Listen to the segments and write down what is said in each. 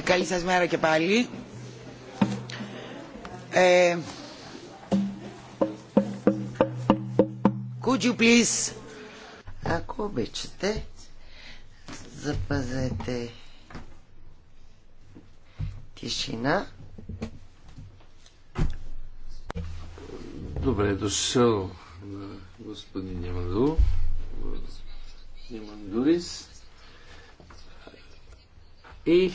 καλή σας μέρα και πάλι. Ε, could you please... Ако обичате, запазете тишина. Добре е дошъл на господин Ямаду. Имандурис. И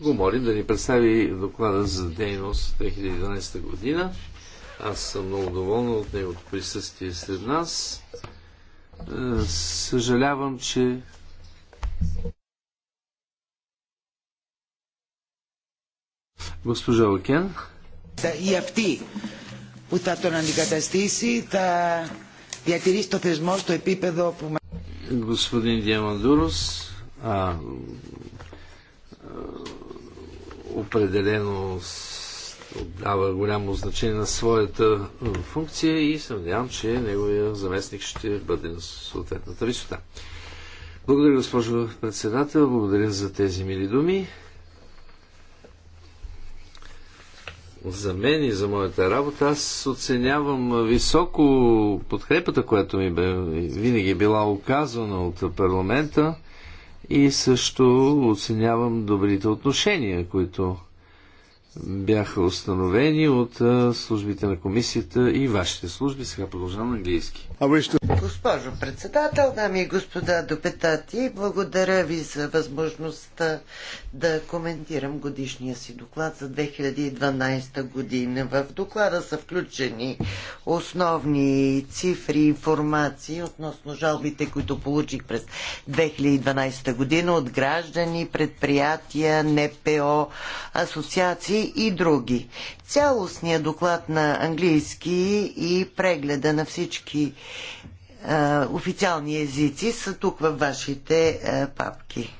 го молим да ни представи доклада за дейност 2012 година. Аз съм много доволна от неговото присъствие сред нас. Е, съжалявам, че госпожа Окен. Η αυτή που θα τον αντικαταστήσει θα διατηρήσει το епипедо по Господин Διαμандούρος, а, определено отдава голямо значение на своята функция и се надявам, че неговия заместник ще бъде на съответната висота. Благодаря, госпожо председател. Благодаря за тези мили думи. За мен и за моята работа аз оценявам високо подкрепата, която ми бе, винаги е била оказана от парламента и също оценявам добрите отношения, които бяха установени от службите на комисията и вашите служби. Сега продължавам на английски. Госпожо председател, дами и господа допетати, благодаря ви за възможността да коментирам годишния си доклад за 2012 година. В доклада са включени основни цифри и информации относно жалбите, които получих през 2012 година от граждани, предприятия, НПО, асоциации и други. Цялостният доклад на английски и прегледа на всички а, официални езици са тук във вашите а, папки.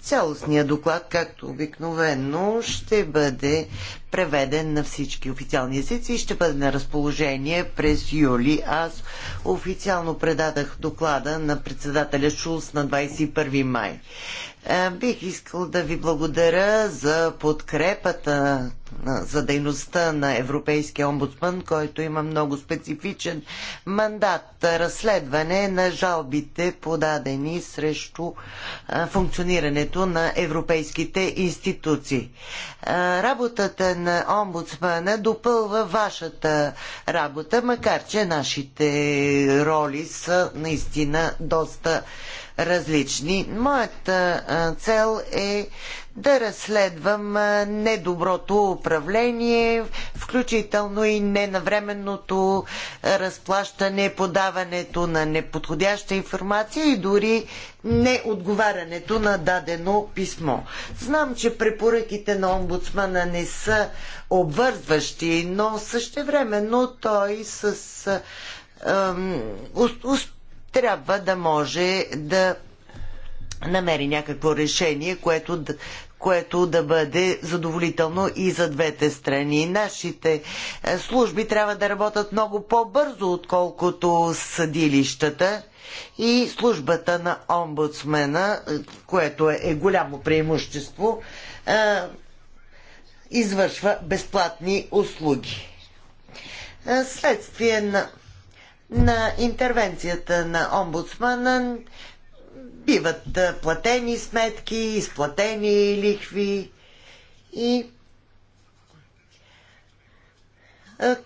Цялостният доклад, както обикновено, ще бъде преведен на всички официални езици и ще бъде на разположение през юли. Аз официално предадах доклада на председателя Шулс на 21 май. Е, бих искал да ви благодаря за подкрепата за дейността на Европейския омбудсман, който има много специфичен мандат разследване на жалбите подадени срещу е, функционирането на европейските институции. Е, работата на омбудсмана допълва вашата работа, макар че нашите роли са наистина доста различни. Моята цел е да разследвам недоброто управление, включително и ненавременното разплащане, подаването на неподходяща информация и дори неотговарянето на дадено писмо. Знам, че препоръките на омбудсмана не са обвързващи, но същевременно той с трябва да може да намери някакво решение, което да, което да бъде задоволително и за двете страни. Нашите е, служби трябва да работят много по-бързо, отколкото съдилищата и службата на омбудсмена, е, което е, е голямо преимущество, извършва безплатни услуги. Следствие на на интервенцията на омбудсмана биват платени сметки, изплатени лихви и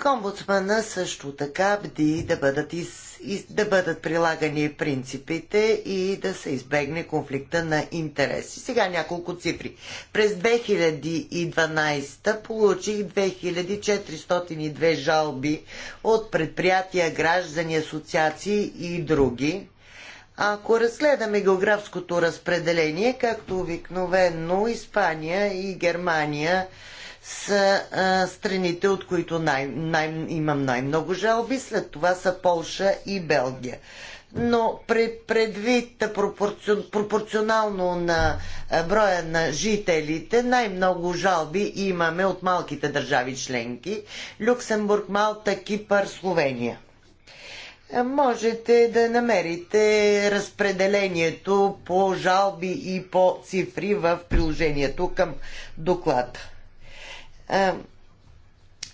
Комбудсмана също така бди да бъдат из да бъдат прилагани принципите и да се избегне конфликта на интереси. Сега няколко цифри. През 2012 получих 2402 жалби от предприятия, граждани, асоциации и други. Ако разгледаме географското разпределение, както обикновено Испания и Германия са а, страните, от които най- най- имам най-много жалби. След това са Полша и Белгия. Но при, предвид пропорцион, пропорционално на броя на жителите, най-много жалби имаме от малките държави членки Люксембург, Малта, Кипър, Словения можете да намерите разпределението по жалби и по цифри в приложението към доклада. Е,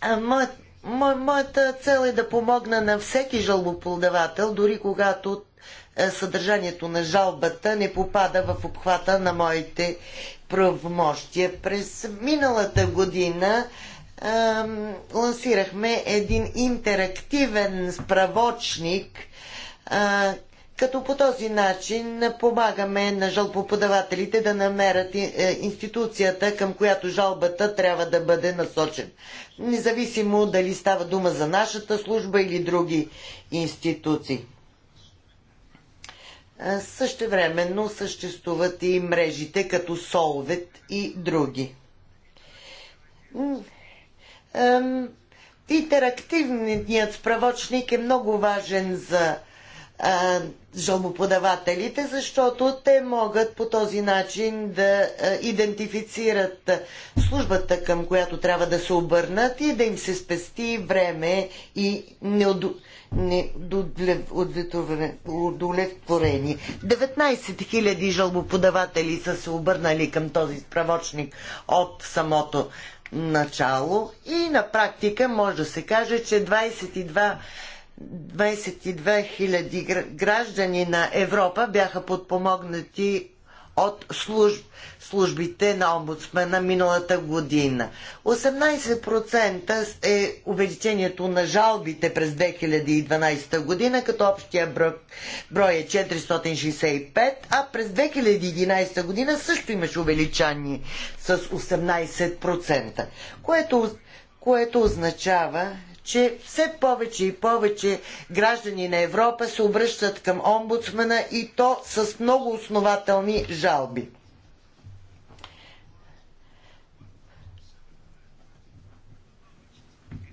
е, моят Мо, моята цел е да помогна на всеки жалбоподавател, дори когато е, съдържанието на жалбата не попада в обхвата на моите правомощия. През миналата година ам, лансирахме един интерактивен справочник, а, като по този начин помагаме на жалбоподавателите да намерят е, институцията, към която жалбата трябва да бъде насочена. Независимо дали става дума за нашата служба или други институции. Е, същевременно съществуват и мрежите като Солвет и други. Интерактивният справочник е много важен за жалбоподавателите, защото те могат по този начин да идентифицират службата, към която трябва да се обърнат и да им се спести време и неудовлетворени. 19 000 жалбоподаватели са се обърнали към този справочник от самото начало и на практика може да се каже, че 22 22 000 граждани на Европа бяха подпомогнати от служб, службите на омбудсмена миналата година. 18% е увеличението на жалбите през 2012 година, като общия брой, брой е 465, а през 2011 година също имаше увеличание с 18%, което, което означава, че все повече и повече граждани на Европа се обръщат към омбудсмана и то с много основателни жалби.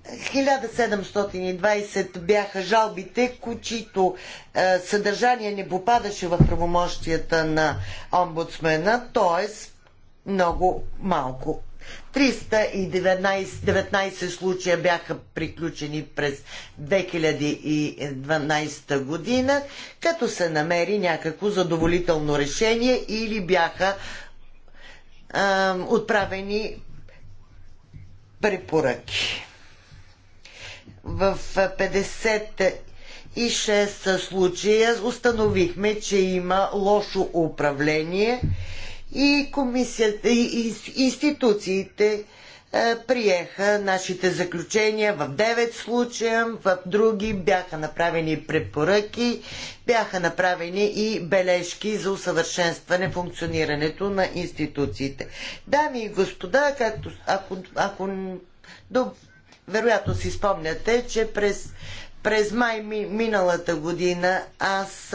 ...1720 бяха жалбите, чието е, съдържание не попадаше в правомощията на омбудсмена, т.е. много малко 319 случая бяха приключени през 2012 година, като се намери някакво задоволително решение или бяха а, отправени препоръки. В 56 случая установихме, че има лошо управление и, комисията, и институциите е, приеха нашите заключения в девет случая, в други бяха направени препоръки, бяха направени и бележки за усъвършенстване функционирането на институциите. Дами и господа, както ако, ако до, вероятно си спомняте, че през през май ми, миналата година аз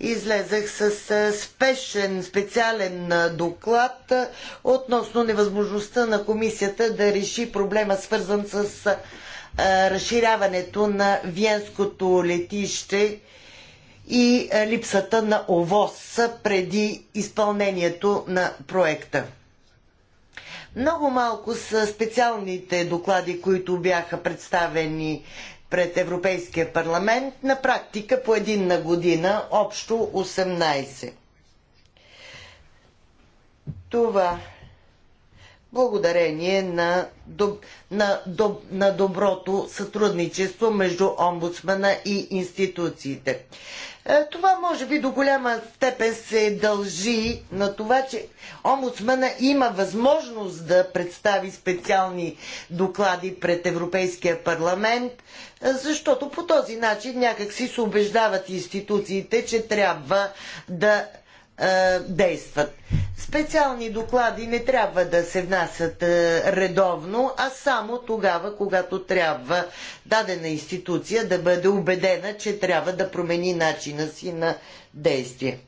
излезах с спешен, специален доклад относно невъзможността на комисията да реши проблема свързан с разширяването на Виенското летище и липсата на ОВОС преди изпълнението на проекта. Много малко са специалните доклади, които бяха представени пред Европейския парламент, на практика по един на година, общо 18. Това благодарение на, доб, на, доб, на доброто сътрудничество между омбудсмана и институциите. Е, това може би до голяма степен се дължи на това, че омбудсмана има възможност да представи специални доклади пред Европейския парламент, е, защото по този начин някак си се убеждават институциите, че трябва да действат. Специални доклади не трябва да се внасят редовно, а само тогава, когато трябва дадена институция да бъде убедена, че трябва да промени начина си на действие.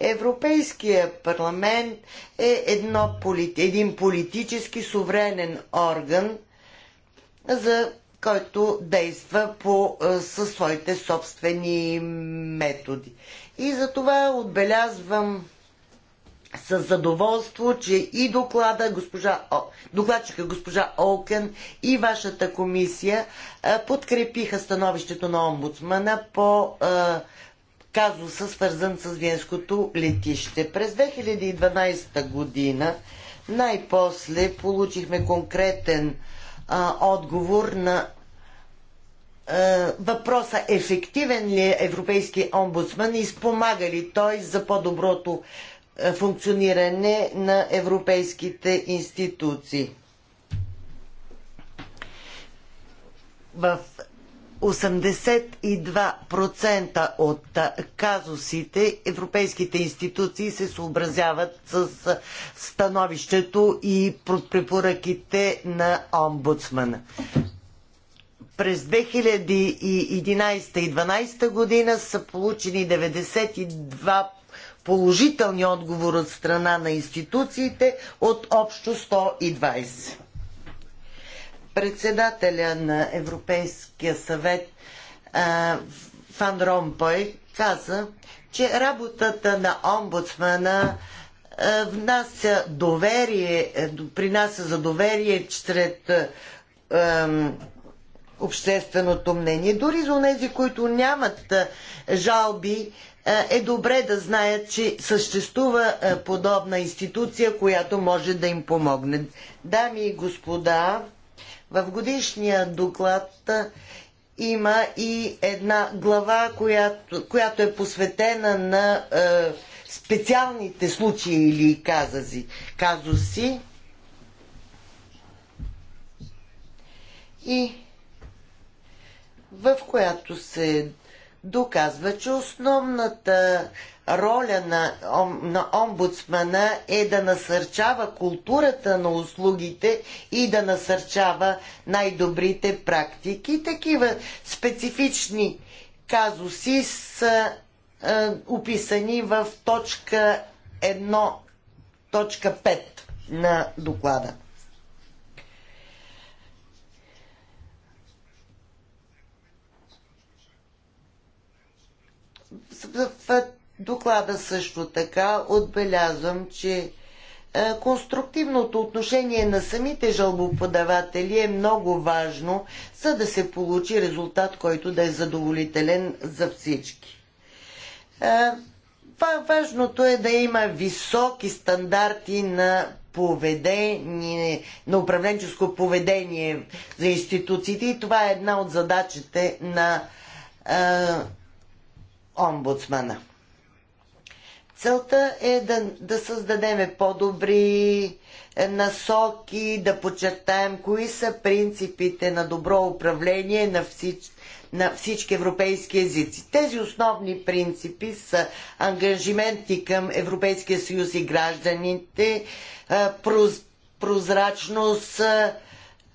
Европейския парламент е едно, един политически суверенен орган за който действа по, е, със своите собствени методи. И за това отбелязвам с задоволство, че и доклада госпожа, докладчика госпожа Олкен и вашата комисия е, подкрепиха становището на омбудсмана по е, казуса, свързан с Венското летище. През 2012 година най-после получихме конкретен а, отговор на е, въпроса ефективен ли е Европейски омбудсман и спомага ли той за по-доброто е, функциониране на европейските институции. В 82% от е, казусите европейските институции се съобразяват с становището и препоръките на омбудсмана. През 2011 и 2012 година са получени 92 положителни отговори от страна на институциите от общо 120. Председателя на Европейския съвет Фан Ромпой каза, че работата на омбудсмана внася доверие, е, принася за доверие чрез общественото мнение. Дори за тези, които нямат жалби, е добре да знаят, че съществува подобна институция, която може да им помогне. Дами и господа, в годишния доклад има и една глава, която, която е посветена на е, специалните случаи или казази, казуси. И в която се доказва, че основната роля на, на омбудсмана е да насърчава културата на услугите и да насърчава най-добрите практики. Такива специфични казуси са е, описани в точка 1, точка 5 на доклада. в доклада също така отбелязвам, че е, конструктивното отношение на самите жалбоподаватели е много важно, за да се получи резултат, който да е задоволителен за всички. Е, важното е да има високи стандарти на поведение, на управленческо поведение за институциите и това е една от задачите на е, омбудсмана. Целта е да, да създадем по-добри е, насоки, да подчертаем кои са принципите на добро управление на, всич, на всички европейски езици. Тези основни принципи са ангажименти към Европейския съюз и гражданите, е, проз, прозрачност, а,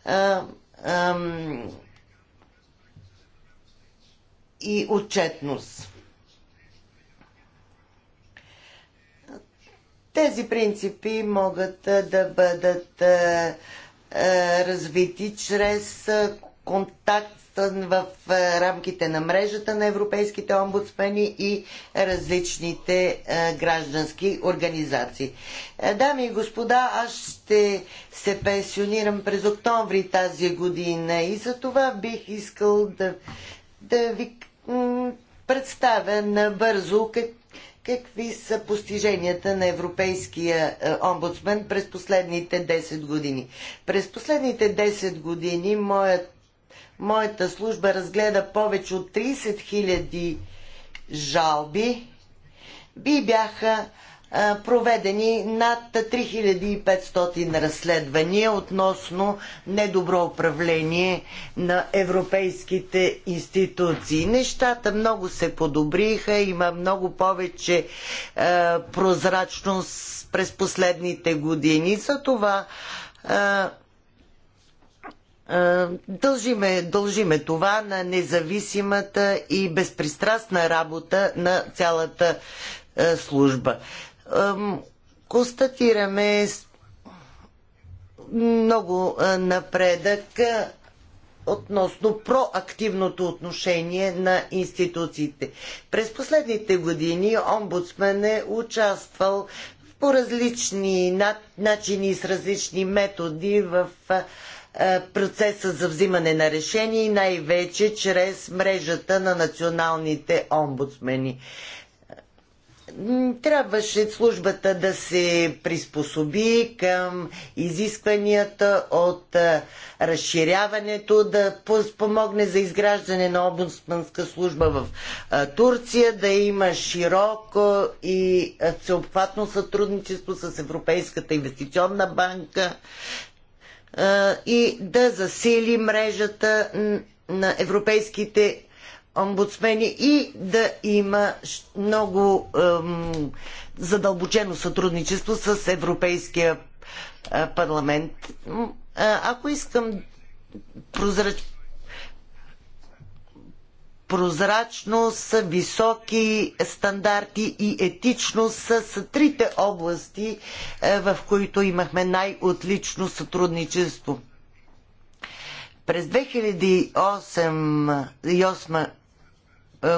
е, а, и отчетност. Тези принципи могат да бъдат развити чрез контакт в рамките на мрежата на европейските омбудсмени и различните граждански организации. Е, дами и господа, аз ще се пенсионирам през октомври тази година и за това бих искал да, да ви представя набързо как, какви са постиженията на Европейския е, омбудсмен през последните 10 години. През последните 10 години моят, моята служба разгледа повече от 30 000 жалби и бяха проведени над 3500 разследвания относно недобро управление на европейските институции. Нещата много се подобриха, има много повече е, прозрачност през последните години. За това е, Дължиме, дължиме, това на независимата и безпристрастна работа на цялата служба констатираме много напредък относно проактивното отношение на институциите. През последните години омбудсмен е участвал по различни начини и с различни методи в процеса за взимане на решения и най-вече чрез мрежата на националните омбудсмени трябваше службата да се приспособи към изискванията от разширяването, да спомогне за изграждане на обонсманска служба в Турция, да има широко и всеобхватно сътрудничество с Европейската инвестиционна банка и да засили мрежата на европейските омбудсмени и да има много ем, задълбочено сътрудничество с Европейския е, парламент. Е, ако искам прозрач... прозрачност, високи стандарти и етичност са трите области, е, в които имахме най-отлично сътрудничество. През 2008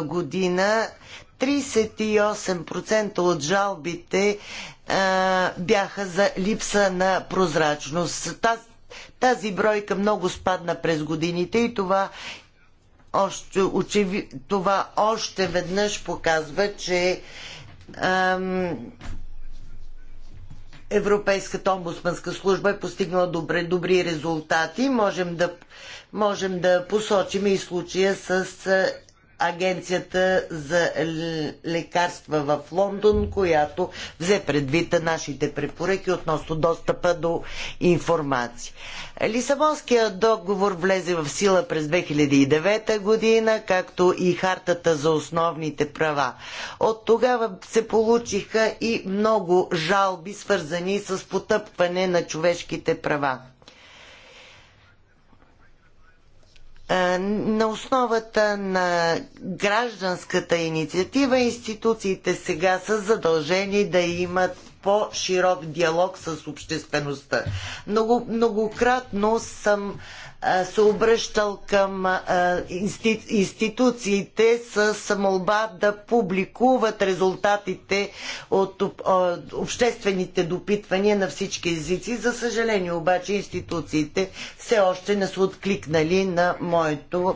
година 38% от жалбите а, бяха за липса на прозрачност. Таз, тази бройка много спадна през годините и това още, очеви, това още веднъж показва, че ам, Европейската омбудсманска служба е постигнала добре, добри резултати. Можем да, можем да посочим и случая с агенцията за лекарства в Лондон, която взе предвид нашите препоръки относно достъпа до информация. Лисабонският договор влезе в сила през 2009 година, както и хартата за основните права. От тогава се получиха и много жалби, свързани с потъпване на човешките права. Е, на основата на гражданската инициатива институциите сега са задължени да имат по-широк диалог с обществеността. Много, многократно съм се обръщал към институциите с молба да публикуват резултатите от обществените допитвания на всички езици. За съжаление обаче институциите все още не са откликнали на, моето,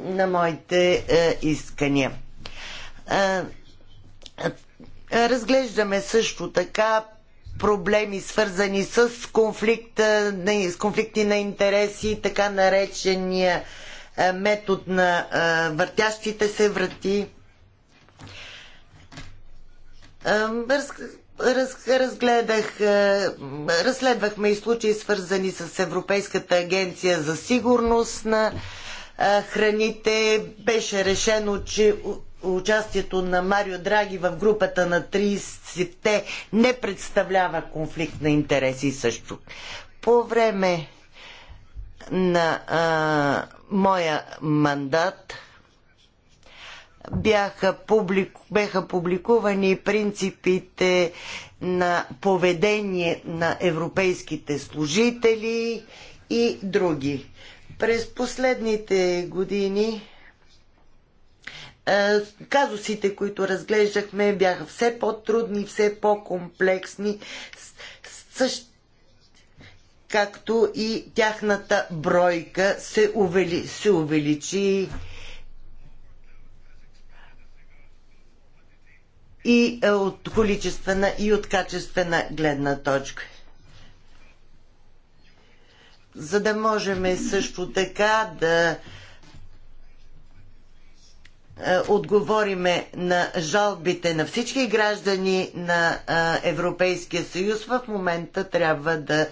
на моите искания. Разглеждаме също така проблеми, свързани с, конфликт, с конфликти на интереси, така наречения е, метод на е, въртящите се врати. Е, разгледах, разследвахме и случаи свързани с Европейската агенция за сигурност на храните. Беше решено, че участието на Марио Драги в групата на 30-те не представлява конфликт на интереси също. По време на а, моя мандат бяха, публику, бяха публикувани принципите на поведение на европейските служители и други. През последните години е, казусите, които разглеждахме, бяха все по-трудни, все по-комплексни, същ... както и тяхната бройка се, увели... се увеличи. и е, от количествена и от качествена гледна точка. За да можем също така да е, отговориме на жалбите на всички граждани на е, Европейския съюз, в момента трябва да е,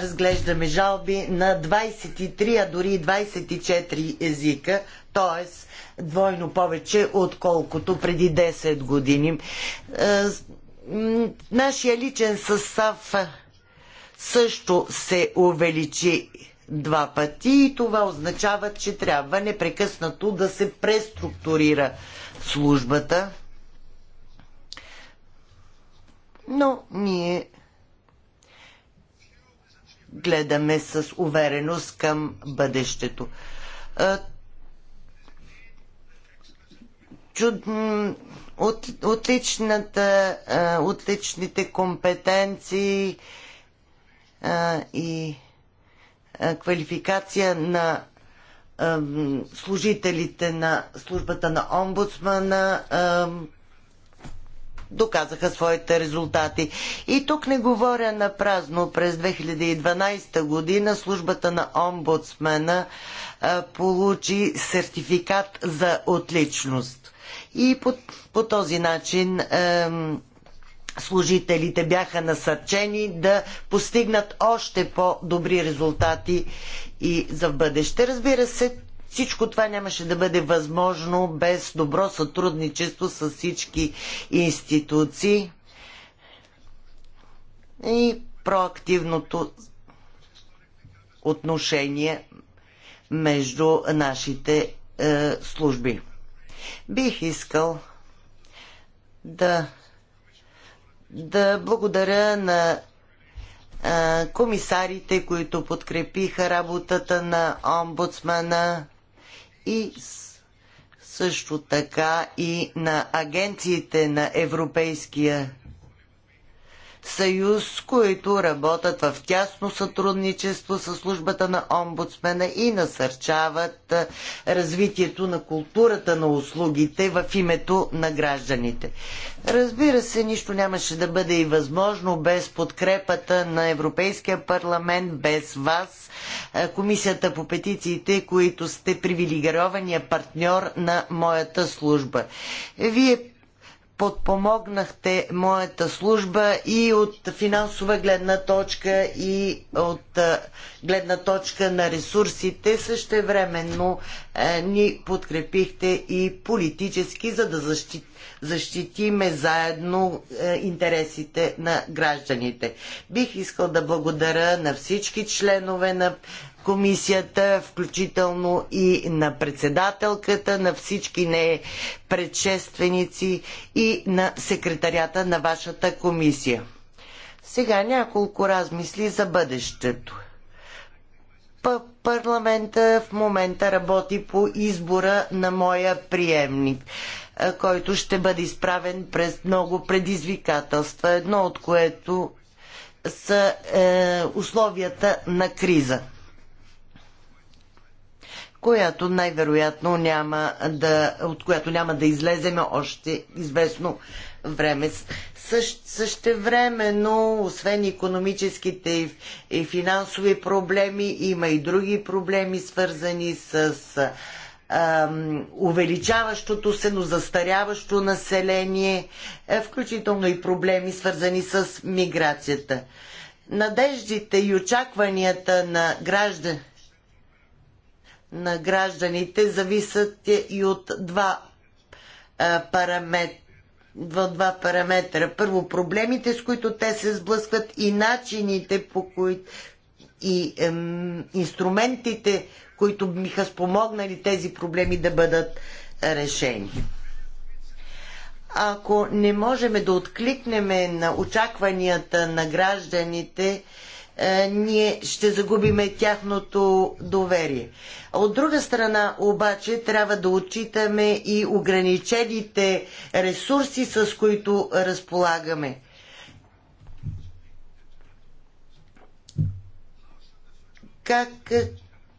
разглеждаме жалби на 23, а дори 24 езика, т.е. двойно повече, отколкото преди 10 години. Нашия личен състав също се увеличи два пъти и това означава, че трябва непрекъснато да се преструктурира службата. Но ние гледаме с увереност към бъдещето. Чуд... От, отличната, отличните компетенции и е, квалификация на е, служителите на службата на омбудсмана е, доказаха своите резултати. И тук не говоря на празно. През 2012 година службата на омбудсмена получи сертификат за отличност. И по, по този начин служителите бяха насърчени да постигнат още по-добри резултати и за в бъдеще. Разбира се, всичко това нямаше да бъде възможно без добро сътрудничество с всички институции и проактивното отношение между нашите е, служби. Бих искал да да благодаря на комисарите, които подкрепиха работата на омбудсмана и също така и на агенциите на Европейския съюз, които работят в тясно сътрудничество с службата на омбудсмена и насърчават развитието на културата на услугите в името на гражданите. Разбира се, нищо нямаше да бъде и възможно без подкрепата на Европейския парламент, без вас, Комисията по петициите, които сте привилегирования партньор на моята служба. Вие подпомогнахте моята служба и от финансова гледна точка, и от гледна точка на ресурсите. също е, ни подкрепихте и политически, за да защит, защитиме заедно е, интересите на гражданите. Бих искал да благодаря на всички членове на комисията, включително и на председателката, на всички не предшественици и на секретарята на вашата комисия. Сега няколко размисли за бъдещето. Парламента в момента работи по избора на моя приемник който ще бъде изправен през много предизвикателства, едно от което са е, условията на криза която най-вероятно няма да, от която няма да излеземе още известно време. Същ, но освен економическите и, и финансови проблеми, има и други проблеми, свързани с а, увеличаващото се, но застаряващо население, е, включително и проблеми, свързани с миграцията. Надеждите и очакванията на гражданите на гражданите зависят е и от два е, параметра в два параметра. Първо, проблемите, с които те се сблъскват и начините по които и ем, инструментите, които биха спомогнали тези проблеми да бъдат решени. Ако не можем да откликнем на очакванията на гражданите, е, ние ще загубиме тяхното доверие. От друга страна обаче трябва да отчитаме и ограничените ресурси, с които разполагаме. Как,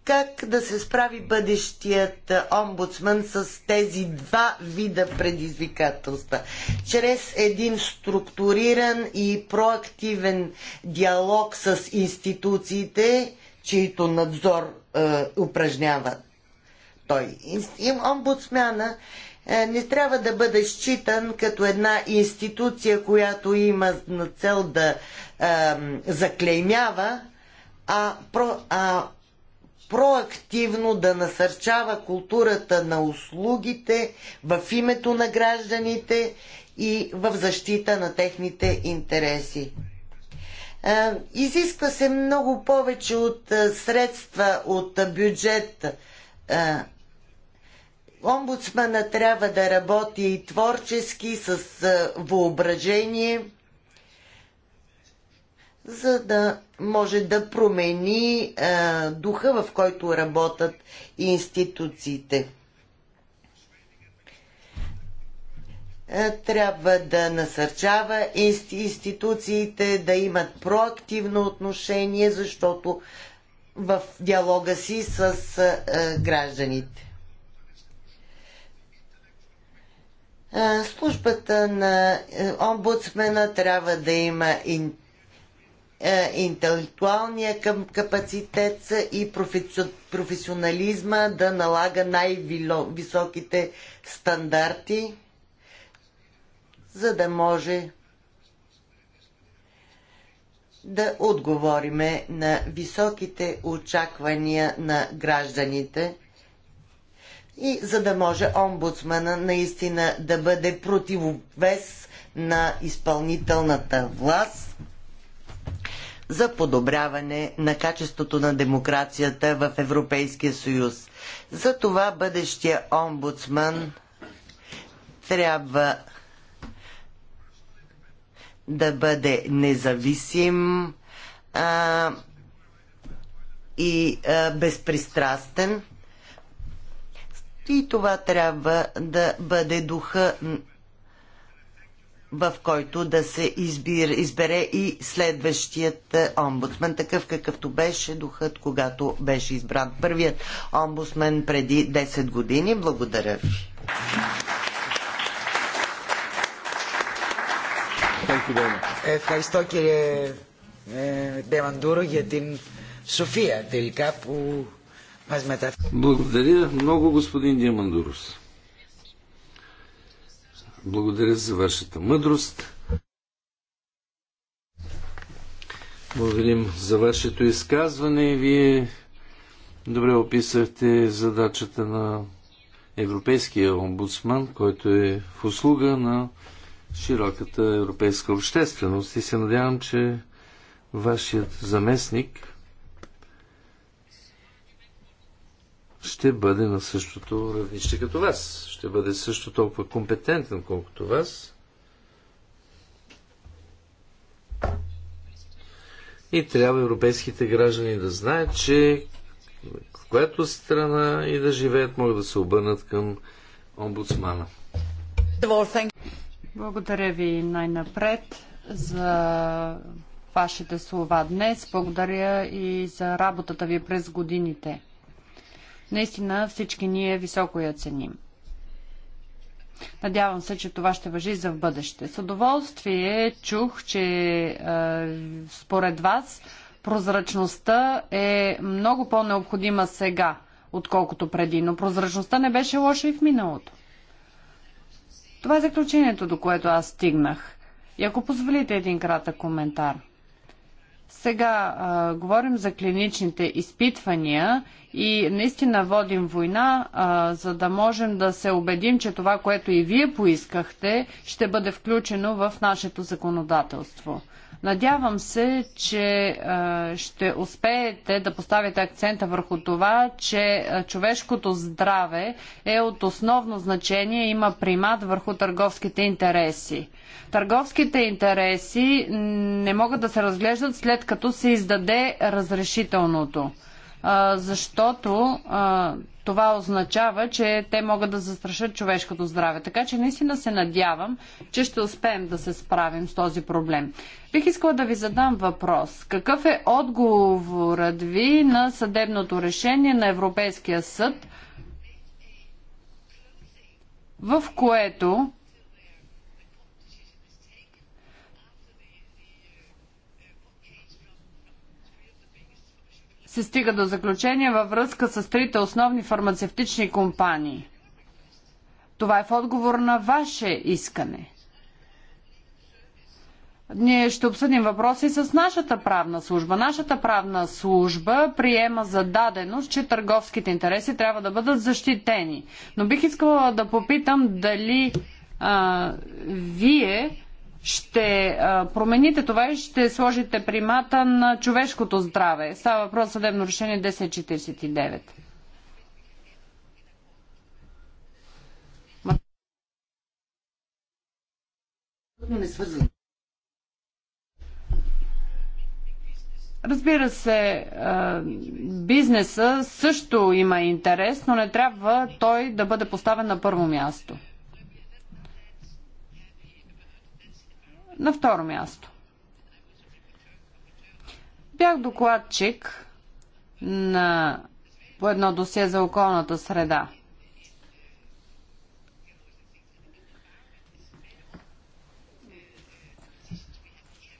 как да се справи бъдещият омбудсман с тези два вида предизвикателства? Чрез един структуриран и проактивен диалог с институциите, чието надзор е, упражнява той. Омбудсмана не трябва да бъде считан като една институция, която има на цел да е, заклеймява, а, про, а проактивно да насърчава културата на услугите в името на гражданите и в защита на техните интереси. Е, изисква се много повече от е, средства от бюджет. Е, омбудсмана трябва да работи творчески, с въображение – за да може да промени а, е, духа, в който работят институциите. Е, трябва да насърчава институциите да имат проактивно отношение, защото в диалога си с е, гражданите. Службата на омбудсмена трябва да има е, интелектуалния капацитет и професионализма да налага най-високите стандарти, за да може да отговориме на високите очаквания на гражданите и за да може омбудсмана наистина да бъде противовес на изпълнителната власт за подобряване на качеството на демокрацията в Европейския съюз. За това бъдещия омбудсман трябва да бъде независим а, и а, безпристрастен. И това трябва да бъде духа в който да се избир, избере и следващият е, омбудсмен, такъв какъвто беше духът, когато беше избран първият омбудсмен преди 10 години. Благодаря ви. Ευχαριστώ κύριε Ντεμαντούρο για την σοφία τελικά που μας μεταφέρει. Благодаря много господин Диамандурус. Благодаря за вашата мъдрост. Благодарим за вашето изказване. Вие добре описахте задачата на Европейския омбудсман, който е в услуга на широката европейска общественост и се надявам, че вашият заместник ще бъде на същото равнище като вас. Ще бъде също толкова компетентен, колкото вас. И трябва европейските граждани да знаят, че в която страна и да живеят могат да се обърнат към омбудсмана. Благодаря ви най-напред за вашите слова днес. Благодаря и за работата ви през годините. Наистина всички ние високо я ценим. Надявам се, че това ще въжи за в бъдеще. С удоволствие чух, че е, според вас прозрачността е много по-необходима сега, отколкото преди, но прозрачността не беше лоша и в миналото. Това е заключението, до което аз стигнах. И ако позволите един кратък коментар – сега а, говорим за клиничните изпитвания и наистина водим война, а, за да можем да се убедим, че това, което и вие поискахте, ще бъде включено в нашето законодателство. Надявам се, че ще успеете да поставите акцента върху това, че човешкото здраве е от основно значение и има примат върху търговските интереси. Търговските интереси не могат да се разглеждат след като се издаде разрешителното защото това означава, че те могат да застрашат човешкото здраве. Така че наистина се надявам, че ще успеем да се справим с този проблем. Бих искала да ви задам въпрос. Какъв е отговорът ви на съдебното решение на Европейския съд, в което се стига до заключение във връзка с трите основни фармацевтични компании. Това е в отговор на ваше искане. Ние ще обсъдим въпроси с нашата правна служба. Нашата правна служба приема за даденост, че търговските интереси трябва да бъдат защитени. Но бих искала да попитам дали а, вие ще промените това и ще сложите примата на човешкото здраве. Става въпрос съдебно решение 1049. Е Разбира се, бизнеса също има интерес, но не трябва той да бъде поставен на първо място. На второ място. Бях докладчик на по едно досие за околната среда.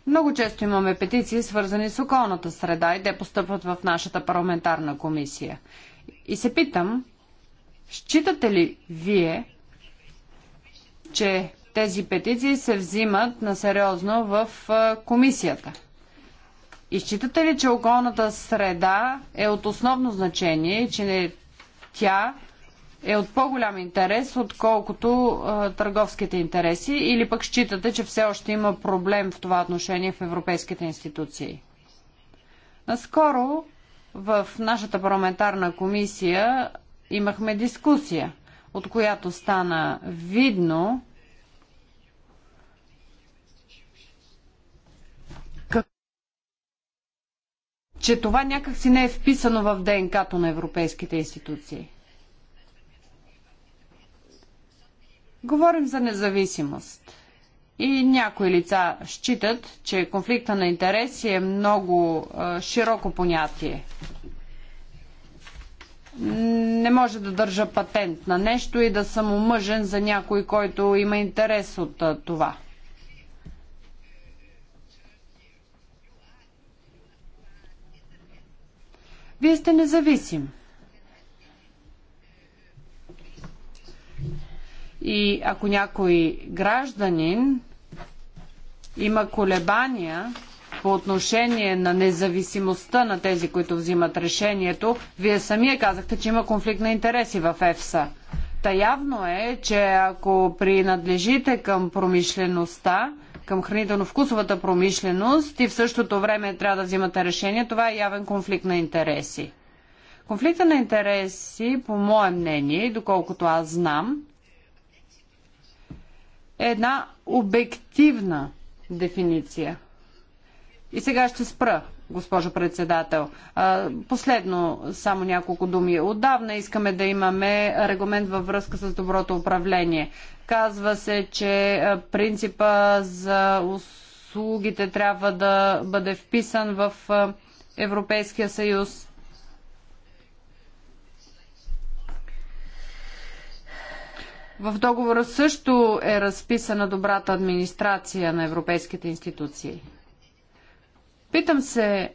Много често имаме петиции, свързани с околната среда и те постъпват в нашата парламентарна комисия. И се питам, считате ли вие, че тези петиции се взимат на сериозно в комисията. Изчитате ли, че околната среда е от основно значение, че не, тя е от по-голям интерес, отколкото а, търговските интереси, или пък считате, че все още има проблем в това отношение в европейските институции? Наскоро в нашата парламентарна комисия имахме дискусия, от която стана видно, че това някакси не е вписано в ДНК-то на европейските институции. Говорим за независимост. И някои лица считат, че конфликта на интереси е много е, широко понятие. Не може да държа патент на нещо и да съм омъжен за някой, който има интерес от е, това. Вие сте независим. И ако някой гражданин има колебания по отношение на независимостта на тези, които взимат решението, вие самия казахте, че има конфликт на интереси в ЕФСА. Та явно е, че ако принадлежите към промишлеността, към хранително-вкусовата промишленост и в същото време трябва да взимате решение, това е явен конфликт на интереси. Конфликта на интереси, по мое мнение, доколкото аз знам, е една обективна дефиниция. И сега ще спра госпожо председател. Последно, само няколко думи. Отдавна искаме да имаме регламент във връзка с доброто управление. Казва се, че принципа за услугите трябва да бъде вписан в Европейския съюз. В договора също е разписана добрата администрация на европейските институции. Питам се,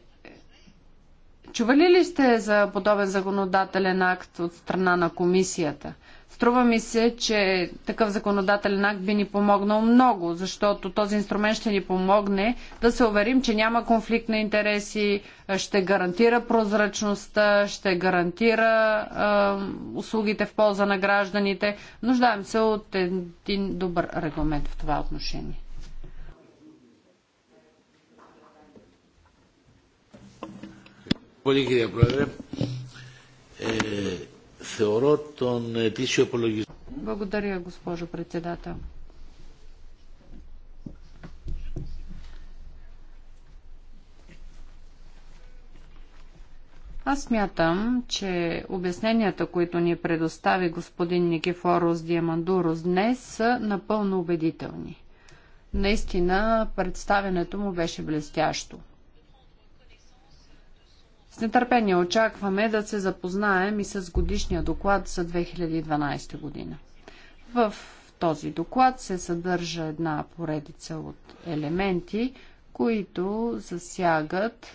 чували ли сте за подобен законодателен акт от страна на комисията? Струва ми се, че такъв законодателен акт би ни помогнал много, защото този инструмент ще ни помогне да се уверим, че няма конфликт на интереси, ще гарантира прозрачността, ще гарантира е, услугите в полза на гражданите. Нуждаем се от един добър регламент в това отношение. Πολύ κύριε Πρόεδρε. Ε, θεωρώ τον ετήσιο Благодаря, госпожо председател. Аз мятам, че обясненията, които ни предостави господин Никифорос Диамандурос днес, са напълно убедителни. Наистина, представянето му беше блестящо. С нетърпение очакваме да се запознаем и с годишния доклад за 2012 година. В този доклад се съдържа една поредица от елементи, които засягат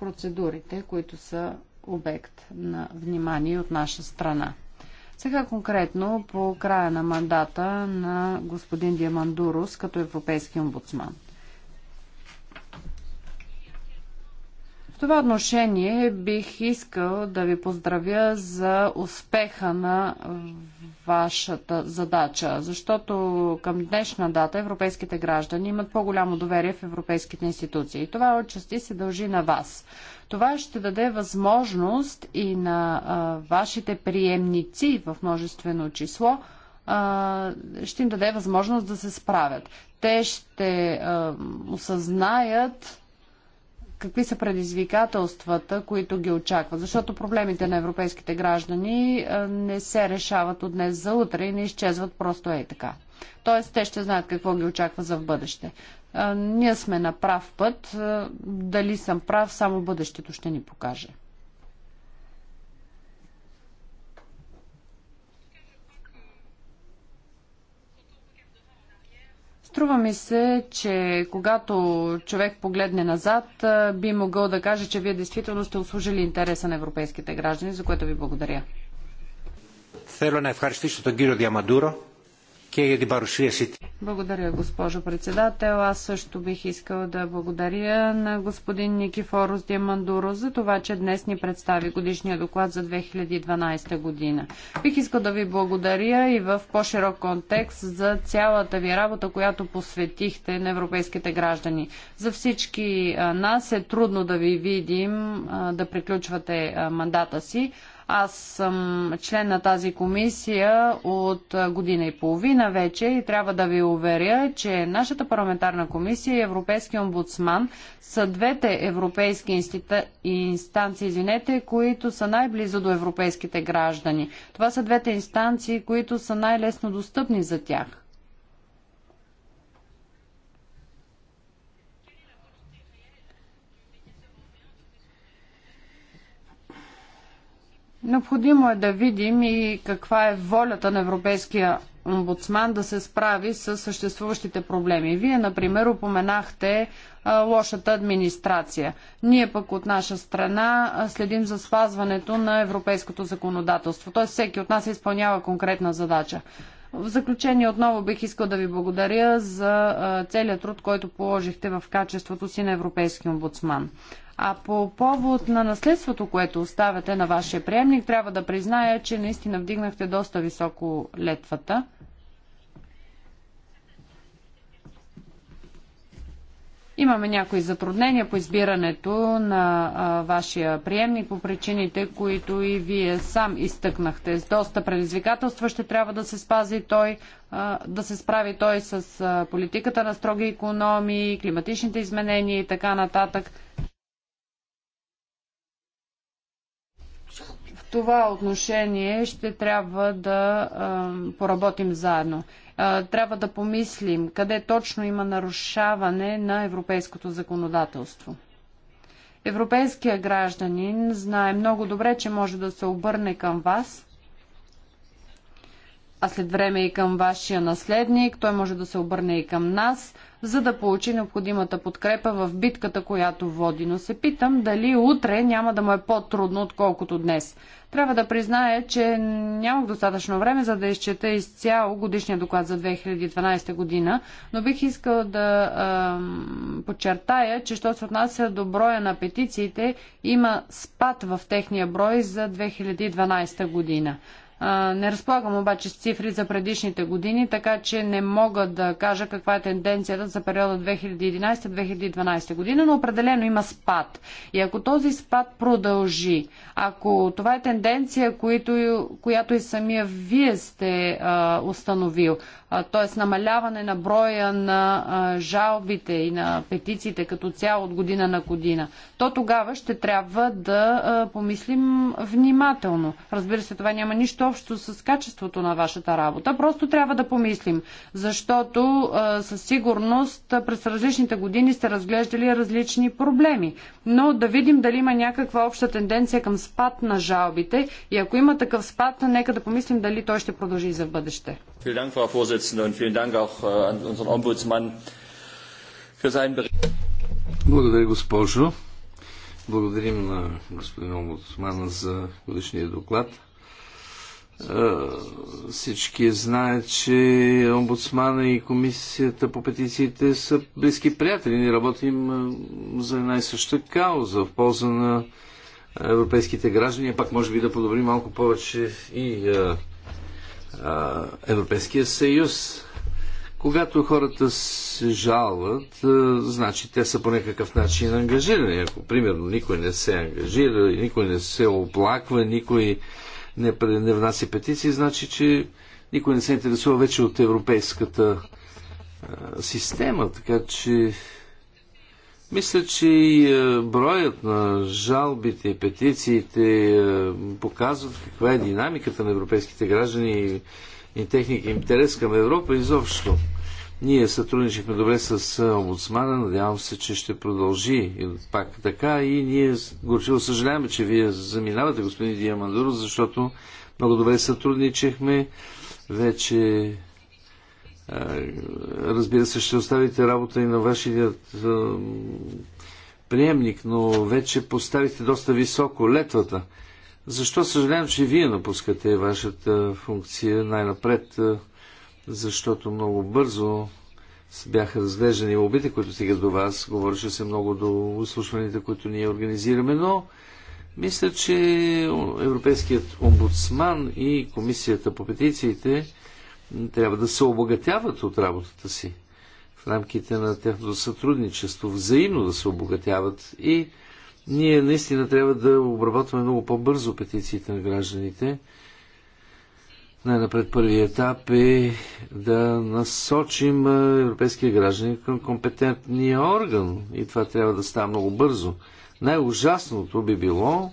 процедурите, които са обект на внимание от наша страна. Сега конкретно по края на мандата на господин Диамандурус като европейски омбудсман. В това отношение бих искал да ви поздравя за успеха на вашата задача, защото към днешна дата европейските граждани имат по-голямо доверие в европейските институции. И това отчасти се дължи на вас. Това ще даде възможност и на а, вашите приемници в множествено число а, ще им даде възможност да се справят. Те ще а, осъзнаят какви са предизвикателствата, които ги очакват. Защото проблемите на европейските граждани не се решават от днес за утре и не изчезват просто ей така. Тоест, те ще знаят какво ги очаква за в бъдеще. Ние сме на прав път. Дали съм прав, само бъдещето ще ни покаже. Струва ми се, че когато човек погледне назад, би могъл да каже, че вие действително сте услужили интереса на европейските граждани, за което ви благодаря. Θέλω να ευχαριστήσω τον κύριο Διαμαντούρο благодаря, госпожо председател. Аз също бих искал да благодаря на господин Никифорос Диамандуро за това, че днес ни представи годишния доклад за 2012 година. Бих искал да ви благодаря и в по-широк контекст за цялата ви работа, която посветихте на европейските граждани. За всички нас е трудно да ви видим да приключвате мандата си. Аз съм член на тази комисия от година и половина вече и трябва да ви уверя, че нашата парламентарна комисия и Европейския омбудсман са двете европейски инстанции, извинете, които са най-близо до европейските граждани. Това са двете инстанции, които са най-лесно достъпни за тях. Необходимо е да видим и каква е волята на Европейския омбудсман да се справи с съществуващите проблеми. Вие, например, упоменахте лошата администрация. Ние пък от наша страна следим за спазването на европейското законодателство. Тоест всеки от нас изпълнява конкретна задача. В заключение отново бих искал да ви благодаря за целият труд, който положихте в качеството си на европейски омбудсман. А по повод на наследството, което оставяте на вашия приемник, трябва да призная, че наистина вдигнахте доста високо летвата. Имаме някои затруднения по избирането на а, вашия приемник по причините, които и вие сам изтъкнахте. С доста предизвикателства ще трябва да се спази той, а, да се справи той с а, политиката на строги економии, климатичните изменения и така нататък. това отношение ще трябва да а, поработим заедно. А, трябва да помислим къде точно има нарушаване на европейското законодателство. Европейския гражданин знае много добре, че може да се обърне към вас, а след време и към вашия наследник, той може да се обърне и към нас – за да получи необходимата подкрепа в битката, която води. Но се питам дали утре няма да му е по-трудно, отколкото днес. Трябва да призная, че нямах достатъчно време, за да изчета изцяло годишния доклад за 2012 година, но бих искал да а, подчертая, че що се отнася до броя на петициите, има спад в техния брой за 2012 година. Не разполагам обаче с цифри за предишните години, така че не мога да кажа каква е тенденцията за периода 2011-2012 година, но определено има спад. И ако този спад продължи, ако това е тенденция, която и самия вие сте а, установил, т.е. намаляване на броя на а, жалбите и на петициите като цяло от година на година, то тогава ще трябва да а, помислим внимателно. Разбира се, това няма нищо общо с качеството на вашата работа. Просто трябва да помислим, защото със сигурност през различните години сте разглеждали различни проблеми. Но да видим дали има някаква обща тенденция към спад на жалбите и ако има такъв спад, нека да помислим дали той ще продължи за бъдеще. Благодаря, госпожо. Благодарим на господин Омбудсмана за годишния доклад всички знаят, че омбудсмана и комисията по петициите са близки приятели. Ние работим за една и съща кауза в полза на европейските граждани, а пак може би да подобрим малко повече и а, а, Европейския съюз. Когато хората се жалват, а, значи те са по някакъв начин ангажирани. Ако, примерно, никой не се ангажира, никой не се оплаква, никой не, не внася петиции, значи, че никой не се интересува вече от европейската а, система. Така че мисля, че и броят на жалбите и петициите показват каква е динамиката на европейските граждани и техния интерес към Европа изобщо. Ние сътрудничихме добре с омбудсмана, надявам се, че ще продължи и пак така и ние горчиво съжаляваме, че вие заминавате, господин Диамандуро, защото много добре сътрудничихме. Вече разбира се, ще оставите работа и на вашия приемник, но вече поставите доста високо летвата. Защо съжалявам, че вие напускате вашата функция най-напред? защото много бързо бяха разглеждани обите, които стигат до вас. Говореше се много до изслушваните, които ние организираме, но мисля, че Европейският омбудсман и Комисията по петициите трябва да се обогатяват от работата си в рамките на тяхното сътрудничество, взаимно да се обогатяват и ние наистина трябва да обработваме много по-бързо петициите на гражданите, най-напред първият етап е да насочим европейския граждан към компетентния орган и това трябва да става много бързо. Най-ужасното би било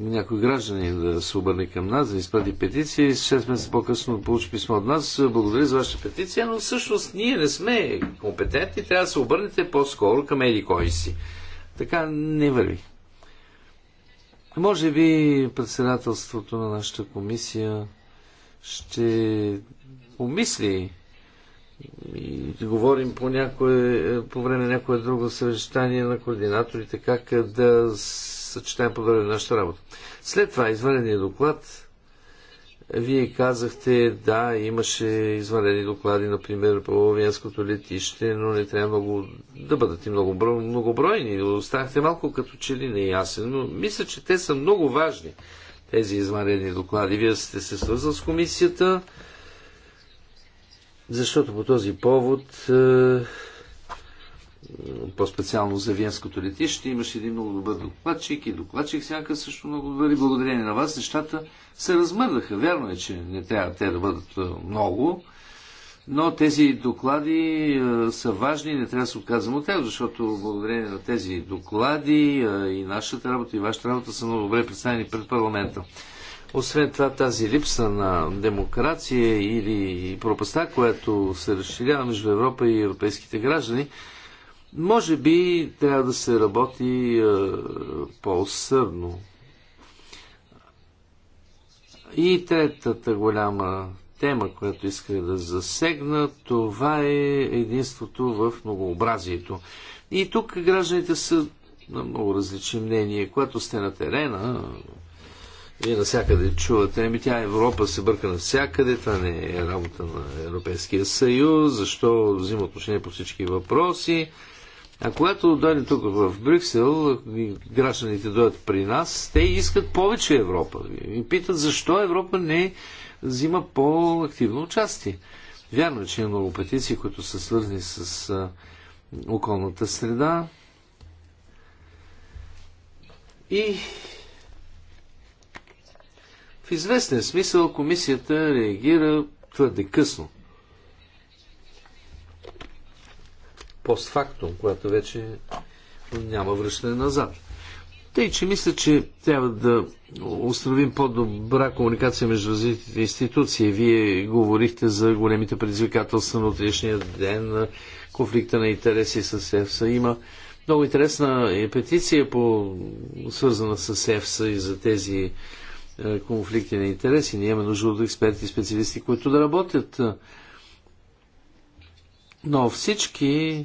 някой граждани да се обърне към нас, да изпрати петиция и 6 месеца по-късно получи писмо от нас. Благодаря за вашата петиция, но всъщност ние не сме компетентни, трябва да се обърнете по-скоро към еди кой си. Така не върви. Може би председателството на нашата комисия ще умисли и говорим по, някое, по време на някое друго съвещание на координаторите, как да съчетаем по-добре нашата работа. След това, извънредния доклад, вие казахте, да, имаше извънредни доклади, например, по Венското летище, но не трябва много, да бъдат и много, многобройни. Оставахте малко като че ли неясен, но мисля, че те са много важни тези извънредни доклади. Вие сте се свързал с комисията, защото по този повод, е, по-специално за Виенското летище, имаше един много добър докладчик и докладчик сяка също много добър и благодарение на вас нещата се размърдаха. Вярно е, че не трябва те да бъдат е, много, но тези доклади са важни и не трябва да се отказвам от тях, защото благодарение на тези доклади и нашата работа, и вашата работа са много добре представени пред парламента. Освен това, тази липса на демокрация или пропаста, която се разширява между Европа и европейските граждани, може би трябва да се работи по-усърдно. И третата голяма тема, която исках да засегна, това е единството в многообразието. И тук гражданите са на много различни мнения. Когато сте на терена, вие навсякъде чувате, ами тя Европа се бърка навсякъде, това не е работа на Европейския съюз, защо взима отношение по всички въпроси. А когато дойде тук в Брюксел, гражданите дойдат при нас, те искат повече Европа. И питат защо Европа не е взима по-активно участие. Вярно, е, че има много петиции, които са свързани с а, околната среда. И в известен смисъл комисията реагира твърде късно. Постфактум, която вече няма връщане назад. Тъй, че мисля, че трябва да установим по-добра комуникация между развитите институции. Вие говорихте за големите предизвикателства на утрешния ден, на конфликта на интереси с ЕФСА. Има много интересна е петиция, по, свързана с ЕФСА и за тези е, конфликти на интереси. Ние имаме нужда от експерти и специалисти, които да работят. Но всички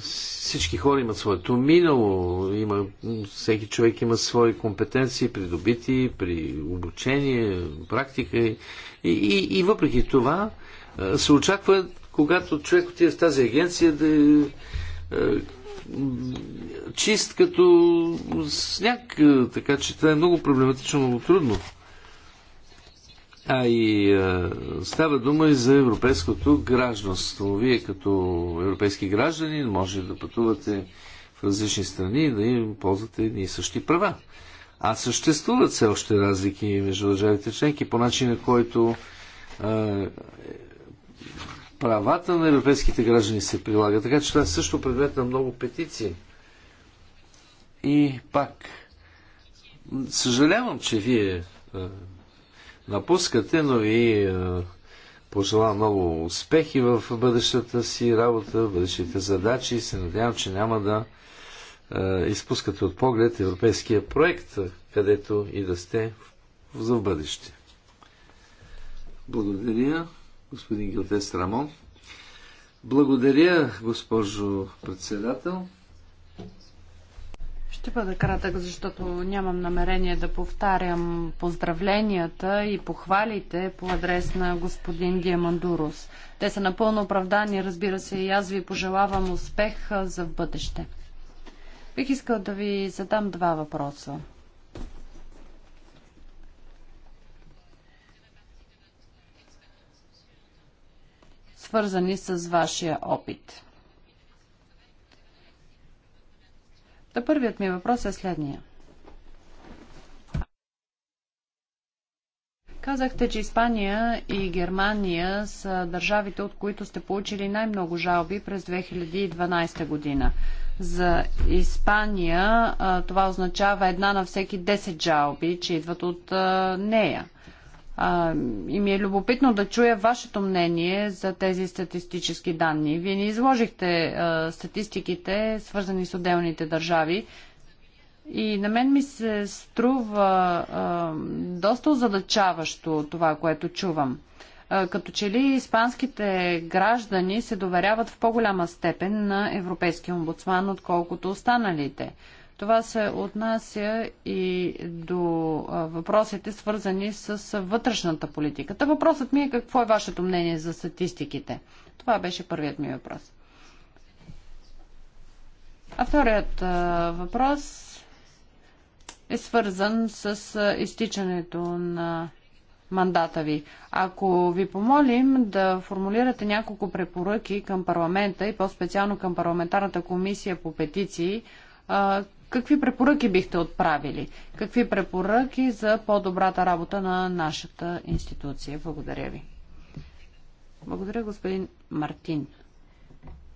всички хора имат своето минало, има, всеки човек има свои компетенции, придобити при обучение, практика и, и, и въпреки това се очаква, когато човек отиде в тази агенция да е, чист като сняг, така че това е много проблематично, много трудно. А и а, става дума и за европейското гражданство. Вие като европейски граждани може да пътувате в различни страни и да им ползвате едни и същи права. А съществуват все още разлики между държавите членки по начина, който а, правата на европейските граждани се прилагат. Така че това е също предмет на много петиции. И пак, съжалявам, че вие напускате, но и е, пожела много успехи в бъдещата си работа, в бъдещите задачи и се надявам, че няма да е, изпускате от поглед европейския проект, където и да сте за в бъдеще. Благодаря, господин Гилтес Рамон. Благодаря, госпожо председател. Ще бъда кратък, защото нямам намерение да повтарям поздравленията и похвалите по адрес на господин Диамандурус. Те са напълно оправдани, разбира се, и аз ви пожелавам успех за в бъдеще. Бих искал да ви задам два въпроса. Свързани с вашия опит. Та първият ми въпрос е следния. Казахте, че Испания и Германия са държавите, от които сте получили най-много жалби през 2012 година. За Испания това означава една на всеки 10 жалби, че идват от нея. А, и ми е любопитно да чуя вашето мнение за тези статистически данни. Вие ни изложихте а, статистиките, свързани с отделните държави. И на мен ми се струва а, доста озадачаващо това, което чувам. А, като че ли испанските граждани се доверяват в по-голяма степен на Европейския омбудсман, отколкото останалите. Това се отнася и до въпросите, свързани с вътрешната политика. Та въпросът ми е какво е вашето мнение за статистиките. Това беше първият ми въпрос. А вторият въпрос е свързан с изтичането на мандата ви. Ако ви помолим да формулирате няколко препоръки към парламента и по-специално към парламентарната комисия по петиции, Какви препоръки бихте отправили? Какви препоръки за по-добрата работа на нашата институция? Благодаря ви. Благодаря, господин Мартин.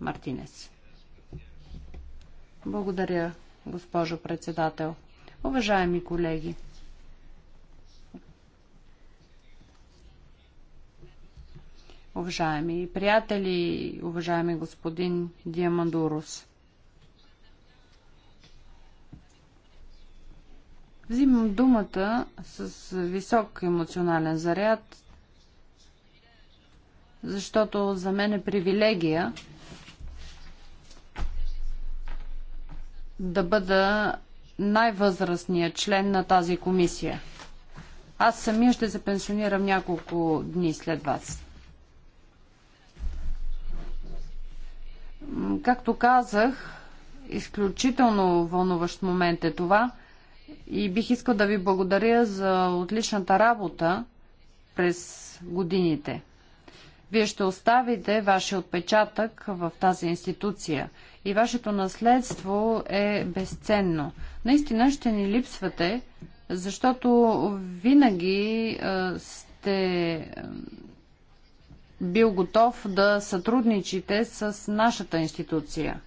Мартинес. Благодаря, госпожо председател. Уважаеми колеги, уважаеми приятели, уважаеми господин Диамандурус – Взимам думата с висок емоционален заряд, защото за мен е привилегия да бъда най-възрастният член на тази комисия. Аз самия ще се пенсионирам няколко дни след вас. Както казах, изключително вълнуващ момент е това – и бих искал да ви благодаря за отличната работа през годините. Вие ще оставите вашия отпечатък в тази институция и вашето наследство е безценно. Наистина ще ни липсвате, защото винаги сте бил готов да сътрудничите с нашата институция.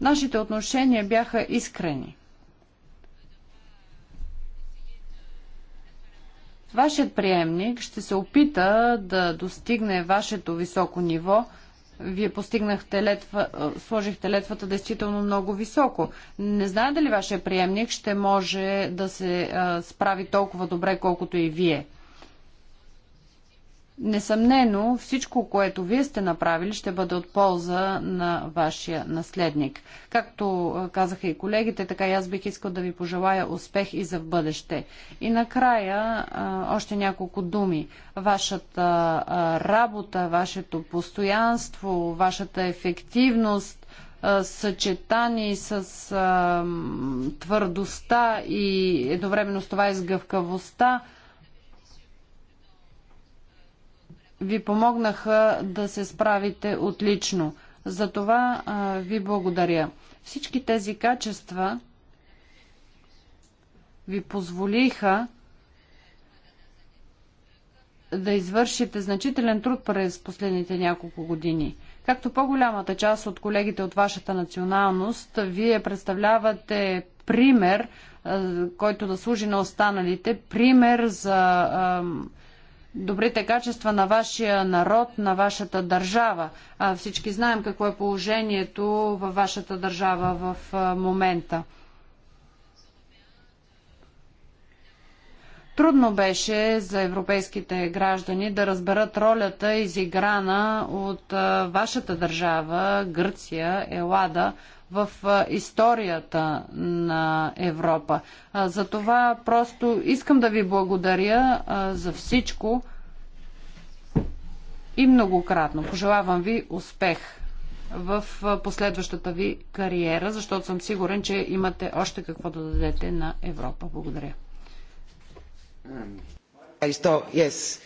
Нашите отношения бяха искрени. Вашият приемник ще се опита да достигне вашето високо ниво. Вие постигнахте летва, сложихте летвата действително много високо. Не знае дали вашия приемник ще може да се справи толкова добре, колкото и вие. Несъмнено, всичко, което вие сте направили, ще бъде от полза на вашия наследник. Както казаха и колегите, така и аз бих искал да ви пожелая успех и за в бъдеще. И накрая, още няколко думи. Вашата работа, вашето постоянство, вашата ефективност, съчетани с твърдостта и едновременно с това изгъвкавостта. ви помогнаха да се справите отлично. За това а, ви благодаря. Всички тези качества ви позволиха да извършите значителен труд през последните няколко години. Както по-голямата част от колегите от вашата националност, вие представлявате пример, който да служи на останалите, пример за добрите качества на вашия народ, на вашата държава. Всички знаем какво е положението във вашата държава в момента. Трудно беше за европейските граждани да разберат ролята изиграна от вашата държава, Гърция, Елада, в историята на Европа. За това просто искам да ви благодаря за всичко и многократно. Пожелавам ви успех в последващата ви кариера, защото съм сигурен, че имате още какво да дадете на Европа. Благодаря. Yes.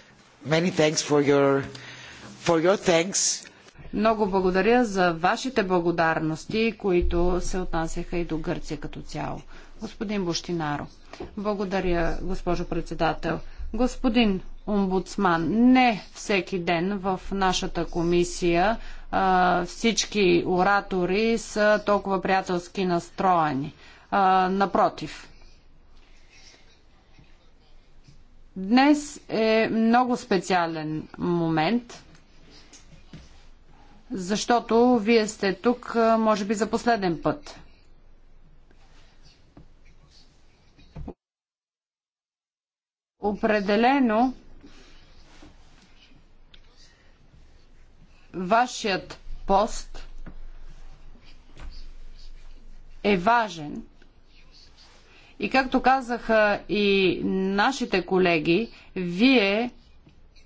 Many thanks for your, for your thanks много благодаря за вашите благодарности, които се отнасяха и до Гърция като цяло. Господин Бощинаро. Благодаря, госпожо председател. Господин омбудсман, не всеки ден в нашата комисия а, всички оратори са толкова приятелски настроени. А, напротив, Днес е много специален момент защото вие сте тук, може би, за последен път. Определено, вашият пост е важен. И както казаха и нашите колеги, вие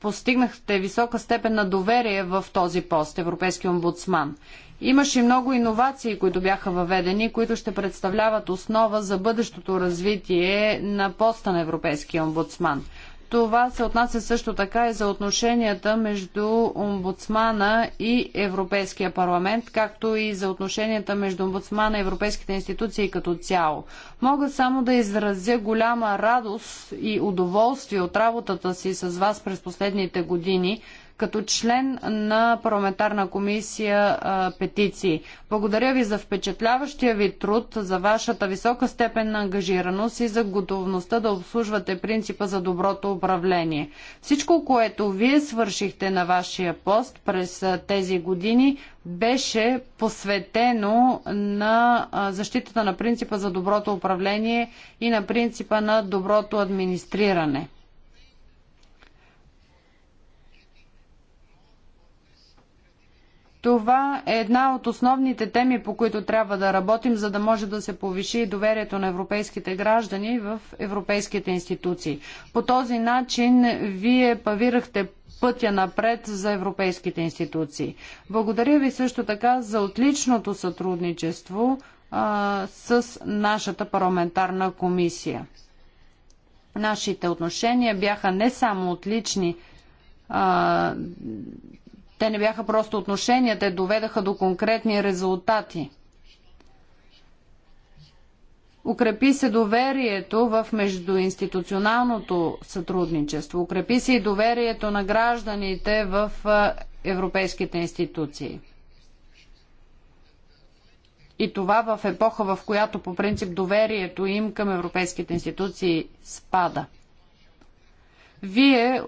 постигнахте висока степен на доверие в този пост, Европейски омбудсман. Имаше много иновации, които бяха въведени, които ще представляват основа за бъдещото развитие на поста на Европейския омбудсман. Това се отнася също така и за отношенията между омбудсмана и Европейския парламент, както и за отношенията между омбудсмана и европейските институции като цяло. Мога само да изразя голяма радост и удоволствие от работата си с вас през последните години, като член на парламентарна комисия а, петиции. Благодаря ви за впечатляващия ви труд, за вашата висока степен на ангажираност и за готовността да обслужвате принципа за доброто управление. Всичко, което вие свършихте на вашия пост през тези години, беше посветено на защитата на принципа за доброто управление и на принципа на доброто администриране. Това е една от основните теми, по които трябва да работим, за да може да се повиши доверието на европейските граждани в европейските институции. По този начин вие павирахте пътя напред за европейските институции. Благодаря ви също така за отличното сътрудничество а, с нашата парламентарна комисия. Нашите отношения бяха не само отлични, а, те не бяха просто отношения, те доведаха до конкретни резултати. Укрепи се доверието в междуинституционалното сътрудничество. Укрепи се и доверието на гражданите в европейските институции. И това в епоха, в която по принцип доверието им към европейските институции спада. Вие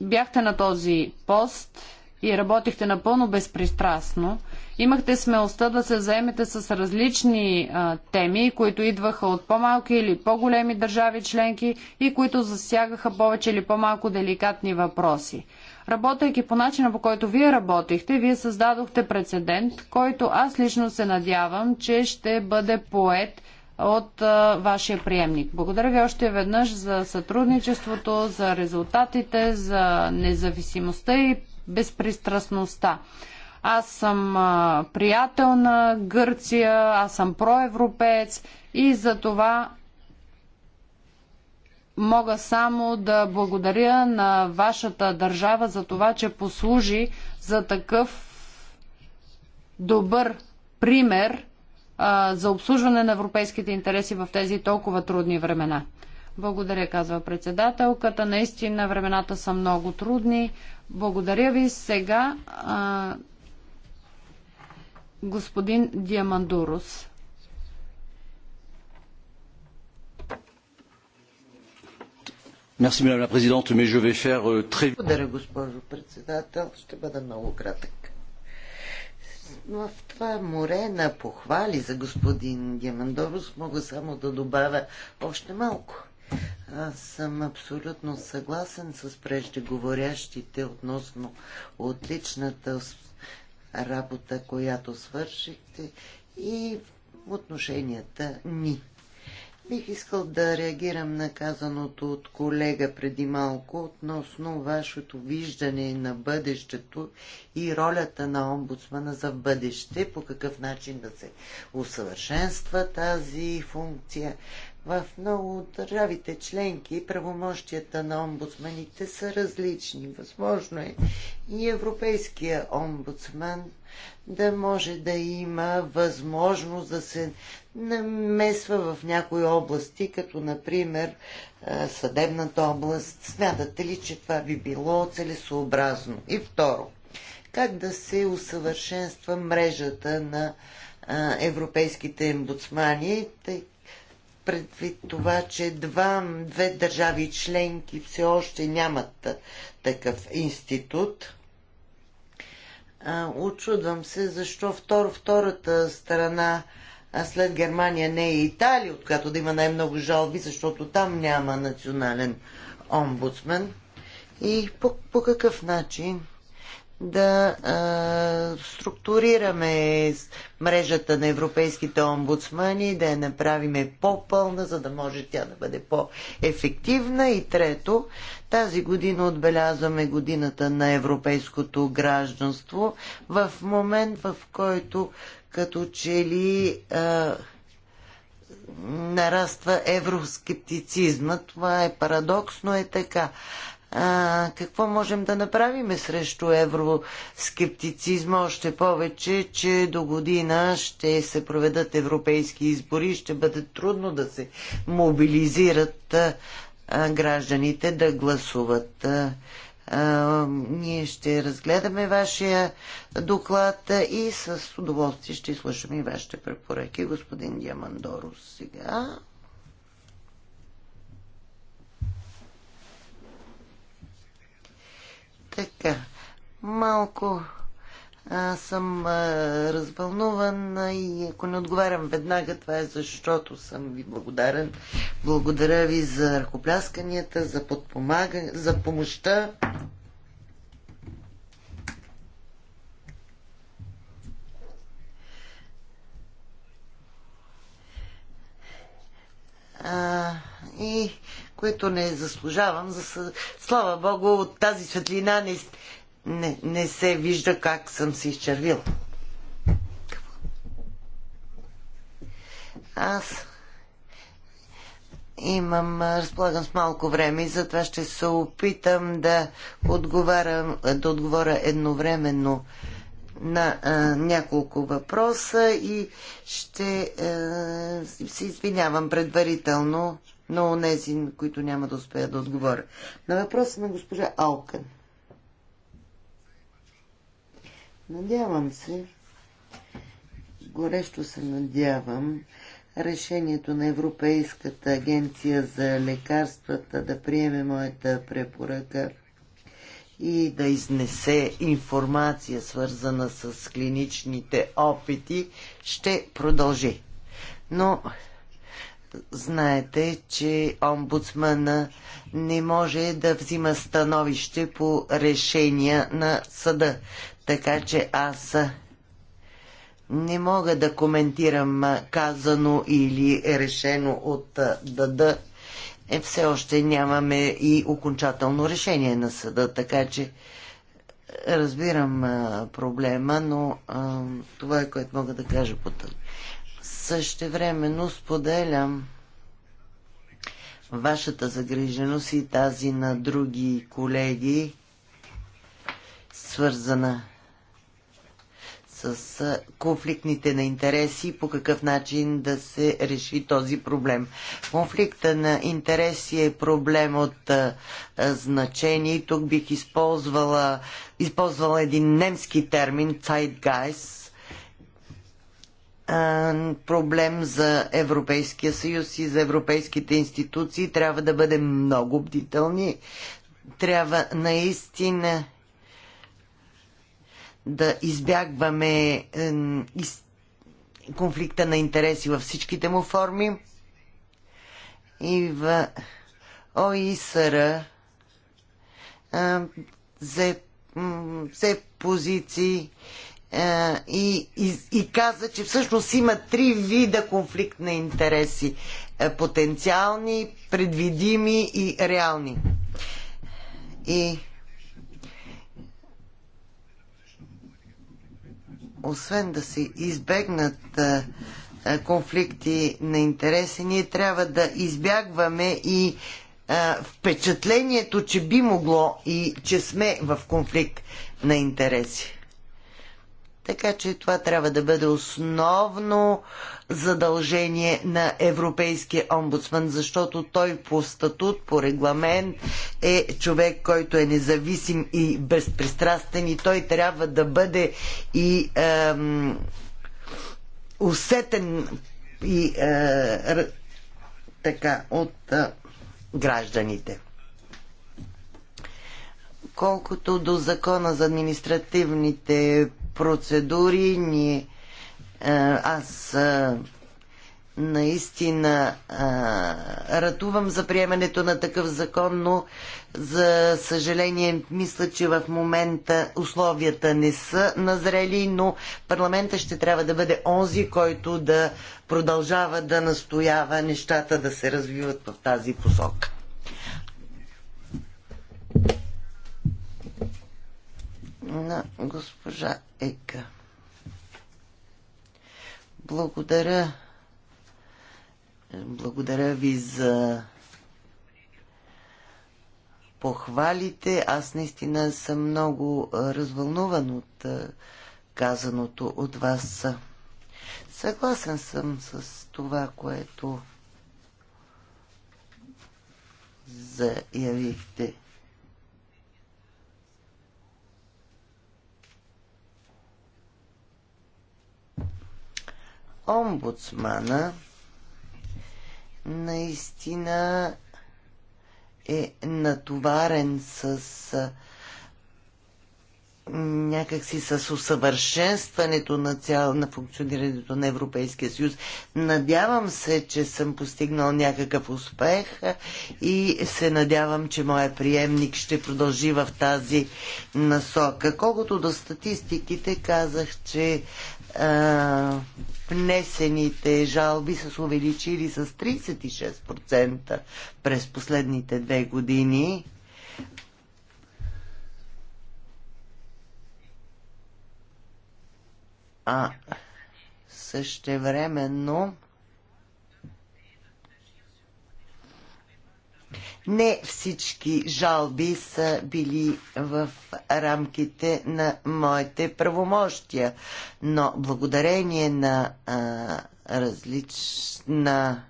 бяхте на този пост и работихте напълно безпристрастно. Имахте смелостта да се заемете с различни а, теми, които идваха от по-малки или по-големи държави членки и които засягаха повече или по-малко деликатни въпроси. Работейки по начина, по който вие работихте, вие създадохте прецедент, който аз лично се надявам, че ще бъде поет от а, вашия приемник. Благодаря ви още веднъж за сътрудничеството, за резултатите, за независимостта и безпристрастността. Аз съм а, приятел на Гърция, аз съм проевропеец и за това мога само да благодаря на вашата държава за това, че послужи за такъв добър пример а, за обслужване на европейските интереси в тези толкова трудни времена. Благодаря, казва председателката. Наистина времената са много трудни. Благодаря ви. Сега а, господин Диамандурус. Euh, Благодаря, госпожо председател. Ще бъда много кратък. В това море на похвали за господин Диамандорус мога само да добавя още малко. Аз съм абсолютно съгласен с преждеговорящите относно отличната работа, която свършихте и отношенията ни. Бих искал да реагирам на казаното от колега преди малко относно вашето виждане на бъдещето и ролята на омбудсмана за бъдеще, по какъв начин да се усъвършенства тази функция, в много от държавите членки правомощията на омбудсманите са различни. Възможно е и европейския омбудсман да може да има възможност да се намесва в някои области, като например съдебната област. Смятате ли, че това би било целесообразно? И второ, как да се усъвършенства мрежата на европейските ембудсмани, тъй предвид това, че два, две държави членки все още нямат такъв институт. Очудвам се защо втор, втората страна след Германия не е Италия, от която да има най-много жалби, защото там няма национален омбудсмен. И по, по какъв начин да а, структурираме мрежата на европейските омбудсмани, да я направиме по-пълна, за да може тя да бъде по-ефективна. И трето, тази година отбелязваме годината на европейското гражданство в момент, в който като че ли а, нараства евроскептицизма. Това е парадоксно, е така а, какво можем да направим срещу евроскептицизма, още повече, че до година ще се проведат европейски избори, ще бъде трудно да се мобилизират а, гражданите да гласуват. А, а, ние ще разгледаме вашия доклад и с удоволствие ще слушаме и вашите препоръки, господин Диамандорус. Сега. Така, малко аз съм а, развълнуван и ако не отговарям веднага, това е защото съм ви благодарен. Благодаря ви за ръкоплясканията, за подпомага, за помощта. А, и което не заслужавам. За, слава Богу, от тази светлина не, не, не се вижда как съм се изчервила. Аз имам, разполагам с малко време и затова ще се опитам да, отговарям, да отговоря едновременно на а, няколко въпроса и ще а, се извинявам предварително на онези, на които няма да успея да отговоря. На въпроса на госпожа Алкан. Надявам се, горещо се надявам, решението на Европейската агенция за лекарствата да приеме моята препоръка и да изнесе информация, свързана с клиничните опити, ще продължи. Но знаете, че омбудсмана не може да взима становище по решения на съда. Така че аз не мога да коментирам казано или решено от ДД. Е, все още нямаме и окончателно решение на съда, така че разбирам проблема, но това е което мога да кажа по Същевременно споделям вашата загриженост и тази на други колеги, свързана с конфликтните на интереси и по какъв начин да се реши този проблем. Конфликта на интереси е проблем от а, значение. Тук бих използвала, използвала един немски термин Zeitgeist, проблем за Европейския съюз и за европейските институции. Трябва да бъдем много бдителни. Трябва наистина да избягваме конфликта на интереси във всичките му форми. И в ОИСР взе, позиции е, и, и, и каза, че всъщност има три вида конфликт на интереси е, потенциални, предвидими и реални. И освен да се избегнат е, конфликти на интереси, ние трябва да избягваме и впечатлението, че би могло и че сме в конфликт на интереси. Така че това трябва да бъде основно задължение на Европейския омбудсман, защото той по статут, по регламент е човек, който е независим и безпристрастен и той трябва да бъде и ем, усетен и е, така от е, гражданите колкото до закона за административните процедури. ни аз наистина а, ратувам за приемането на такъв закон, но за съжаление мисля, че в момента условията не са назрели, но парламента ще трябва да бъде онзи, който да продължава да настоява нещата да се развиват в тази посока. на госпожа Ека. Благодаря. Благодаря ви за похвалите. Аз наистина съм много развълнуван от казаното от вас. Съгласен съм с това, което заявихте. омбудсмана наистина е натоварен с някакси с усъвършенстването на, цяло, на функционирането на Европейския съюз. Надявам се, че съм постигнал някакъв успех и се надявам, че моя приемник ще продължи в тази насока. Колкото до статистиките, казах, че а, внесените жалби са се увеличили с 36% през последните две години. А също времено. Не всички жалби са били в рамките на моите правомощия, но благодарение на а, различна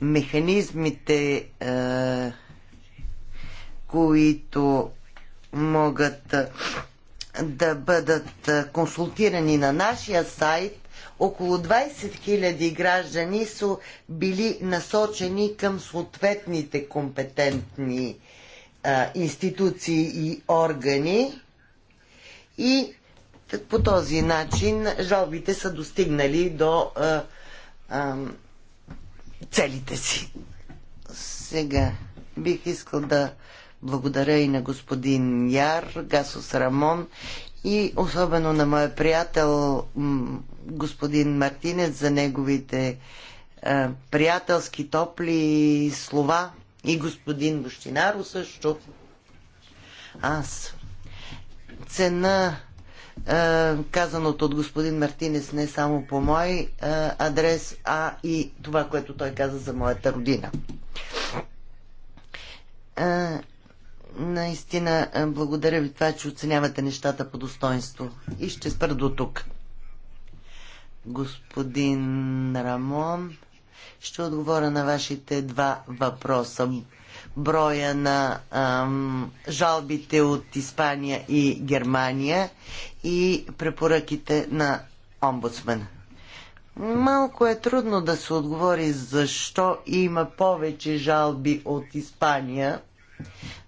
механизмите, а, които могат да бъдат консултирани на нашия сайт, около 20 000 граждани са били насочени към съответните компетентни а, институции и органи и по този начин жалбите са достигнали до а, а, целите си. Сега бих искал да благодаря и на господин Яр, Гасос Рамон и особено на моя приятел господин Мартинец за неговите а, е, приятелски топли слова и господин Бощинаро също. Аз цена е, казаното от господин Мартинец не само по мой е, адрес, а и това, което той каза за моята родина. наистина, благодаря ви това, че оценявате нещата по достоинство. И ще спра до тук господин Рамон. Ще отговоря на вашите два въпроса. Броя на ам, жалбите от Испания и Германия и препоръките на омбудсмена. Малко е трудно да се отговори защо има повече жалби от Испания,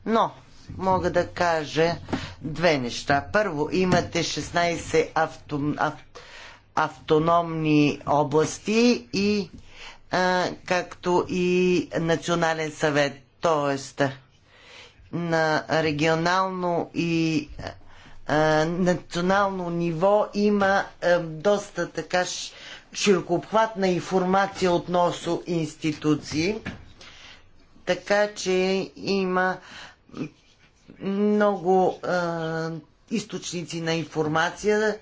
но мога да кажа две неща. Първо, имате 16 авто, авто автономни области и а, както и национален съвет, т.е. на регионално и а, национално ниво има а, доста така широкообхватна информация относно институции, така че има много а, източници на информация,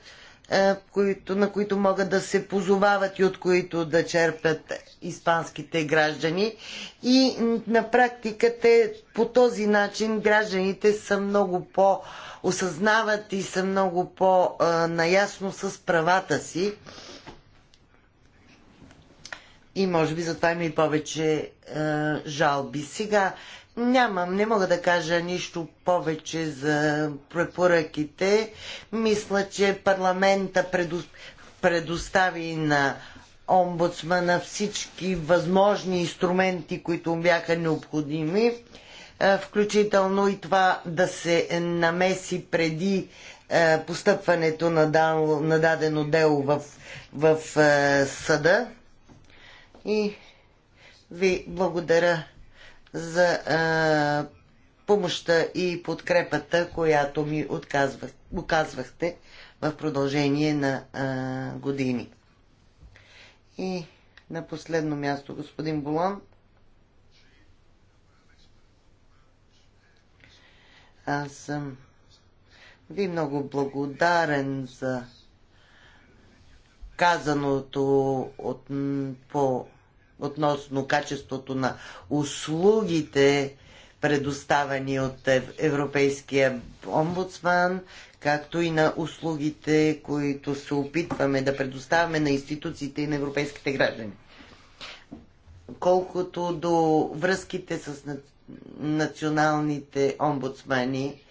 е, които, на които могат да се позовават и от които да черпят испанските граждани. И на практика те по този начин гражданите са много по-осъзнават и са много по-наясно с правата си. И може би затова има и повече е, жалби. Сега Нямам, не мога да кажа нищо повече за препоръките. Мисля, че парламента предо... предостави на омбудсмана всички възможни инструменти, които бяха необходими, е, включително и това да се намеси преди е, постъпването на, дал... на дадено дело в, в е, съда. И ви благодаря за а, помощта и подкрепата, която ми отказвах, оказвахте в продължение на а, години. И на последно място, господин Болон. Аз съм ви много благодарен за казаното от, по относно качеството на услугите, предоставени от Европейския омбудсман, както и на услугите, които се опитваме да предоставяме на институциите и на европейските граждани. Колкото до връзките с националните омбудсмани,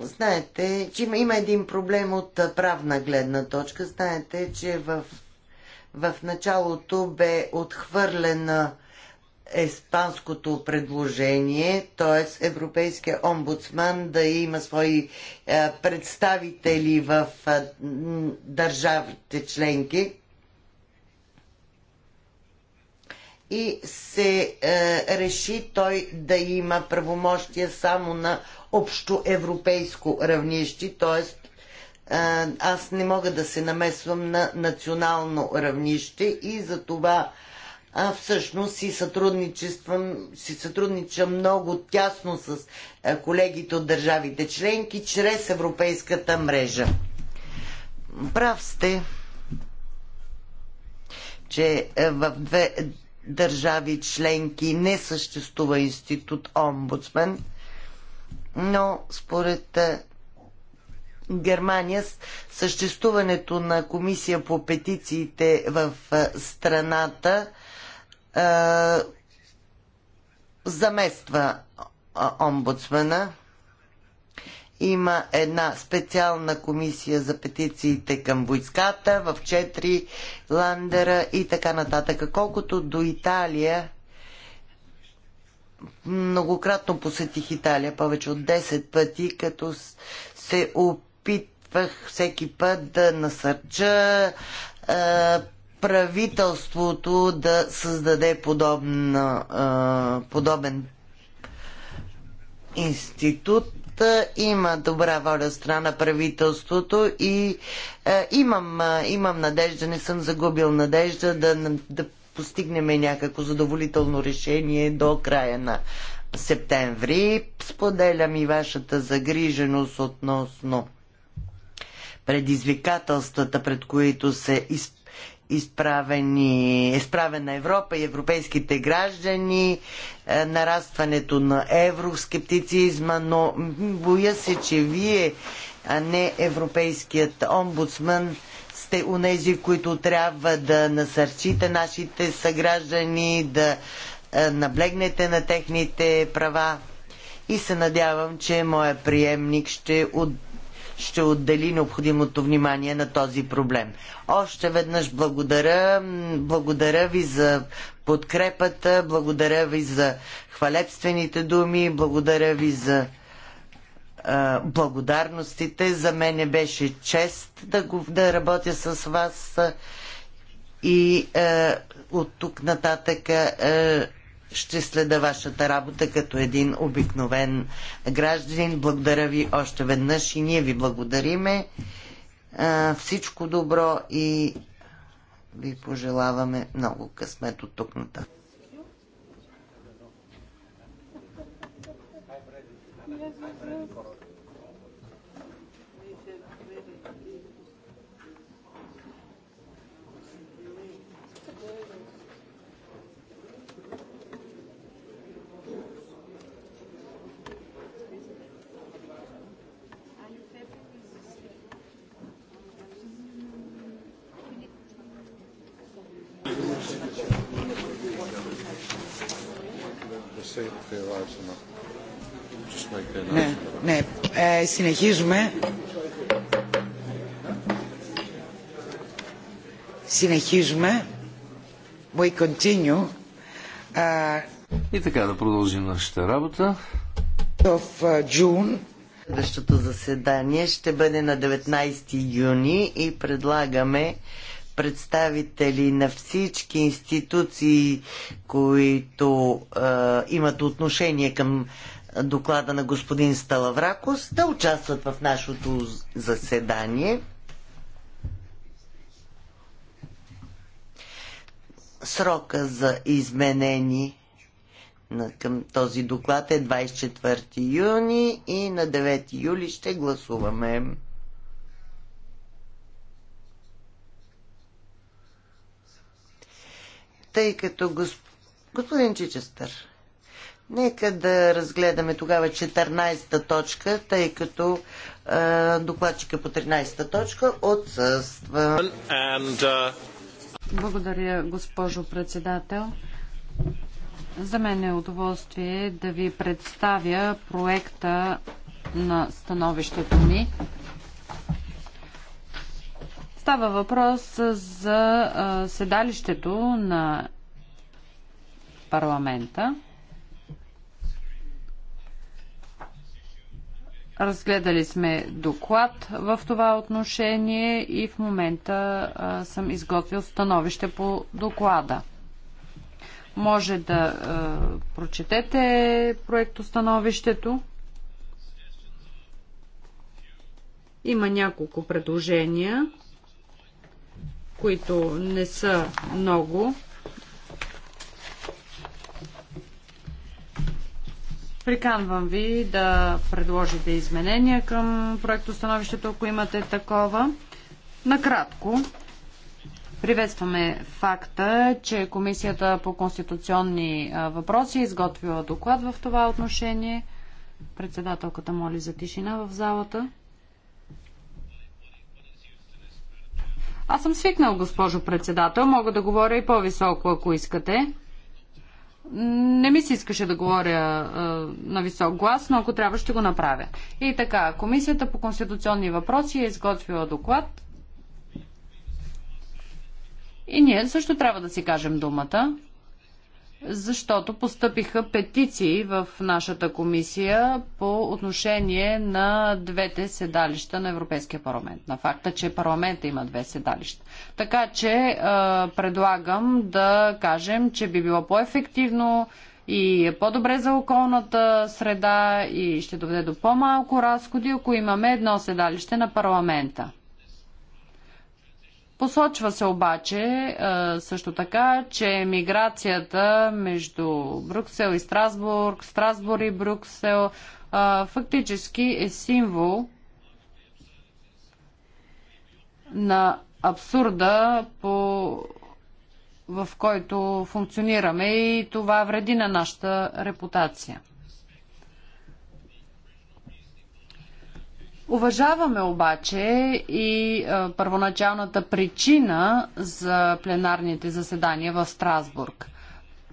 знаете, че има, има един проблем от правна гледна точка. Знаете, че в в началото бе отхвърлена еспанското предложение, т.е. Европейския омбудсман да има свои е, представители в е, държавите членки. И се е, реши той да има правомощия само на общоевропейско равнище, т.е аз не мога да се намесвам на национално равнище и за това а, всъщност си, сътрудничам, си сътрудничам много тясно с колегите от държавите членки чрез Европейската мрежа. Прав сте, че в две държави членки не съществува институт омбудсмен, но според Германия съществуването на комисия по петициите в страната е, замества омбудсмена. Има една специална комисия за петициите към войската в четири ландера и така нататък. Колкото до Италия, многократно посетих Италия, повече от 10 пъти, като се опитах опитвах всеки път да насърча правителството да създаде подобна, подобен институт. Има добра воля страна правителството и е, имам, имам надежда, не съм загубил надежда да, да постигнем някакво задоволително решение до края на септември. Споделям и вашата загриженост относно предизвикателствата, пред които се изправени, изправена Европа и европейските граждани, е, нарастването на евроскептицизма, но боя се, че вие, а не европейският омбудсман, сте унези, които трябва да насърчите нашите съграждани, да е, наблегнете на техните права и се надявам, че моя приемник ще от ще отдели необходимото внимание на този проблем. Още веднъж благодаря. Благодаря ви за подкрепата, благодаря ви за хвалебствените думи, благодаря ви за а, благодарностите. За мен беше чест да, го, да работя с вас и а, от тук нататък А, ще следа вашата работа като един обикновен гражданин. Благодаря ви още веднъж и ние ви благодариме. Всичко добро и ви пожелаваме много късмет от тук нататък. Ναι, ναι. Ε, συνεχίζουμε. Συνεχίζουμε. We continue. Uh, И така да продължим нашата работа. Of е, June. Следващото заседание ще бъде на 19 юни и предлагаме представители на всички институции, които е, имат отношение към доклада на господин Сталавракос, да участват в нашето заседание. Срока за изменение на, към този доклад е 24 юни и на 9 юли ще гласуваме. тъй като госп... господин Чичестър, нека да разгледаме тогава 14-та точка, тъй като е, докладчика по 13-та точка отсъства. And, uh... Благодаря, госпожо председател. За мен е удоволствие да ви представя проекта на становището ми. Става въпрос за седалището на парламента. Разгледали сме доклад в това отношение и в момента а, съм изготвил становище по доклада. Може да а, прочетете становището. Има няколко предложения които не са много. Приканвам ви да предложите изменения към проектостановището, ако имате такова. Накратко, приветстваме факта, че Комисията по конституционни въпроси е изготвила доклад в това отношение. Председателката моли за тишина в залата. Аз съм свикнал, госпожо председател. Мога да говоря и по-високо, ако искате. Не ми се искаше да говоря е, на висок глас, но ако трябва ще го направя. И така, Комисията по конституционни въпроси е изготвила доклад. И ние също трябва да си кажем думата защото постъпиха петиции в нашата комисия по отношение на двете седалища на Европейския парламент, на факта, че парламента има две седалища. Така че е, предлагам да кажем, че би било по-ефективно и е по-добре за околната среда и ще доведе до по-малко разходи, ако имаме едно седалище на парламента. Посочва се обаче също така, че миграцията между Брюксел и Страсбург, Страсбург и Брюксел фактически е символ на абсурда, по... в който функционираме и това вреди на нашата репутация. Уважаваме обаче и а, е, първоначалната причина за пленарните заседания в Страсбург.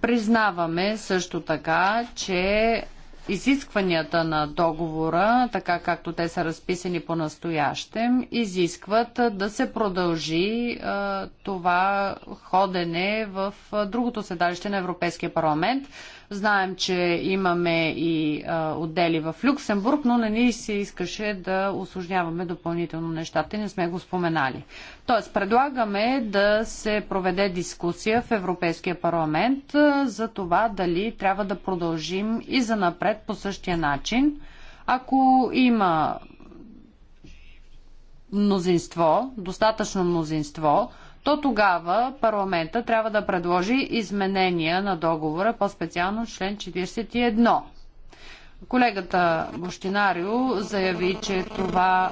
Признаваме също така, че изискванията на договора, така както те са разписани по настоящем, изискват да се продължи а, е, това ходене в е, другото седалище на Европейския парламент, Знаем, че имаме и а, отдели в Люксембург, но не ни се искаше да осложняваме допълнително нещата и не сме го споменали. Тоест, предлагаме да се проведе дискусия в Европейския парламент а, за това дали трябва да продължим и за напред по същия начин. Ако има мнозинство, достатъчно мнозинство, то тогава парламента трябва да предложи изменения на договора, по-специално член 41. Колегата Бощинарио заяви, че това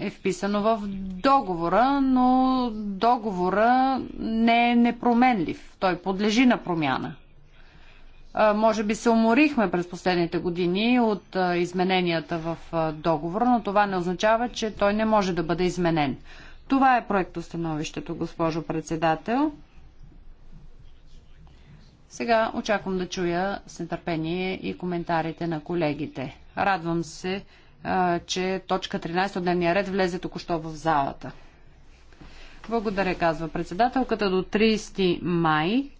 е вписано в договора, но договора не е непроменлив. Той подлежи на промяна. Може би се уморихме през последните години от измененията в договора, но това не означава, че той не може да бъде изменен. Това е проектостановището, госпожо председател. Сега очаквам да чуя с нетърпение и коментарите на колегите. Радвам се, че точка 13 от дневния ред влезе току-що в залата. Благодаря, казва председателката. До 30 май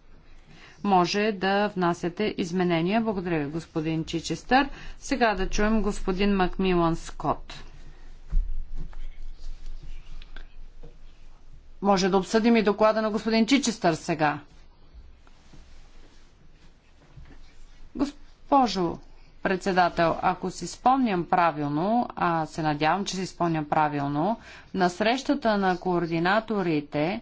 може да внасяте изменения. Благодаря ви, господин Чичестър. Сега да чуем господин Макмилан Скотт. Може да обсъдим и доклада на господин Чичестър сега. Госпожо председател, ако си спомням правилно, а се надявам, че си спомням правилно, на срещата на координаторите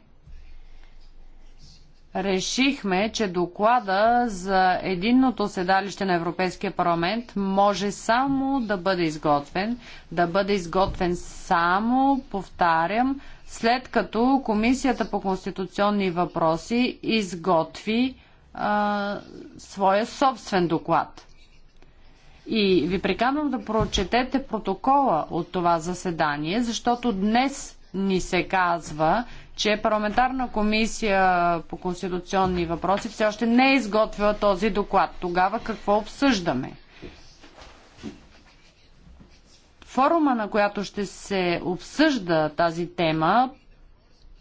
решихме, че доклада за единното седалище на Европейския парламент може само да бъде изготвен, да бъде изготвен само, повтарям, след като Комисията по конституционни въпроси изготви а, своя собствен доклад. И ви приканвам да прочетете протокола от това заседание, защото днес ни се казва, че парламентарна комисия по конституционни въпроси все още не е изготвила този доклад. Тогава какво обсъждаме? Форума, на която ще се обсъжда тази тема,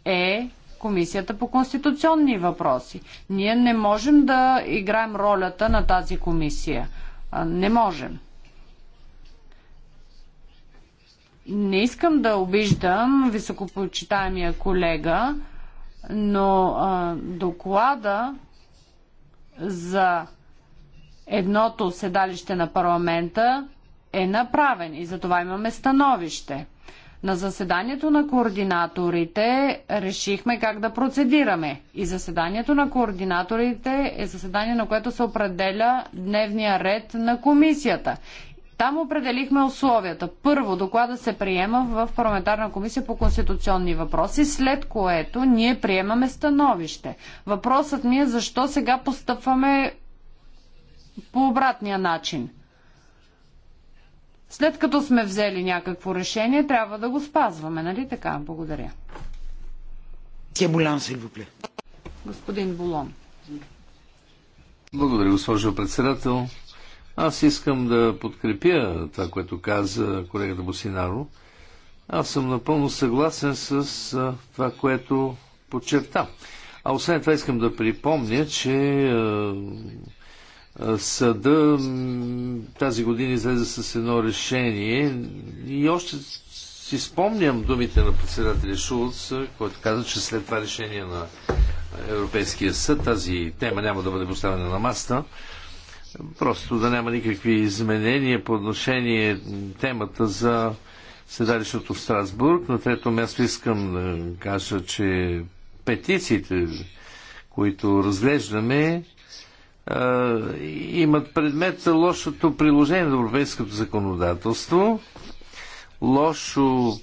е Комисията по конституционни въпроси. Ние не можем да играем ролята на тази комисия. Не можем. Не искам да обиждам високопочитаемия колега, но а, доклада за едното седалище на парламента е направен и за това имаме становище. На заседанието на координаторите решихме как да процедираме. И заседанието на координаторите е заседание, на което се определя дневния ред на комисията. Там определихме условията. Първо, доклада се приема в парламентарна комисия по конституционни въпроси, след което ние приемаме становище. Въпросът ми е защо сега постъпваме по обратния начин – след като сме взели някакво решение, трябва да го спазваме, нали така? Благодаря. Тя Господин Булон. Благодаря, госпожо председател. Аз искам да подкрепя това, което каза колегата Босинаро. Аз съм напълно съгласен с това, което подчерта. А освен това искам да припомня, че съда тази година излезе с едно решение и още си спомням думите на председателя Шулц, който каза, че след това решение на Европейския съд тази тема няма да бъде поставена на маста. Просто да няма никакви изменения по отношение темата за седалището в Страсбург. На трето място искам да кажа, че петициите, които разглеждаме, имат предмет лошото приложение на европейското законодателство, лошо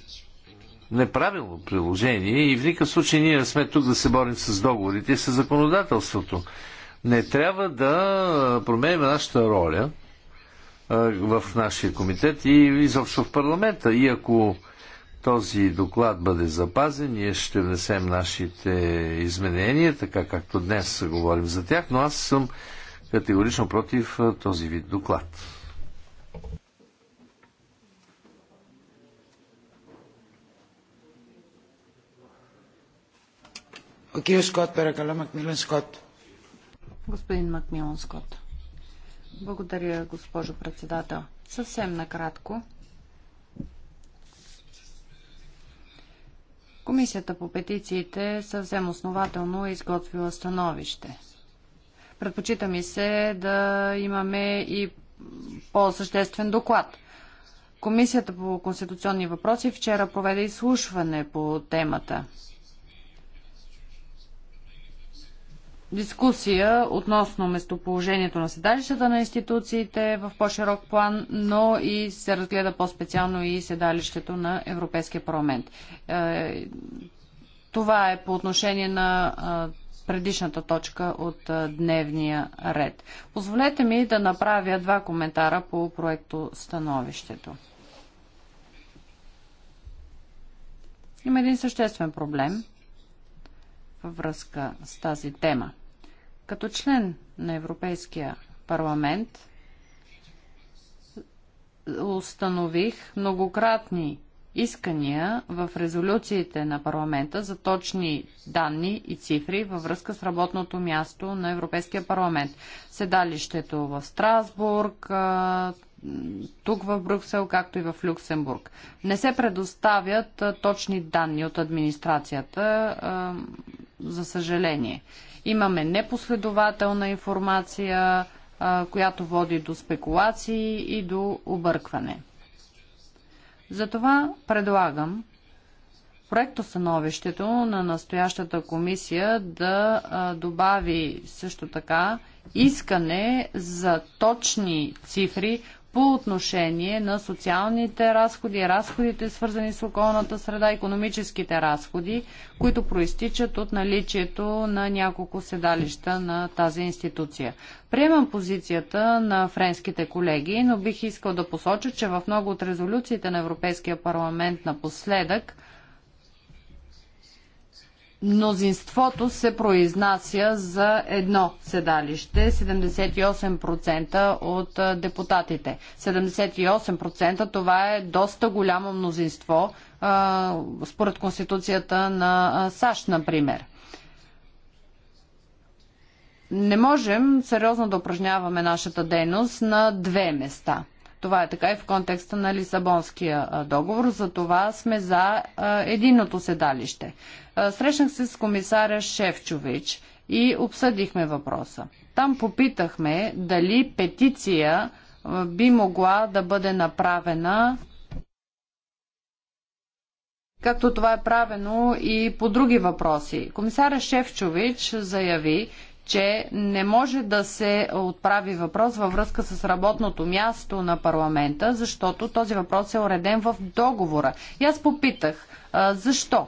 неправилно приложение и в никакъв случай ние не сме тук да се борим с договорите и с законодателството. Не трябва да променяме нашата роля в нашия комитет и изобщо в парламента. И ако този доклад бъде запазен, ние ще внесем нашите изменения, така както днес говорим за тях, но аз съм категорично против този вид доклад. Скот, Господин Макмилен Скот. Благодаря, госпожо председател. Съвсем накратко. Комисията по петициите съвсем основателно е изготвила становище. Предпочита ми се да имаме и по-съществен доклад. Комисията по конституционни въпроси вчера проведе изслушване по темата. дискусия относно местоположението на седалищата на институциите в по-широк план, но и се разгледа по-специално и седалището на Европейския парламент. Е, това е по отношение на предишната точка от дневния ред. Позволете ми да направя два коментара по проекто становището. Има един съществен проблем във връзка с тази тема – като член на Европейския парламент установих многократни искания в резолюциите на парламента за точни данни и цифри във връзка с работното място на Европейския парламент. Седалището в Страсбург, тук в Брюксел, както и в Люксембург. Не се предоставят точни данни от администрацията, за съжаление. Имаме непоследователна информация, която води до спекулации и до объркване. Затова предлагам становището на настоящата комисия да добави също така искане за точни цифри, по отношение на социалните разходи, разходите свързани с околната среда, економическите разходи, които проистичат от наличието на няколко седалища на тази институция. Приемам позицията на френските колеги, но бих искал да посоча, че в много от резолюциите на Европейския парламент напоследък – мнозинството се произнася за едно седалище 78% от депутатите. 78% това е доста голямо мнозинство според Конституцията на САЩ, например. Не можем сериозно да упражняваме нашата дейност на две места – това е така и в контекста на Лисабонския договор. За това сме за единното седалище. Срещнах се с комисаря Шефчович и обсъдихме въпроса. Там попитахме дали петиция би могла да бъде направена както това е правено и по други въпроси. Комисаря Шефчович заяви, че не може да се отправи въпрос във връзка с работното място на парламента, защото този въпрос е уреден в договора. И аз попитах, а, защо?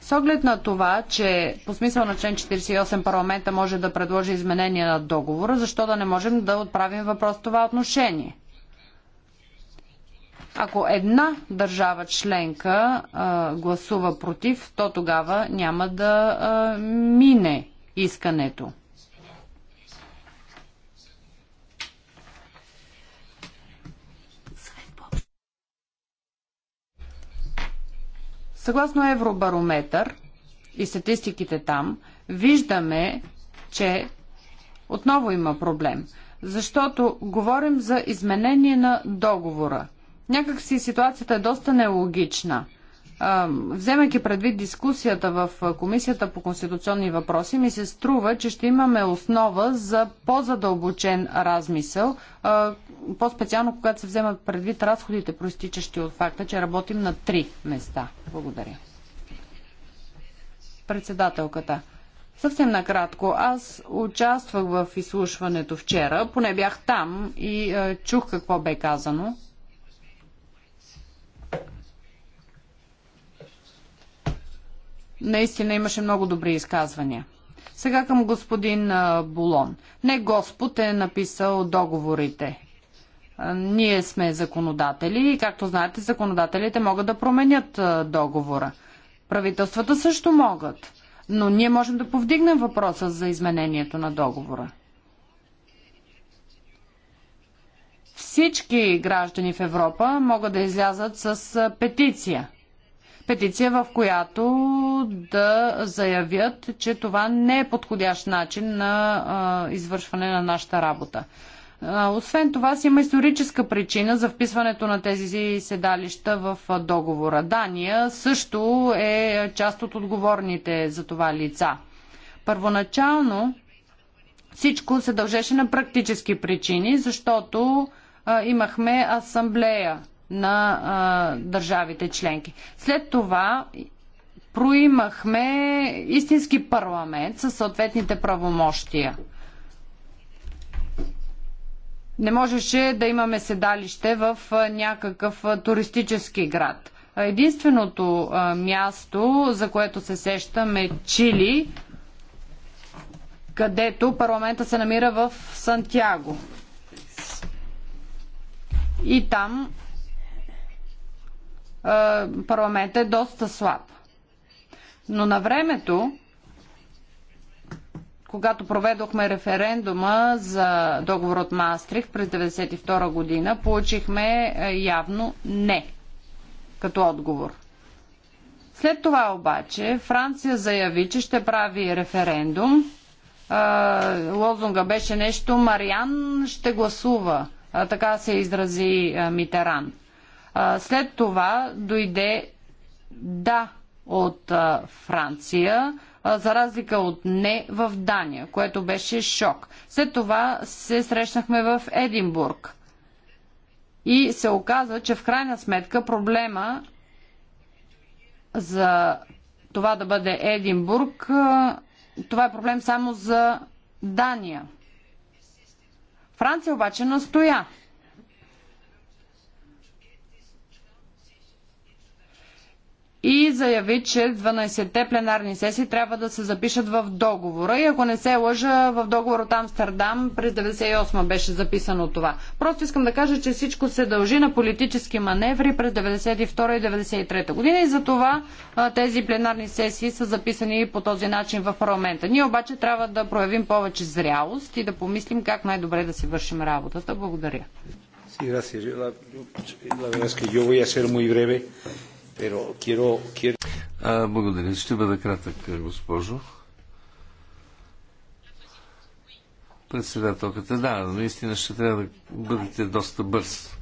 С оглед на това, че по смисъл на член 48 парламента може да предложи изменения на договора, защо да не можем да отправим въпрос в това отношение? Ако една държава членка а, гласува против, то тогава няма да а, мине искането. Съгласно Евробарометър и статистиките там, виждаме, че отново има проблем, защото говорим за изменение на договора. Някак си ситуацията е доста нелогична – вземайки предвид дискусията в Комисията по конституционни въпроси, ми се струва, че ще имаме основа за по-задълбочен размисъл, по-специално когато се вземат предвид разходите, проистичащи от факта, че работим на три места. Благодаря. Председателката. Съвсем накратко, аз участвах в изслушването вчера, поне бях там и чух какво бе казано. Наистина имаше много добри изказвания. Сега към господин Булон. Не Господ е написал договорите. Ние сме законодатели и, както знаете, законодателите могат да променят договора. Правителствата също могат. Но ние можем да повдигнем въпроса за изменението на договора. Всички граждани в Европа могат да излязат с петиция – петиция, в която да заявят, че това не е подходящ начин на а, извършване на нашата работа. А, освен това си има историческа причина за вписването на тези седалища в договора. Дания също е част от отговорните за това лица. Първоначално всичко се дължеше на практически причини, защото а, имахме асамблея на а, държавите членки. След това проимахме истински парламент със съответните правомощия. Не можеше да имаме седалище в някакъв туристически град. Единственото място, за което се сещам е Чили, където парламента се намира в Сантьяго. И там парламента е доста слаб. Но на времето, когато проведохме референдума за договор от Маастрих през 1992 година, получихме явно не като отговор. След това обаче Франция заяви, че ще прави референдум. Лозунга беше нещо Мариан ще гласува. Така се изрази Митеран. След това дойде да от Франция, за разлика от не в Дания, което беше шок. След това се срещнахме в Единбург. И се оказа, че в крайна сметка проблема за това да бъде Единбург, това е проблем само за Дания. Франция обаче настоя. и заяви, че 12-те пленарни сесии трябва да се запишат в договора. И ако не се лъжа, в договор от Амстердам през 98 беше записано това. Просто искам да кажа, че всичко се дължи на политически маневри през 92 и 93 година и за това тези пленарни сесии са записани по този начин в парламента. Ние обаче трябва да проявим повече зрялост и да помислим как най-добре да си вършим работата. Благодаря. Sí, gracias. Yo la, la verdad es que yo voy a ser muy breve. А, благодаря. Ще бъда кратък, госпожо. Председателката, да, наистина ще трябва да бъдете доста бърз.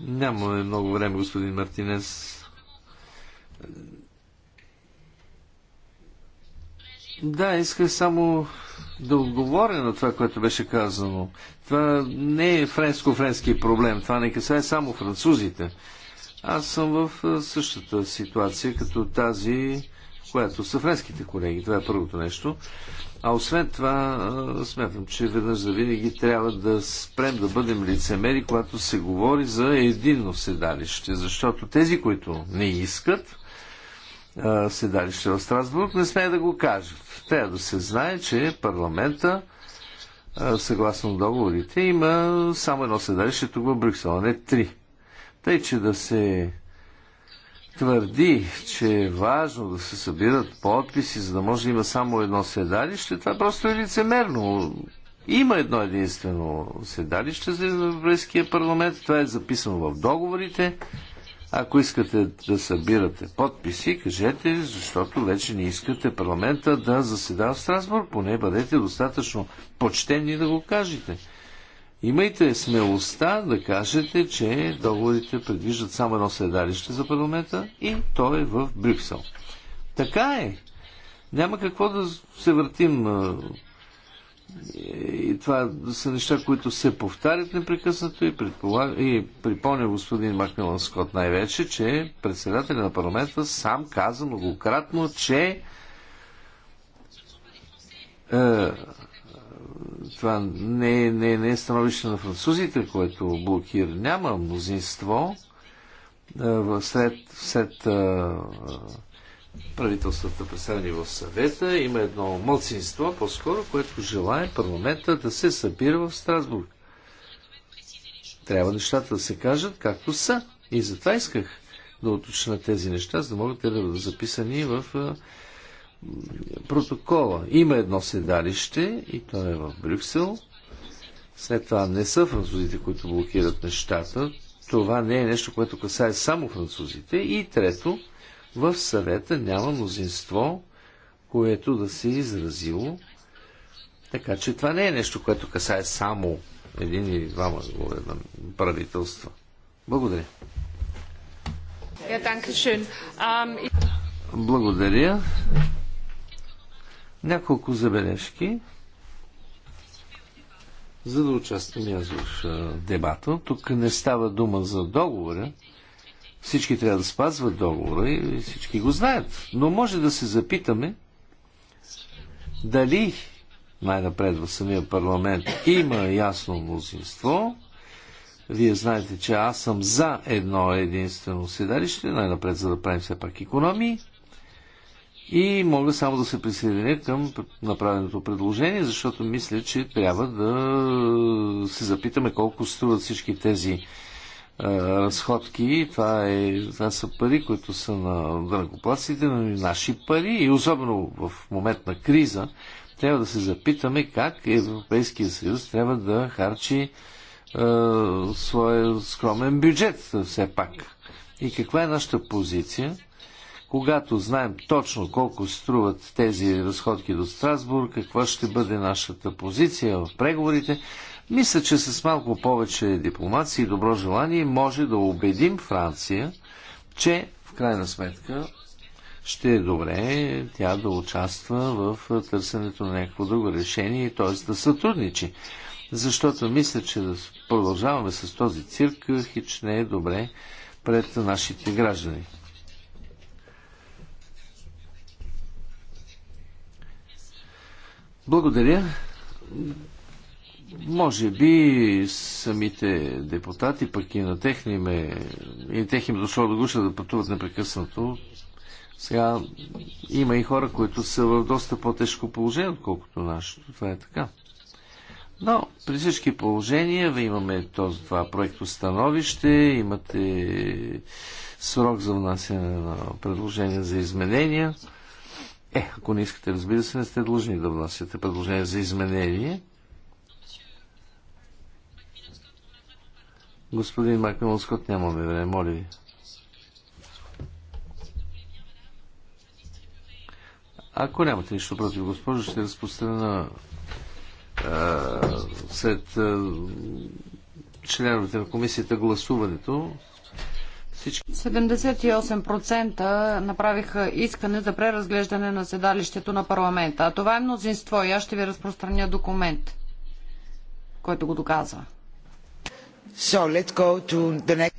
Нямаме много време, господин Мартинес. Да, исках само да отговоря на това, което беше казано. Това не е френско-френски проблем. Това не касае само французите. Аз съм в същата ситуация, като тази, която са френските колеги. Това е първото нещо. А освен това, смятам, че веднъж за винаги трябва да спрем да бъдем лицемери, когато се говори за единно седалище, защото тези, които не искат седалище в Страсбург, не смеят да го кажат. Трябва да се знае, че парламента съгласно договорите има само едно седалище тук в Брюксел, а не три. Тъй, че да се твърди, че е важно да се събират подписи, за да може да има само едно седалище, това е просто е лицемерно. Има едно единствено седалище за Европейския парламент, това е записано в договорите. Ако искате да събирате подписи, кажете, защото вече не искате парламента да заседава в Страсбург, поне бъдете достатъчно почтени да го кажете. Имайте смелостта да кажете, че договорите предвиждат само едно седалище за парламента и то е в Брюксел. Така е. Няма какво да се въртим. И това са неща, които се повтарят непрекъснато и, предполаг... и припомня господин Макмилан Скот най-вече, че председателя на парламента сам каза многократно, че е, това не, е, не, е, не е становище на французите, което блокира. Няма мнозинство след, след правителствата, представени в съвета, има едно мълцинство, по-скоро, което желая парламента да се събира в Страсбург. Трябва нещата да се кажат както са. И затова исках да уточна тези неща, за да могат те да бъдат записани в протокола. Има едно седалище и то е в Брюксел. След това не са французите, които блокират нещата. Това не е нещо, което касае само французите. И трето, в съвета няма мнозинство, което да се е изразило. Така че това не е нещо, което касае само един или двама правителства. Благодаря. Ähm, Благодаря. Няколко забележки, за да участвам аз в дебата. Тук не става дума за договора. Всички трябва да спазват договора и всички го знаят. Но може да се запитаме дали най-напред в самия парламент има ясно мнозинство. Вие знаете, че аз съм за едно единствено седалище, най-напред за да правим все пак економии. И мога само да се присъединя към направеното предложение, защото мисля, че трябва да се запитаме колко струват всички тези разходки. Това, е, това са пари, които са на дъргоплаците, но и наши пари. И особено в момент на криза трябва да се запитаме как Европейския съюз трябва да харчи е, своя скромен бюджет все пак. И каква е нашата позиция? Когато знаем точно колко струват тези разходки до Страсбург, каква ще бъде нашата позиция в преговорите, мисля, че с малко повече дипломация и добро желание може да убедим Франция, че в крайна сметка ще е добре тя да участва в търсенето на някакво друго решение, т.е. да сътрудничи. Защото мисля, че да продължаваме с този цирк хич не е добре пред нашите граждани. Благодаря. Може би самите депутати, пък и на техни ме, и тех им дошло до гуша да пътуват непрекъснато. Сега има и хора, които са в доста по-тежко положение, отколкото нашето. Това е така. Но при всички положения имаме този, това проекто становище, имате срок за внасяне на предложения за изменения. Е, ако не искате, разбира се, не сте длъжни да внасяте предложение за изменение. Господин Макмилон Скот, нямаме време, моля ви. Ако нямате нищо против, госпожо, ще разпространя след членовете на комисията гласуването всички... 78% направиха искане за преразглеждане на седалището на парламента. А това е мнозинство и аз ще ви разпространя документ, който го доказва. So, next...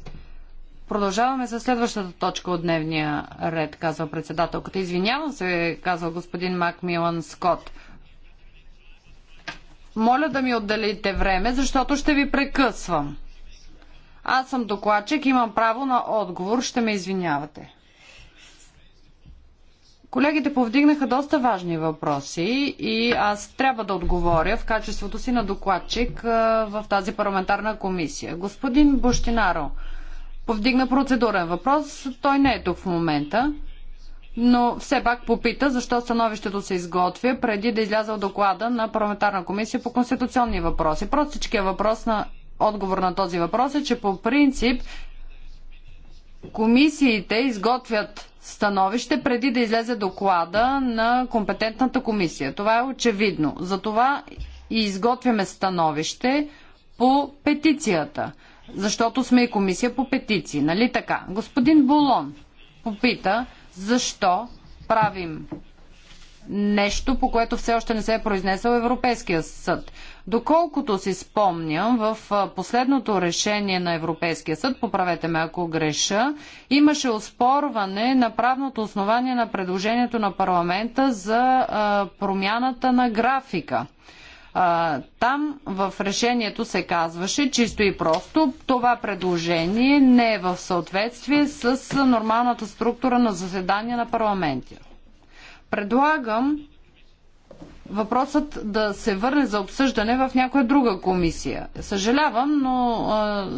Продължаваме с следващата точка от дневния ред, казва председателката. Извинявам се, казва господин Макмилан Скот. Моля да ми отделите време, защото ще ви прекъсвам. Аз съм докладчик, имам право на отговор, ще ме извинявате. Колегите повдигнаха доста важни въпроси и аз трябва да отговоря в качеството си на докладчик в тази парламентарна комисия. Господин Бощинаро повдигна процедурен въпрос. Той не е тук в момента, но все пак попита защо становището се изготвя преди да изляза от доклада на парламентарна комисия по конституционни въпроси. Простичкият е въпрос на отговор на този въпрос е, че по принцип комисиите изготвят становище преди да излезе доклада на компетентната комисия. Това е очевидно. Затова и изготвяме становище по петицията, защото сме и комисия по петиции, нали така? Господин Болон попита защо правим нещо, по което все още не се е произнесъл Европейския съд. Доколкото си спомням, в последното решение на Европейския съд, поправете ме ако греша, имаше оспорване на правното основание на предложението на парламента за промяната на графика там в решението се казваше чисто и просто това предложение не е в съответствие с нормалната структура на заседания на парламента. Предлагам въпросът да се върне за обсъждане в някоя друга комисия. Съжалявам, но а,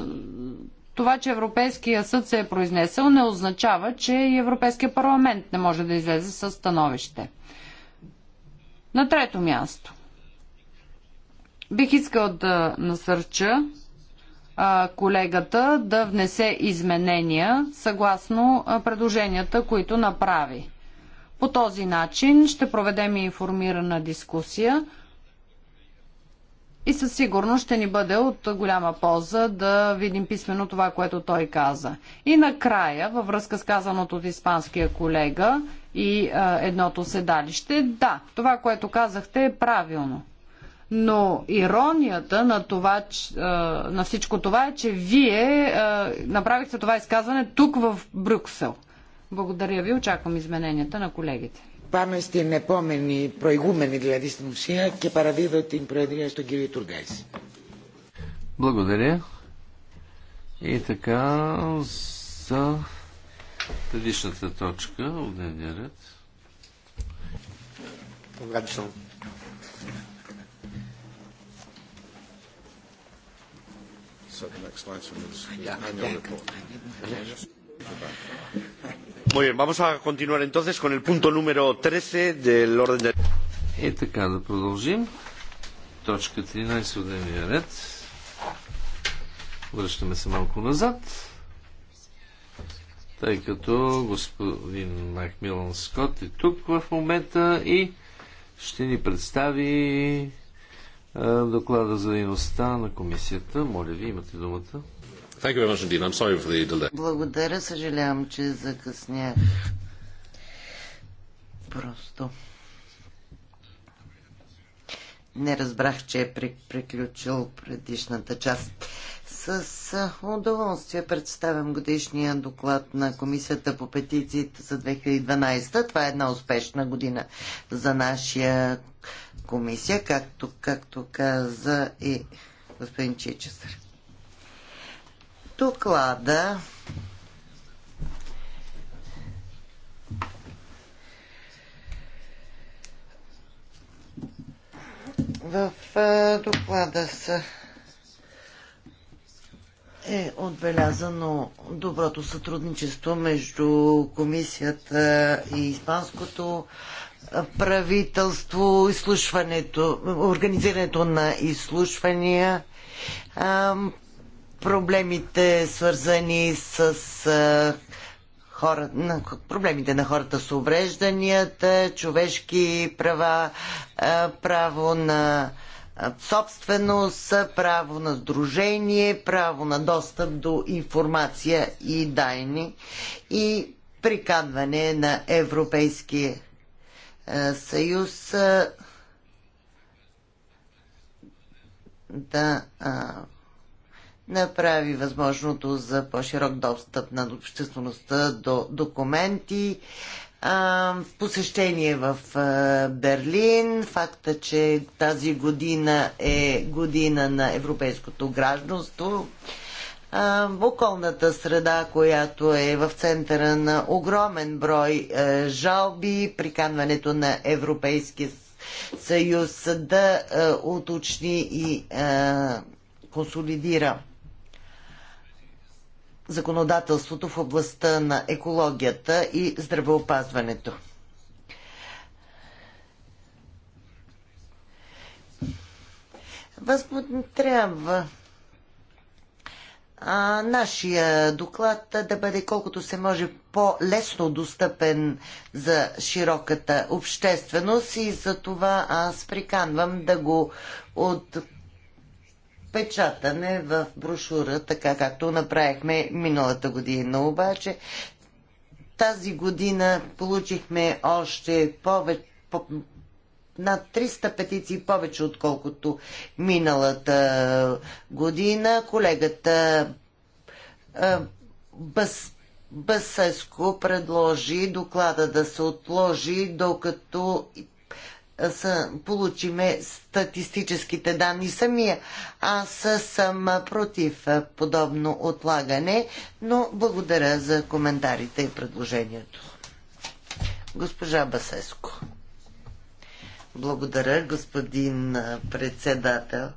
това, че Европейския съд се е произнесъл, не означава, че и Европейския парламент не може да излезе с становище. На трето място. Бих искал да насърча а, колегата да внесе изменения съгласно а, предложенията, които направи. По този начин ще проведем и информирана дискусия и със сигурност ще ни бъде от голяма полза да видим писменно това, което той каза. И накрая, във връзка с казаното от испанския колега и а, едното седалище, да, това, което казахте е правилно. Но иронията на, това, че, на всичко това е, че вие направихте това изказване тук в Брюксел. Благодаря ви. Очаквам измененията на колегите. Πάμε στην επόμενη, προηγούμενη δηλαδή στην ουσία και παραδίδω την Προεδρία στον κύριο Τουργκάης. Благодаря. И така, за предишната точка от дневния ред. So the next slide is annual report. И vamos a continuar entonces con el punto número del orden del... така, да продължим. Точка 13 от дневния ред. Връщаме се малко назад. Тъй като господин Макмилан Скот е тук в момента и ще ни представи доклада за дейността на комисията. Моля ви, имате думата. Thank you very much indeed. I'm sorry for the delay. Благодаря, съжалявам, че закъснях. Просто не разбрах, че е приключил предишната част. С удоволствие представям годишния доклад на Комисията по петициите за 2012. Това е една успешна година за нашия комисия, както, както каза и господин Чичесър доклада в доклада са е отбелязано доброто сътрудничество между комисията и испанското правителство, изслушването, организирането на изслушвания, проблемите свързани с хора, на, проблемите на хората с уврежданията, човешки права, право на собственост, право на сдружение, право на достъп до информация и дайни и приканване на Европейския съюз да направи възможното за по-широк достъп на обществеността до документи, посещение в Берлин, факта, че тази година е година на европейското гражданство, околната среда, която е в центъра на огромен брой е, жалби, приканването на Европейския съюз да е, уточни и е, консолидира законодателството в областта на екологията и здравеопазването. Възможно трябва а, нашия доклад да бъде колкото се може по-лесно достъпен за широката общественост и за това аз приканвам да го от печатане в брошура, така както направихме миналата година. Обаче тази година получихме още повече, по, над 300 петиции повече, отколкото миналата година. Колегата а, Басеско предложи доклада да се отложи, докато са, получиме статистическите данни самия. Аз съм против подобно отлагане, но благодаря за коментарите и предложението. Госпожа Басеско. Благодаря, господин председател.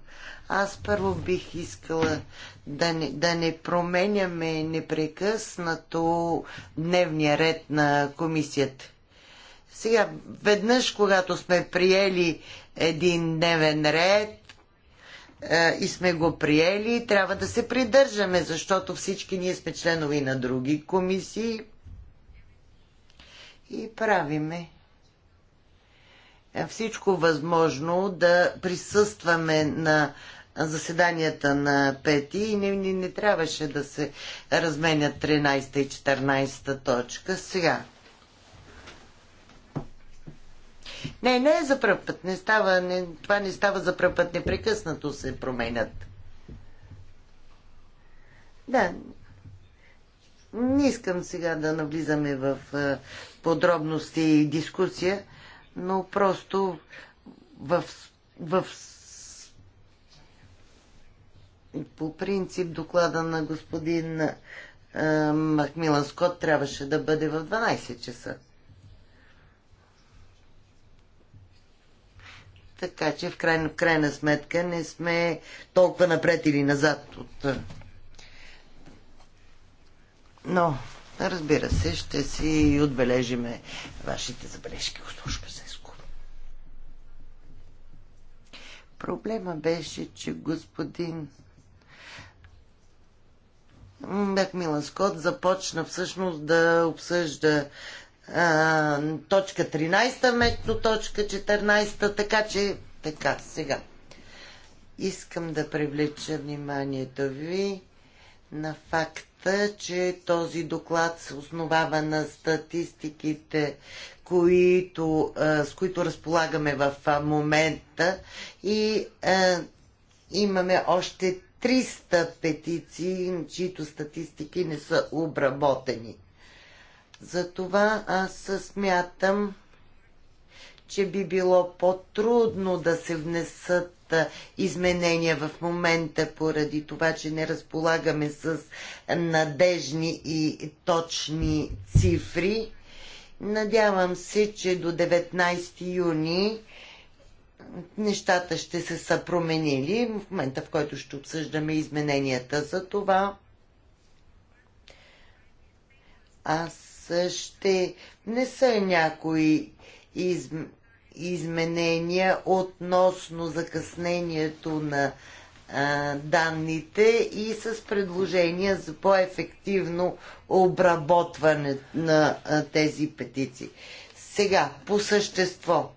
Аз първо бих искала да не, да не променяме непрекъснато дневния ред на комисията сега, веднъж, когато сме приели един дневен ред е, и сме го приели, трябва да се придържаме, защото всички ние сме членови на други комисии и правиме е, всичко възможно да присъстваме на заседанията на Пети и не, не, не трябваше да се разменят 13 и 14 точка. Сега, не, не е за пръв път. Не става, не, това не става за пръв път. Непрекъснато се променят. Да. Не искам сега да навлизаме в подробности и дискусия, но просто в, в по принцип доклада на господин Махмилан Скот трябваше да бъде в 12 часа. Така че в крайна, в крайна сметка не сме толкова напред или назад от. Но, разбира се, ще си отбележиме вашите забележки, госпожо Песеско. Проблема беше, че господин Мак Милан Скот започна всъщност да обсъжда а, точка 13 вместо точка 14, така че така, сега. Искам да привлеча вниманието ви на факта, че този доклад се основава на статистиките, които, с които разполагаме в момента и е, имаме още 300 петиции, чието статистики не са обработени. Затова аз смятам, че би било по-трудно да се внесат изменения в момента, поради това, че не разполагаме с надежни и точни цифри. Надявам се, че до 19 юни нещата ще се са променили в момента, в който ще обсъждаме измененията. За това аз ще не са някои из, изменения относно закъснението на а, данните и с предложения за по-ефективно обработване на а, тези петиции. Сега, по същество.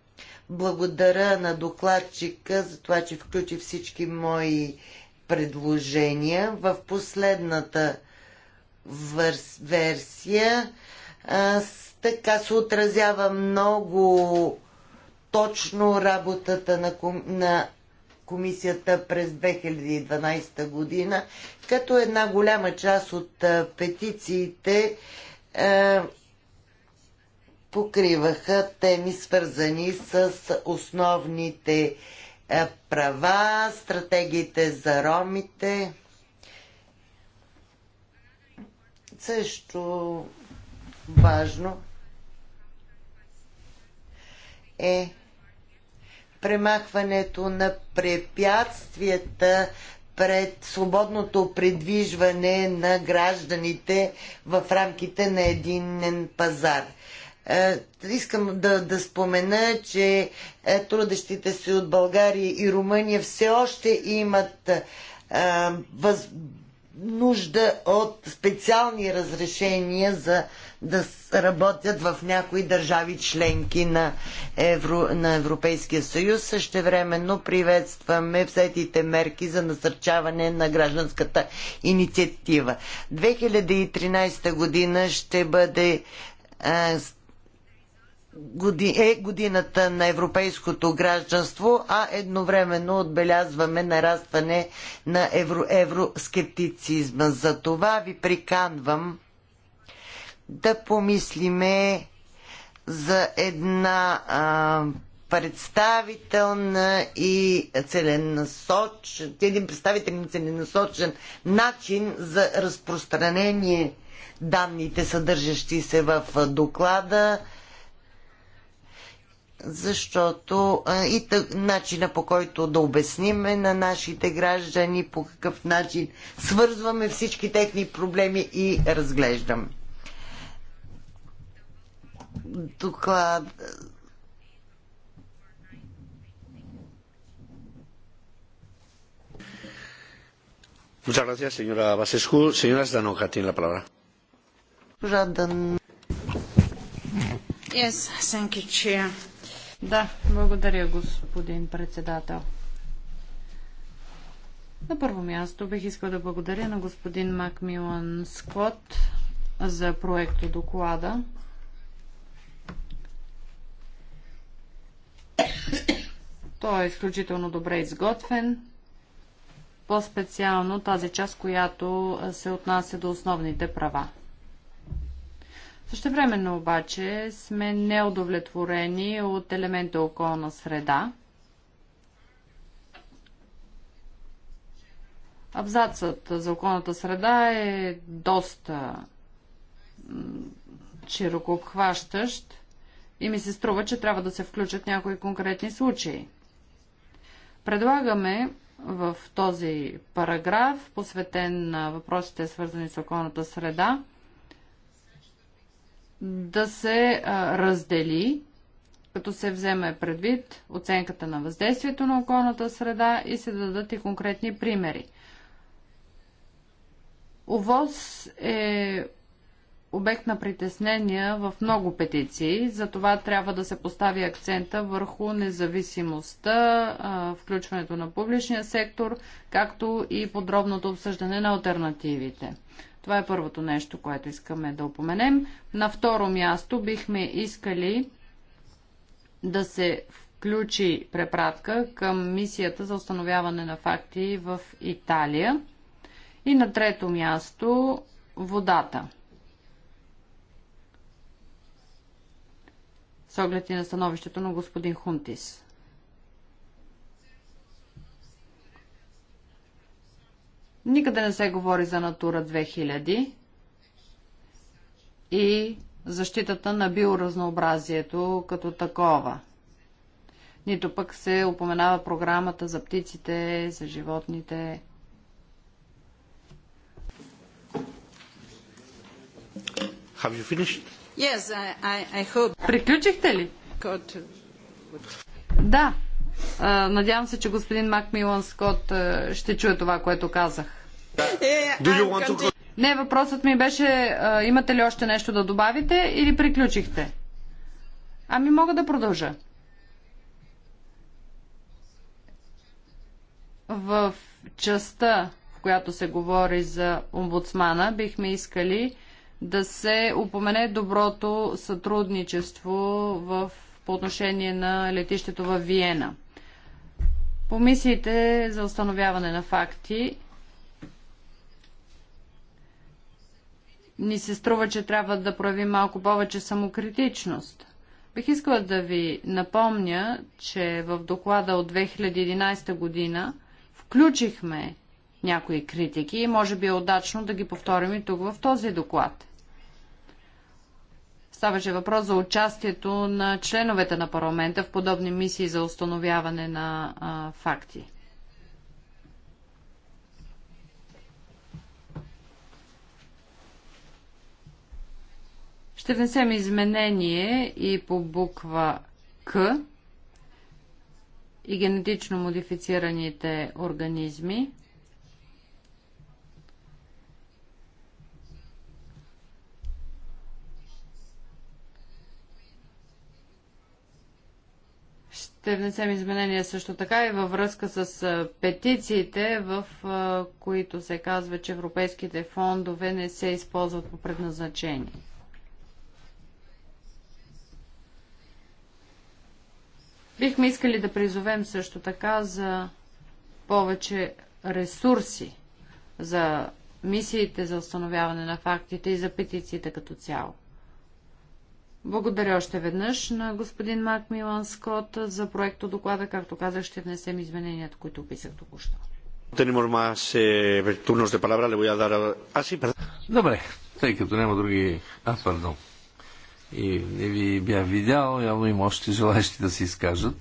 Благодаря на докладчика за това, че включи всички мои предложения. В последната версия така се отразява много точно работата на, ком... на комисията през 2012 година, като една голяма част от петициите е, покриваха теми свързани с основните права, стратегиите за ромите. Също важно е премахването на препятствията пред свободното придвижване на гражданите в рамките на единен пазар. Е, искам да, да спомена, че е, трудещите се от България и Румъния все още имат а, е, въз, нужда от специални разрешения за да работят в някои държави членки на, Евро, на Европейския съюз. Същевременно приветстваме взетите мерки за насърчаване на гражданската инициатива. 2013 година ще бъде а, е годината на европейското гражданство, а едновременно отбелязваме нарастване на евро, евроскептицизма. За това ви приканвам да помислиме за една а, представителна и целенасочен, един представителен целенасочен начин за разпространение данните, съдържащи се в доклада защото а, и тъ, начина по който да обясниме на нашите граждани по какъв начин свързваме всички техни проблеми и разглеждаме. Доклад. Muchas gracias, señora Basescu. Señora Zdanoja, tiene la palabra. Yes, thank you, Chair. Да, благодаря, господин председател. На първо място бих искал да благодаря на господин Макмилан Скот за проекто доклада. Той е изключително добре изготвен. По-специално тази част, която се отнася до основните права времено обаче сме неудовлетворени от елемента околна среда. Абзацът за околната среда е доста широко обхващащ и ми се струва, че трябва да се включат някои конкретни случаи. Предлагаме в този параграф, посветен на въпросите свързани с околната среда, да се раздели, като се вземе предвид оценката на въздействието на околната среда и се дадат и конкретни примери. ОВОз е обект на притеснения в много петиции, затова трябва да се постави акцента върху независимостта, включването на публичния сектор, както и подробното обсъждане на альтернативите. Това е първото нещо, което искаме да упоменем. На второ място бихме искали да се включи препратка към мисията за установяване на факти в Италия. И на трето място водата. С оглед и на становището на господин Хунтис. Никъде не се говори за Натура 2000 и защитата на биоразнообразието като такова. Нито пък се упоменава програмата за птиците, за животните. Have you finished? Yes, I, I hope... Приключихте ли? Да. Надявам се, че господин Макмилан Скот ще чуе това, което казах. To... Не, въпросът ми беше, а, имате ли още нещо да добавите или приключихте? Ами мога да продължа. В частта, в която се говори за омбудсмана, бихме искали да се упомене доброто сътрудничество в, по отношение на летището в Виена. Помислите за установяване на факти ни се струва, че трябва да проявим малко повече самокритичност. Бих искала да ви напомня, че в доклада от 2011 година включихме някои критики и може би е удачно да ги повторим и тук в този доклад. Ставаше въпрос за участието на членовете на парламента в подобни мисии за установяване на а, факти. Ще внесем изменение и по буква К и генетично модифицираните организми. ще внесем изменения също така и във връзка с петициите, в които се казва, че европейските фондове не се използват по предназначение. Бихме искали да призовем също така за повече ресурси за мисиите за установяване на фактите и за петициите като цяло. Благодаря още веднъж на господин Мак Милан Скот за проекто доклада. Както казах, ще внесем измененията, които описах току-що. Добре, тъй като няма други... А, пардон. И не ви бях видял, явно има още желаящи да се изкажат.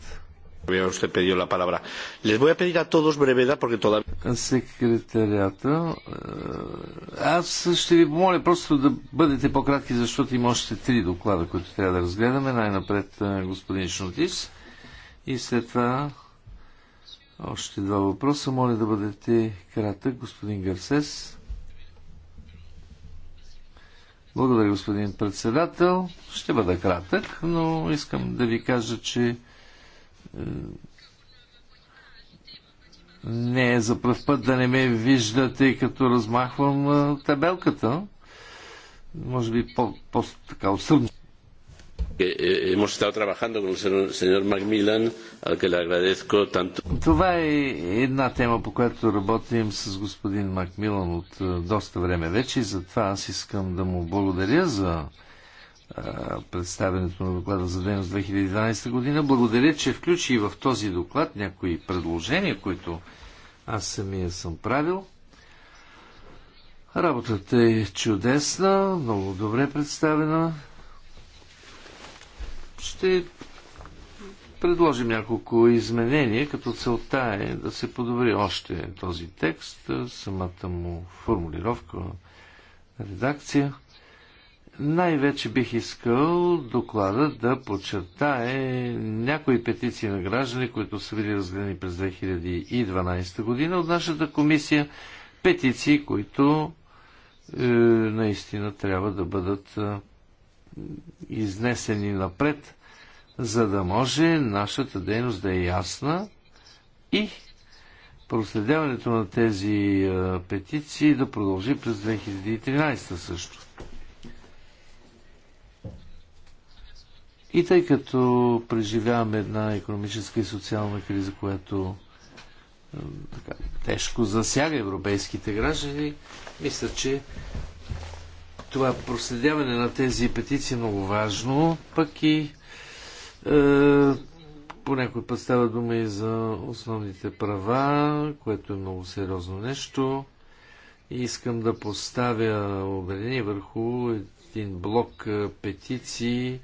Секретарята, е, аз ще ви помоля просто да бъдете по-кратки, защото има още три доклада, които трябва да разгледаме. Най-напред е, господин Шнотис и след това още два въпроса. Моля да бъдете кратък, господин Гарсес. Благодаря, господин председател. Ще бъда кратък, но искам да ви кажа, че е, не е за пръв път да не ме виждате, като размахвам е, табелката. Може би по-така усърдно. Eh, hemos estado trabajando con el señor Macmillan, al que le agradezco tanto. Това е една тема, по която работим с господин Макмилан от е, доста време вече и затова аз искам да му благодаря за е, представенето на доклада за дейност 2012 година. Благодаря, че включи и в този доклад някои предложения, които аз самия съм правил. Работата е чудесна, много добре представена ще предложим няколко изменения, като целта е да се подобри още този текст, самата му формулировка, редакция. Най-вече бих искал доклада да подчертае някои петиции на граждани, които са били разгледани през 2012 година от нашата комисия. Петиции, които е, наистина трябва да бъдат е, изнесени напред, за да може нашата дейност да е ясна и проследяването на тези петиции да продължи през 2013 също. И тъй като преживяваме една економическа и социална криза, която така, тежко засяга европейските граждани, мисля, че това проследяване на тези петиции е много важно, пък и е, по някой път става дума и за основните права, което е много сериозно нещо. И искам да поставя обедини върху един блок е, петиции,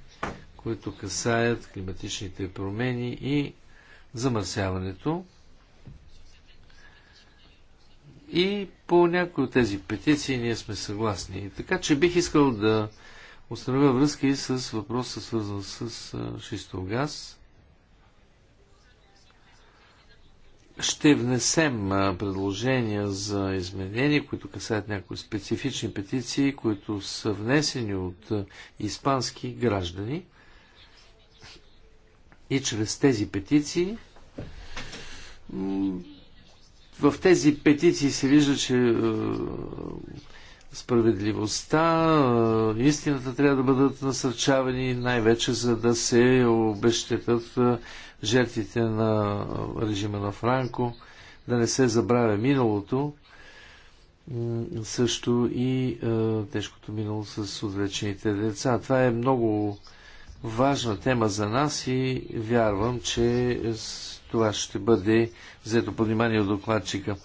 които касаят климатичните промени и замърсяването. И по някои от тези петиции ние сме съгласни. Така че бих искал да установя връзки с въпроса, свързан с шистов газ. Ще внесем предложения за изменения, които касаят някои специфични петиции, които са внесени от испански граждани. И чрез тези петиции в тези петиции се вижда, че е, справедливостта, е, истината трябва да бъдат насърчавани най-вече за да се обещетат е, жертвите на режима на Франко, да не се забравя миналото, също и тежкото минало с отвлечените деца. Това е много важна тема за нас и вярвам, че това ще бъде взето под внимание от докладчика.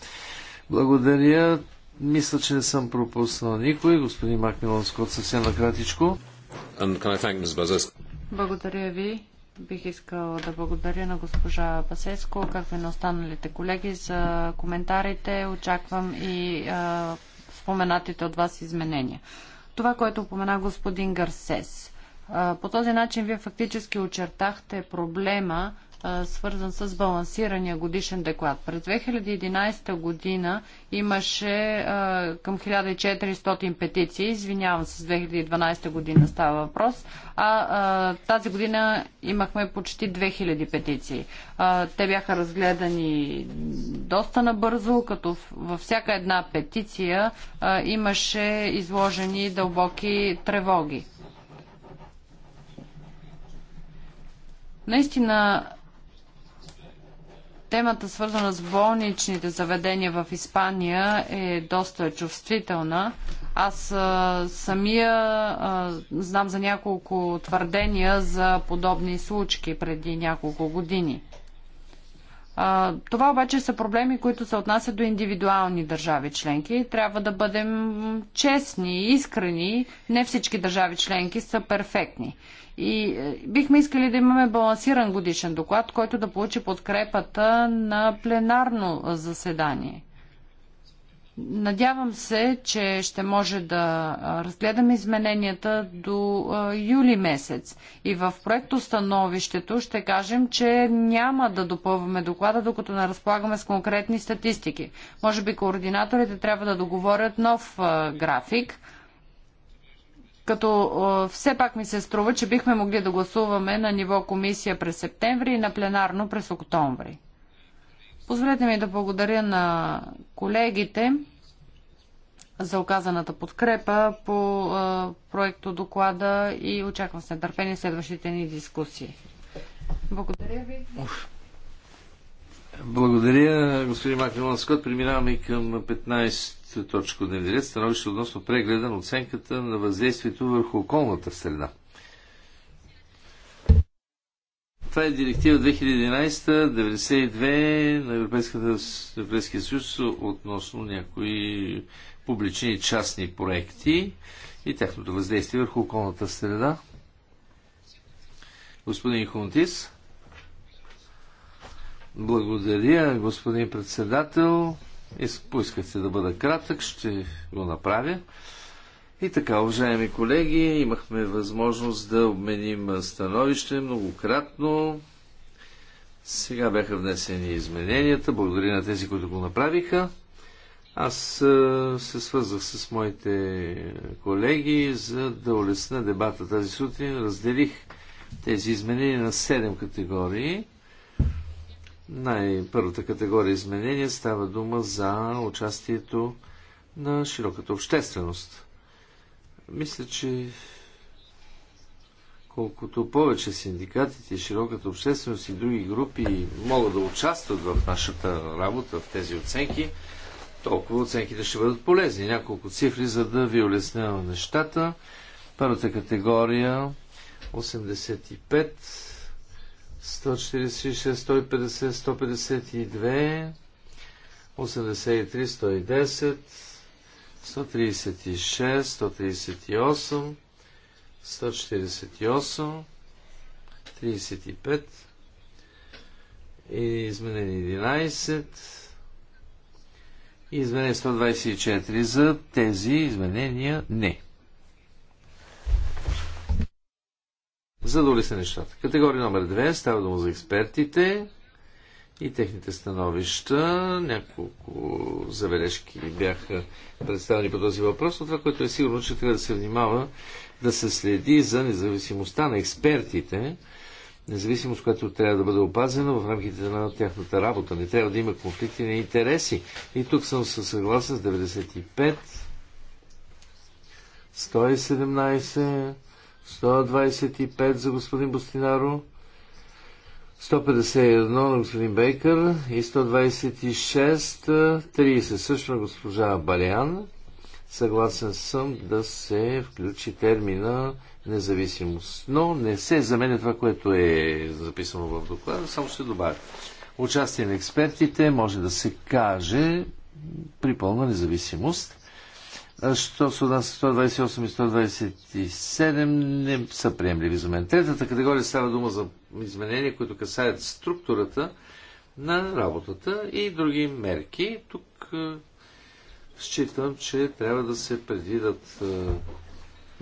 Благодаря. Мисля, че не съм пропуснал никой. Господин Макмилон Скот, съвсем накратичко. Благодаря ви. Бих искала да благодаря на госпожа Басеско, както и на останалите колеги за коментарите. Очаквам и а, споменатите от вас изменения. Това, което упомена господин Гарсес. А, по този начин вие фактически очертахте проблема, свързан с балансирания годишен доклад. През 2011 година имаше към 1400 петиции, извинявам се, с 2012 година става въпрос, а тази година имахме почти 2000 петиции. Те бяха разгледани доста набързо, като във всяка една петиция имаше изложени дълбоки тревоги. Наистина Темата, свързана с болничните заведения в Испания, е доста чувствителна. Аз а, самия а, знам за няколко твърдения за подобни случки преди няколко години. Това обаче са проблеми, които се отнасят до индивидуални държави членки. Трябва да бъдем честни и искрени. Не всички държави членки са перфектни. И е, бихме искали да имаме балансиран годишен доклад, който да получи подкрепата на пленарно заседание. Надявам се, че ще може да разгледаме измененията до юли месец. И в проектостановището ще кажем, че няма да допълваме доклада, докато не разполагаме с конкретни статистики. Може би координаторите трябва да договорят нов график, като все пак ми се струва, че бихме могли да гласуваме на ниво комисия през септември и на пленарно през октомври. Позволете ми да благодаря на колегите за оказаната подкрепа по а, проекто доклада и очаквам с нетърпение следващите ни дискусии. Благодаря ви. Благодаря, господин Макрилон Скот. Преминаваме към 15 точка дневния ред. Становище относно прегледа на оценката на въздействието върху околната среда. Това е директива 2011-92 на Европейския съюз относно някои публични частни проекти и тяхното въздействие върху околната среда. Господин Хунтис. Благодаря, господин председател. Поискахте да бъда кратък, ще го направя. И така, уважаеми колеги, имахме възможност да обменим становище многократно. Сега бяха внесени измененията. Благодаря на тези, които го направиха. Аз е, се свързах с моите колеги, за да улесна дебата тази сутрин. Разделих тези изменения на 7 категории. Най-първата категория изменения става дума за участието на широката общественост. Мисля, че колкото повече синдикатите, широката общественост и други групи могат да участват в нашата работа, в тези оценки, толкова оценките ще бъдат полезни. Няколко цифри, за да ви улеснявам нещата. Първата категория 85, 146, 150, 152, 83, 110, 136, 138, 148, 35 и изменени 11 и изменение 124 за тези изменения не. Задоли се нещата. Категория номер 2 става дума за експертите и техните становища. Няколко забележки бяха представени по този въпрос, но това, което е сигурно, че трябва да се внимава, да се следи за независимостта на експертите, независимост, която трябва да бъде опазена в рамките на тяхната работа. Не трябва да има конфликти на интереси. И тук съм съгласен с 95, 117, 125 за господин Бостинаро 151 на господин Бейкър и 126, 30 също на госпожа Балиан. Съгласен съм да се включи термина независимост. Но не се заменя това, което е записано в доклада, само ще добавя. Участие на експертите може да се каже при пълна независимост що 128 и 127 не са приемливи за мен. Третата категория става дума за изменения, които касаят структурата на работата и други мерки. Тук е, считам, че трябва да се предвидат е,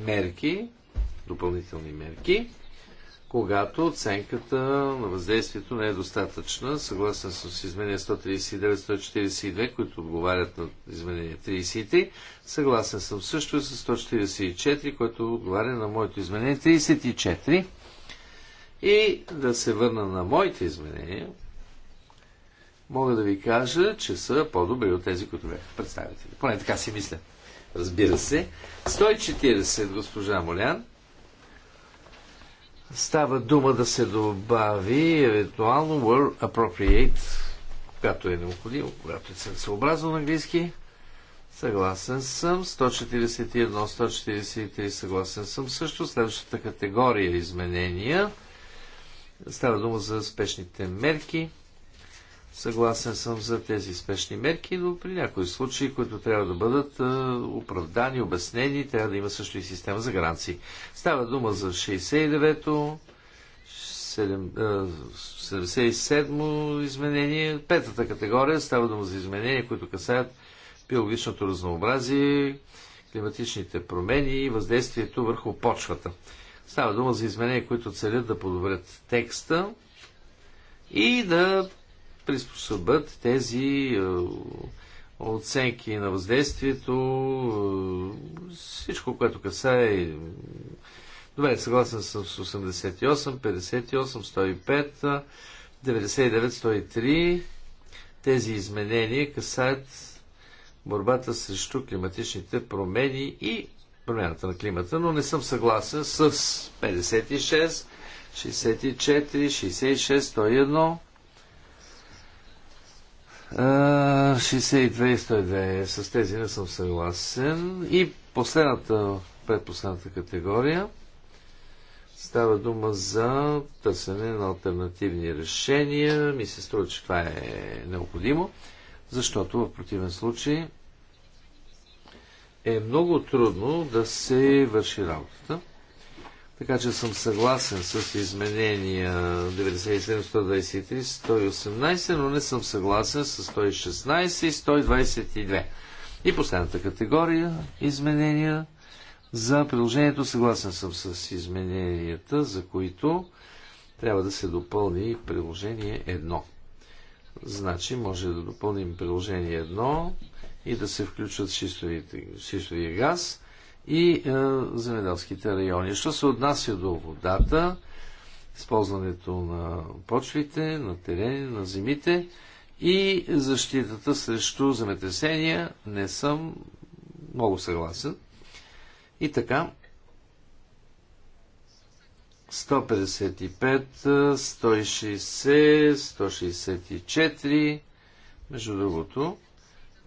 мерки, допълнителни мерки, когато оценката на въздействието не е достатъчна. Съгласен съм с изменение 139-142, които отговарят на изменение 33. Съгласен съм също и с 144, който отговаря на моето изменение 34. И да се върна на моите изменения, мога да ви кажа, че са по-добри от тези, които бяха представители. Поне така си мисля. Разбира се. 140 госпожа Молян Става дума да се добави евентуално were appropriate, когато е необходимо, когато е целесообразно на английски. Съгласен съм. 141, 143 съгласен съм също. Следващата категория изменения. Става дума за спешните мерки. Съгласен съм за тези спешни мерки, но при някои случаи, които трябва да бъдат оправдани, обяснени, трябва да има също и система за гаранции. Става дума за 69-то, 77 то изменение, петата категория, става дума за изменения, които касаят биологичното разнообразие, климатичните промени и въздействието върху почвата. Става дума за изменения, които целят да подобрят текста и да приспособят тези е, оценки на въздействието, е, всичко, което касае. Е, добре, съгласен съм с 88, 58, 105, 99, 103. Тези изменения касаят борбата срещу климатичните промени и промяната на климата, но не съм съгласен с 56, 64, 66, 101, 62-102. С тези не съм съгласен. И последната, предпоследната категория става дума за търсене на альтернативни решения. Ми се струва, че това е необходимо, защото в противен случай е много трудно да се върши работата. Така че съм съгласен с изменения 97, 123, 118, но не съм съгласен с 116 и 122. И последната категория изменения за приложението съгласен съм с измененията, за които трябва да се допълни приложение 1. Значи може да допълним приложение 1 и да се включат шистовия газ и е, земеделските райони. Що се отнася до водата, използването на почвите, на терени, на земите и защитата срещу земетресения, не съм много съгласен. И така, 155, 160, 164, между другото,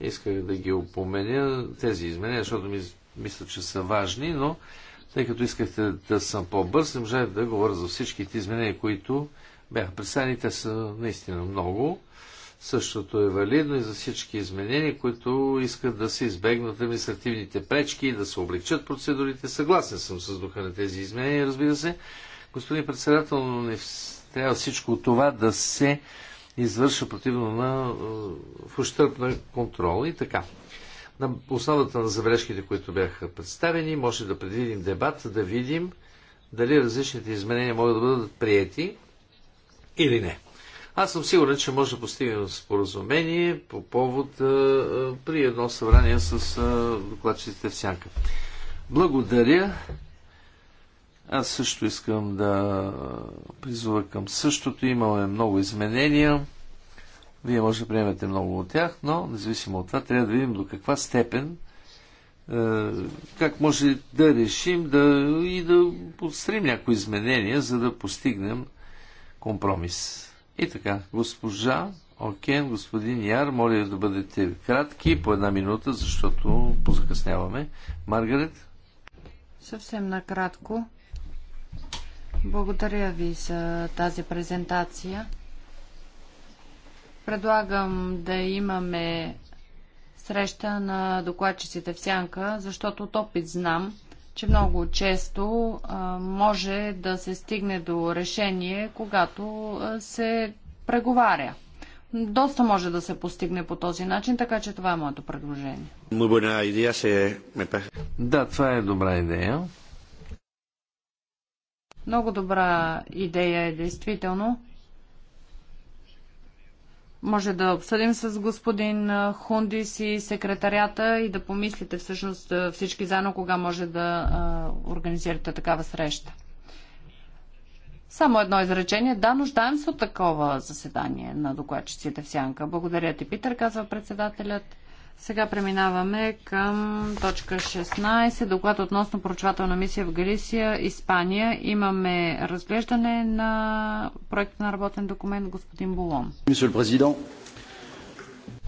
исках да ги опоменя тези изменения, защото ми мисля, че са важни, но тъй като искахте да съм по-бърз, не може да говоря за всичките изменения, които бяха представени. Те са наистина много. Същото е валидно и за всички изменения, които искат да се избегнат административните пречки и да се облегчат процедурите. Съгласен съм с духа на тези изменения, разбира се. Господин председател, но не трябва всичко това да се извършва противно на е, в ущърп на контрол и така на основата на забележките, които бяха представени, може да предвидим дебат, да видим дали различните изменения могат да бъдат приети или не. Аз съм сигурен, че може да постигнем споразумение по повод а, а, при едно събрание с а, докладчиците в сянка. Благодаря. Аз също искам да призова към същото. Имаме много изменения. Вие може да приемете много от тях, но независимо от това, трябва да видим до каква степен е, как може да решим да, и да подстрим някои изменения, за да постигнем компромис. И така, госпожа Окен, господин Яр, моля да бъдете кратки, по една минута, защото позакъсняваме. Маргарет? Съвсем накратко. Благодаря ви за тази презентация. Предлагам да имаме среща на докладчиците в сянка, защото от опит знам, че много често може да се стигне до решение, когато се преговаря. Доста може да се постигне по този начин, така че това е моето предложение. Да, това е добра идея. Много добра идея е действително може да обсъдим с господин Хундис и секретарята и да помислите всъщност всички заедно кога може да организирате такава среща. Само едно изречение. Да, нуждаем се от такова заседание на докладчиците в Сянка. Благодаря ти, Питър, казва председателят. Сега преминаваме към точка 16. Доклад относно поручвателна мисия в Галисия, Испания. Имаме разглеждане на проект на работен документ господин Болон.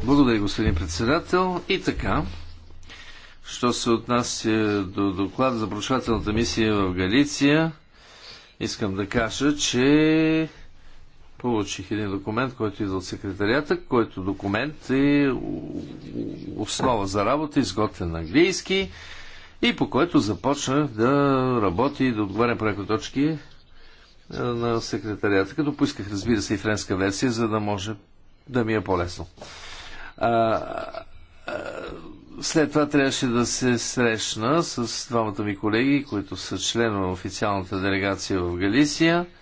Благодаря, господин председател. И така, що се отнася до доклад за поручвателната мисия в Галиция, искам да кажа, че получих един документ, който идва от секретарията, който документ е основа за работа, изготвен на английски и по който започнах да работи и да отговарям проекто точки е, на секретарията, като поисках, разбира се, и френска версия, за да може да ми е по-лесно. след това трябваше да се срещна с двамата ми колеги, които са членове на официалната делегация в Галисия –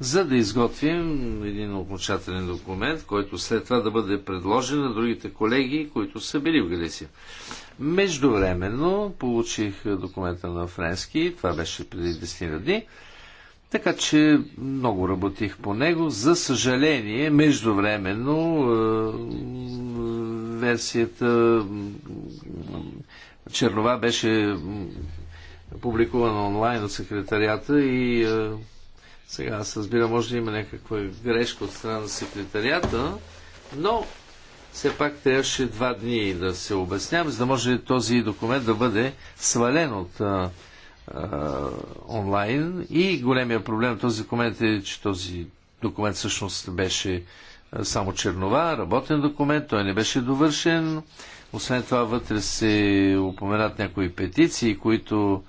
за да изготвим един окончателен документ, който след това да бъде предложен на другите колеги, които са били в Галисия, Междувременно получих документа на френски, това беше преди 10 дни, така че много работих по него. За съжаление, междувременно е, версията чернова беше публикувана онлайн от секретарията и е, сега аз разбира, може да има някаква грешка от страна на секретарията, но все пак трябваше два дни да се обяснявам, за да може този документ да бъде свален от а, а, онлайн. И големия проблем този документ е, че този документ всъщност беше само чернова, работен документ, той не беше довършен. Освен това вътре се упоменат някои петиции, които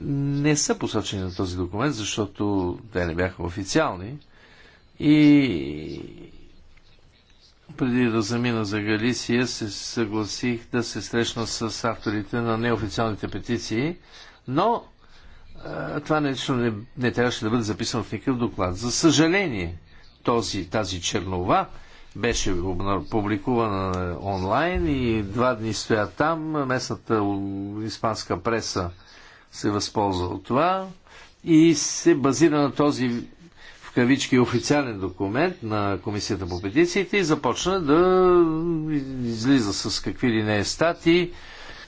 не са посочени на този документ, защото те не бяха официални. И преди да замина за Галисия, се съгласих да се срещна с авторите на неофициалните петиции, но а, това нещо не, не трябваше да бъде записано в никакъв доклад. За съжаление, този, тази чернова беше публикувана онлайн и два дни стоя там. Местната испанска преса се възползва от това и се базира на този в кавички официален документ на Комисията по петициите и започна да излиза с какви ли не е статии,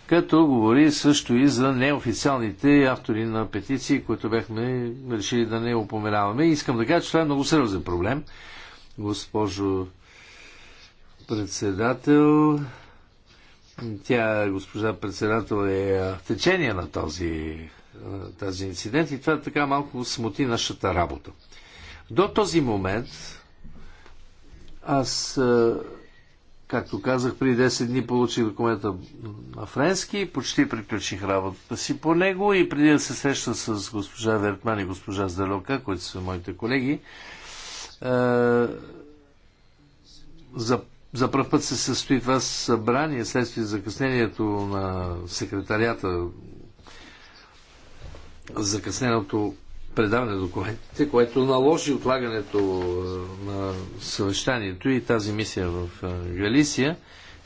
като говори също и за неофициалните автори на петиции, които бяхме решили да не упоменаваме. И искам да кажа, че това е много сериозен проблем. Госпожо председател, тя, госпожа председател, е в течение на този, този инцидент и това така малко смути нашата работа. До този момент аз, както казах, при 10 дни получих документа на френски, почти приключих работата си по него и преди да се среща с госпожа Вертман и госпожа Здалека, които са моите колеги, за за първ път се състои това събрание следствие закъснението на секретарията, закъсненото предаване на документите, което наложи отлагането е, на съвещанието и тази мисия в е, Галисия.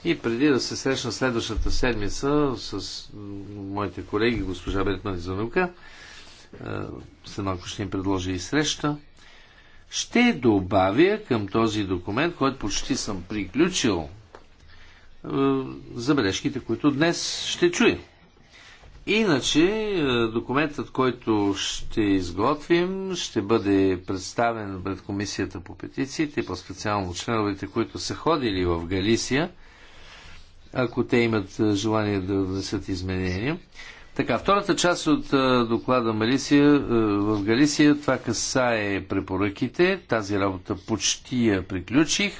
И преди да се срещна следващата седмица с моите колеги, госпожа Бертман Занука, е, след малко ще им предложи и среща, ще добавя към този документ, който почти съм приключил, е, забележките, които днес ще чуя. Иначе е, документът, който ще изготвим, ще бъде представен пред комисията по петициите и по-специално членовете, които са ходили в Галисия, ако те имат е, желание да внесат изменения. Така, втората част от доклада Малисия, в Галисия, това касае препоръките. Тази работа почти я приключих.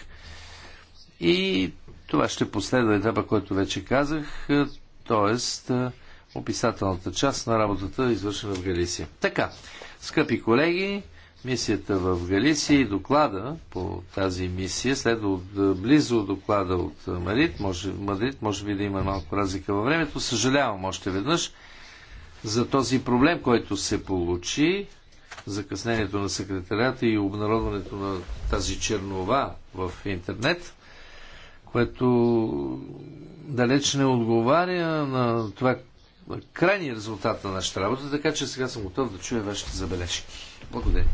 И това ще последва етапа, който вече казах, т.е. описателната част на работата, извършена в Галисия. Така, скъпи колеги, мисията в Галисия и доклада по тази мисия, следва от близо доклада от Мадрид, може, Мадрид, може би да има малко разлика във времето, съжалявам още веднъж, за този проблем, който се получи, закъснението на секретарята и обнародването на тази чернова в интернет, което далеч не отговаря на това крайни крайния резултат на нашата работа, така че сега съм готов да чуя вашите забележки. Благодаря.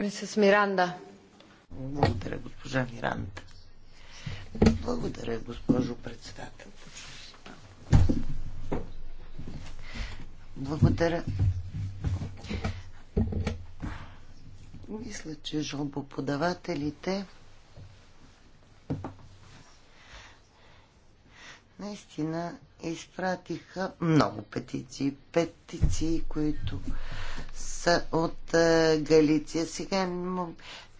Мисис Миранда. Благодаря, госпожа Миранда. Благодаря, госпожо председател. Благодаря. Мисля, че жалбоподавателите наистина изпратиха много петиции. Петиции, които са от е, Галиция. Сега,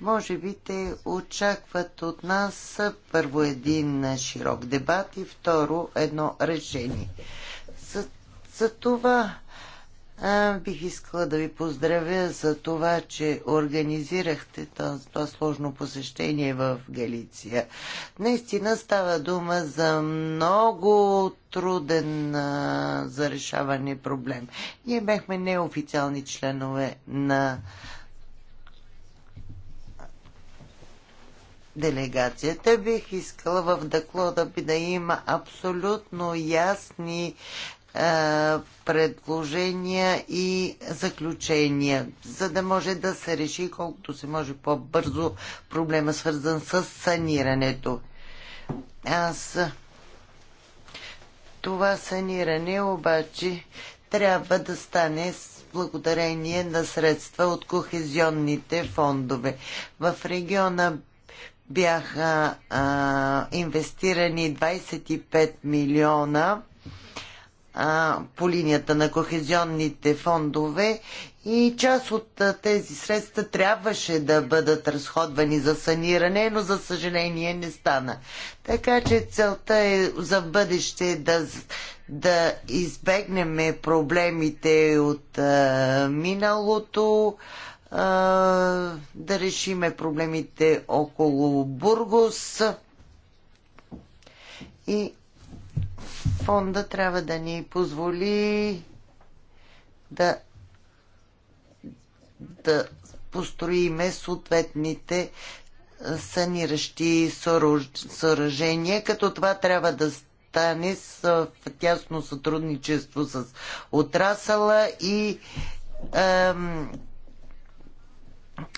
може би, те очакват от нас е, първо един широк дебат и второ едно решение. За, за това а, бих искала да ви поздравя за това, че организирахте това, това сложно посещение в Галиция. Наистина става дума за много труден а, за решаване проблем. Ние бяхме неофициални членове на делегацията. Бих искала в доклада би да има абсолютно ясни е, предложения и заключения, за да може да се реши колкото се може по-бързо проблема свързан с санирането. Аз това саниране обаче трябва да стане с благодарение на средства от кохезионните фондове. В региона бяха а, инвестирани 25 милиона по линията на кохезионните фондове и част от тези средства трябваше да бъдат разходвани за саниране, но за съжаление не стана. Така че целта е за бъдеще да, да избегнем проблемите от а, миналото, а, да решиме проблемите около Бургос и фонда трябва да ни позволи да, да построиме съответните саниращи съоръжения, като това трябва да стане в тясно сътрудничество с отрасала и ем,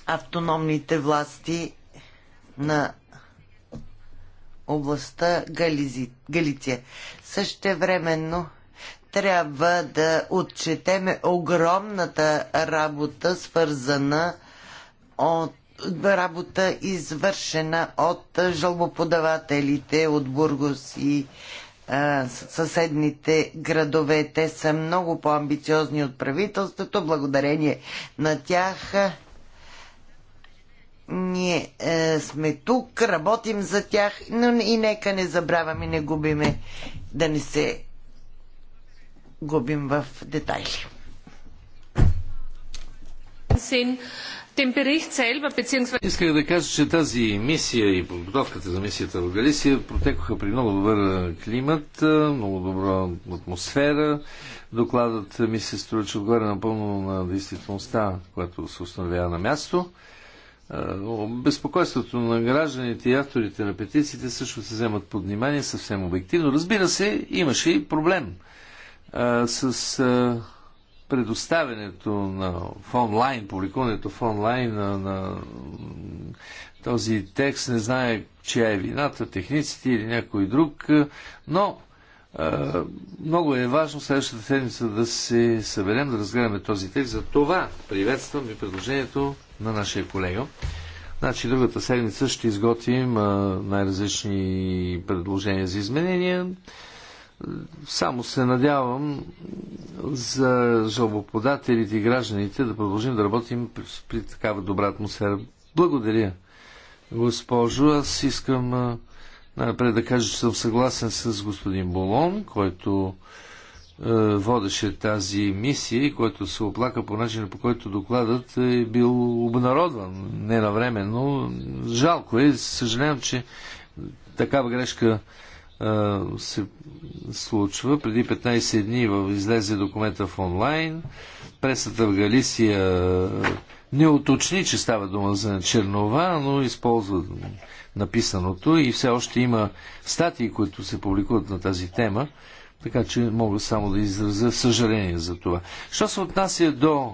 автономните власти на областта Гализи, Галиция. Същевременно трябва да отчетеме огромната работа, свързана от работа, извършена от жалбоподавателите от Бургос и а, съседните градове. Те са много по-амбициозни от правителството. Благодарение на тях ние е, сме тук, работим за тях, но и нека не забравяме, не губиме, да не се губим в детайли. Исках да кажа, че тази мисия и подготовката за мисията в Галисия протекоха при много добър е, климат, е, много добра атмосфера. Докладът ми се струва, че отгоре напълно на действителността, която се установява на място. Е, безпокойството на гражданите и авторите на петициите също се вземат под внимание съвсем обективно. Разбира се, имаше и проблем а, е, с а, е, предоставянето на в онлайн, публикуването в онлайн на, на този текст. Не знае чия е вината, техниците или някой друг, но много е важно следващата седмица да се съберем, да разгледаме този текст. За това приветствам и предложението на нашия колега. Значи другата седмица ще изготвим най-различни предложения за изменения. Само се надявам за жалбоподателите и гражданите да продължим да работим при, такава добра атмосфера. Благодаря, госпожо. Аз искам най-напред да кажа, че съм съгласен с господин Болон, който е, водеше тази мисия и който се оплака по начина по който докладът е бил обнародван ненавременно. Жалко е, съжалявам, че такава грешка е, се случва. Преди 15 дни излезе документа в онлайн. Пресата в Галисия е, не уточни, че става дума за Чернова, но използва написаното и все още има статии, които се публикуват на тази тема, така че мога само да изразя съжаление за това. Що се отнася до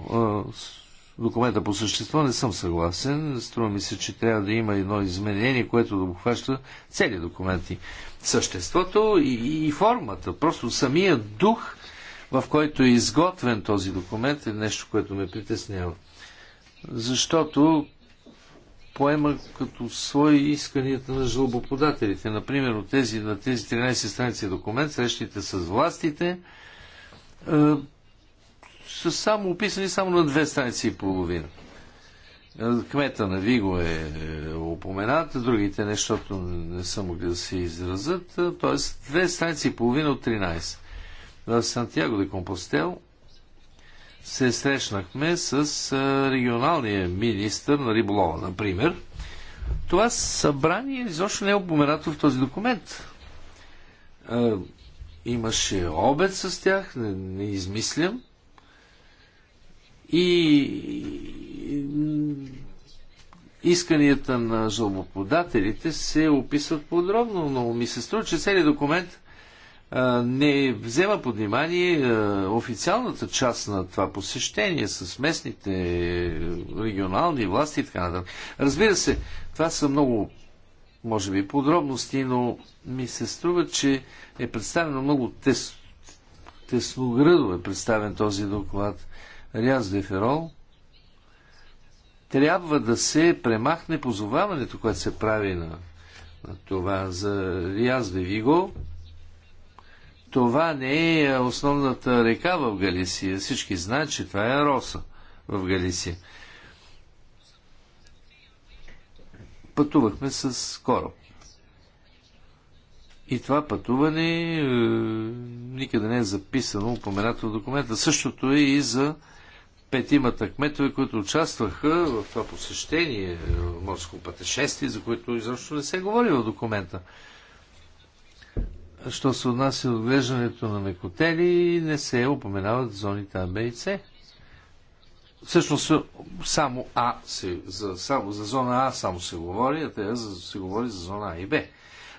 е, документа по същество, не съм съгласен. Струва ми се, че трябва да има едно изменение, което да обхваща цели документи. Съществото и, и формата, просто самия дух, в който е изготвен този документ, е нещо, което ме притеснява. Защото поема като свои исканията на жалбоподателите. Например, от тези, на тези 13 страници документ, срещите с властите, е, са само описани само на две страници и половина. Е, кмета на Виго е, е упоменат, другите нещото не са могли да се изразят, е, т.е. две страници и половина от 13. В Сантьяго де Компостел се срещнахме с регионалния министр на риболова, например. Това събрание изобщо не е упоменато в този документ. Имаше обед с тях, не, не измислям. И исканията на жалбоподателите се описват подробно, но ми се струва, че целият документ не взема под внимание официалната част на това посещение с местните регионални власти и така нататък. Разбира се, това са много, може би, подробности, но ми се струва, че е представено много тес, тесногръдо е представен този доклад. Ряз Деферол трябва да се премахне позоваването, което се прави на, на това за Ряз Девиго. Виго това не е основната река в Галисия. Всички знаят, че това е Роса в Галисия. Пътувахме с кораб. И това пътуване е, никъде не е записано, упоменато в документа. Същото е и за петимата кметове, които участваха в това посещение, морско пътешествие, за което изобщо не се говори в документа що се отнася до отглеждането на мекотели, не се упоменават зоните А, Б и С. Всъщност само А се, за, само, за зона А само се говори, а тя се говори за зона А и Б.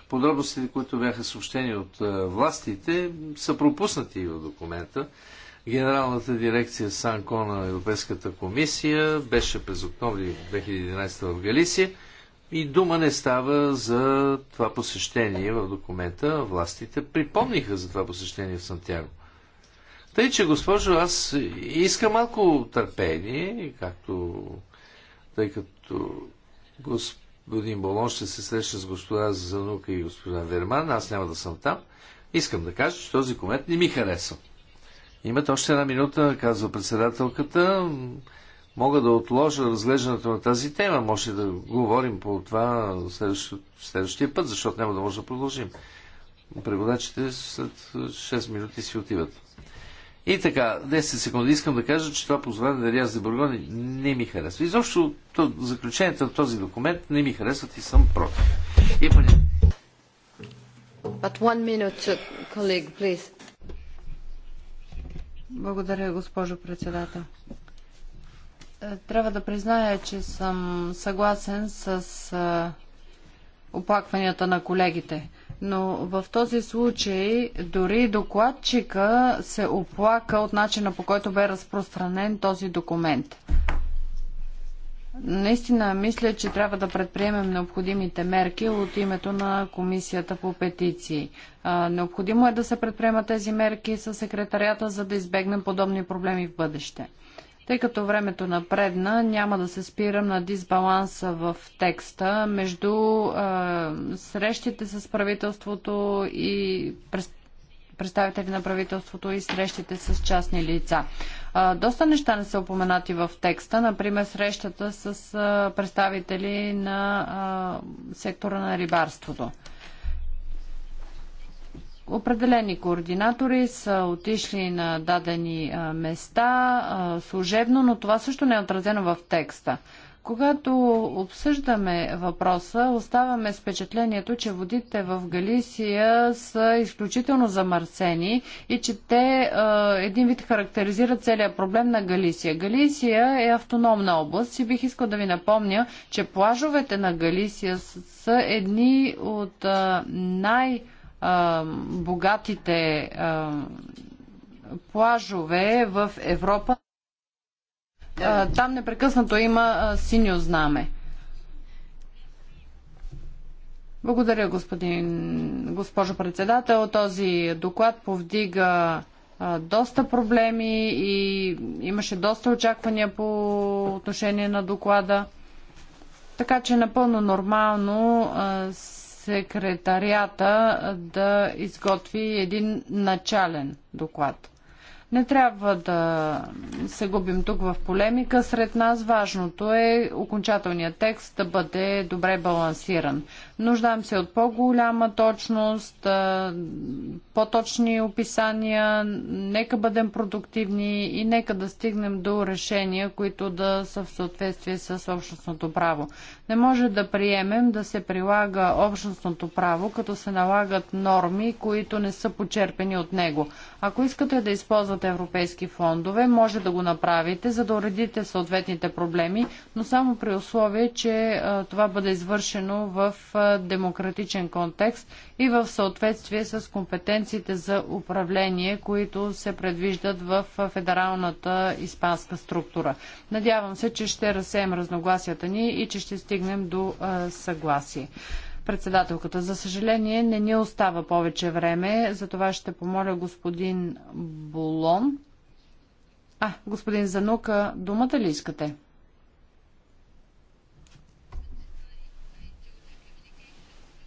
Подробностите, които бяха съобщени от властите, са пропуснати и в документа. Генералната дирекция Санко на Европейската комисия беше през октомври 2011 в Галисия и дума не става за това посещение в документа. Властите припомниха за това посещение в Сантьяго. Тъй, че, госпожо, аз искам малко търпение, както тъй като господин Болон ще се среща с господа Занука и господа Верман, аз няма да съм там. Искам да кажа, че този комет не ми харесва. Имат още една минута, казва председателката мога да отложа разглеждането на тази тема. Може да говорим по това следващия, следващия път, защото няма да може да продължим. Преводачите след 6 минути си отиват. И така, 10 секунди искам да кажа, че това позволение на Риаз де Бургон не ми харесва. Изобщо то, заключението на този документ не ми харесват и съм против. И поня... But one minute, colleague, please. Благодаря, госпожо председател. Е, трябва да призная, че съм съгласен с е, оплакванията на колегите. Но в този случай дори докладчика се оплака от начина по който бе разпространен този документ. Наистина мисля, че трябва да предприемем необходимите мерки от името на Комисията по петиции. Необходимо е да се предприемат тези мерки със секретарията, за да избегнем подобни проблеми в бъдеще. Тъй като времето напредна, няма да се спирам на дисбаланса в текста между е, срещите с правителството и представители на правителството и срещите с частни лица. Доста неща не са упоменати в текста, например срещата с представители на сектора на рибарството. Определени координатори са отишли на дадени места служебно, но това също не е отразено в текста. Когато обсъждаме въпроса, оставаме с впечатлението, че водите в Галисия са изключително замърсени и че те един вид характеризират целият проблем на Галисия. Галисия е автономна област и бих искал да ви напомня, че плажовете на Галисия са едни от най- богатите а, плажове в Европа. А, там непрекъснато има а, синьо знаме. Благодаря, господин, госпожо председател. Този доклад повдига а, доста проблеми и имаше доста очаквания по отношение на доклада. Така че напълно нормално а, секретарията да изготви един начален доклад. Не трябва да се губим тук в полемика. Сред нас важното е окончателният текст да бъде добре балансиран. Нуждаем се от по-голяма точност, по-точни описания, нека бъдем продуктивни и нека да стигнем до решения, които да са в съответствие с общностното право. Не може да приемем да се прилага общностното право, като се налагат норми, които не са почерпени от него. Ако искате да използвате от европейски фондове. Може да го направите, за да уредите съответните проблеми, но само при условие, че това бъде извършено в демократичен контекст и в съответствие с компетенциите за управление, които се предвиждат в федералната испанска структура. Надявам се, че ще разсеем разногласията ни и че ще стигнем до съгласие. Председателката, за съжаление, не ни остава повече време, затова ще помоля господин Болон. А, господин Занука, думата ли искате?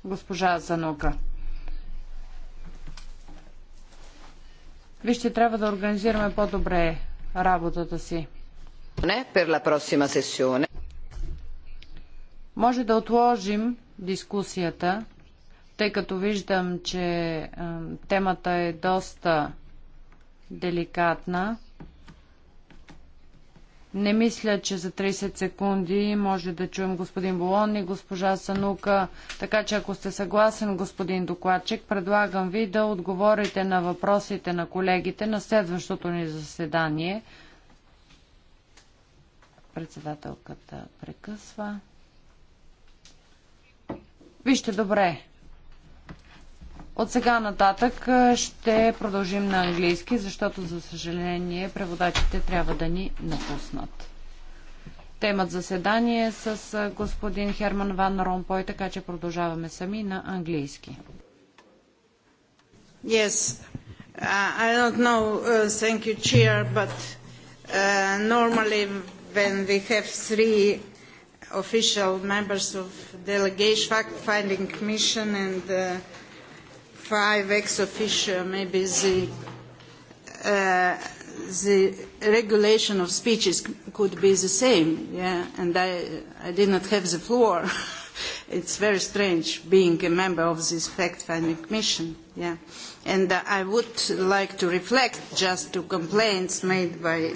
Госпожа Занука. Вижте, трябва да организираме по-добре работата си. Не, per la prossima може да отложим дискусията, тъй като виждам, че е, темата е доста деликатна. Не мисля, че за 30 секунди може да чуем господин Болон и госпожа Санука. Така че ако сте съгласен, господин докладчик, предлагам ви да отговорите на въпросите на колегите на следващото ни заседание. Председателката прекъсва. Вижте добре. От сега нататък ще продължим на английски, защото за съжаление преводачите трябва да ни напуснат. Темат заседание с господин Херман Ван Ромпой, така че продължаваме сами на английски. Yes, uh, I don't know, uh, thank you, Chair, but uh, normally when we have three official members of delegation fact-finding commission and uh, five ex-officio, maybe the, uh, the regulation of speeches could be the same, yeah, and I, I did not have the floor. it's very strange being a member of this fact-finding commission, yeah. And uh, I would like to reflect just to complaints made by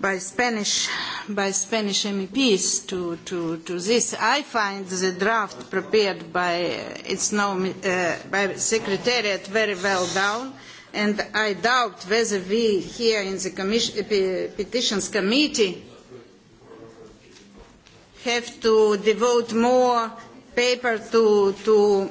by Spanish by Spanish MEPs to, to, to this. I find the draft prepared by its now uh, by Secretariat very well down, and I doubt whether we here in the commission, Petitions Committee have to devote more paper to to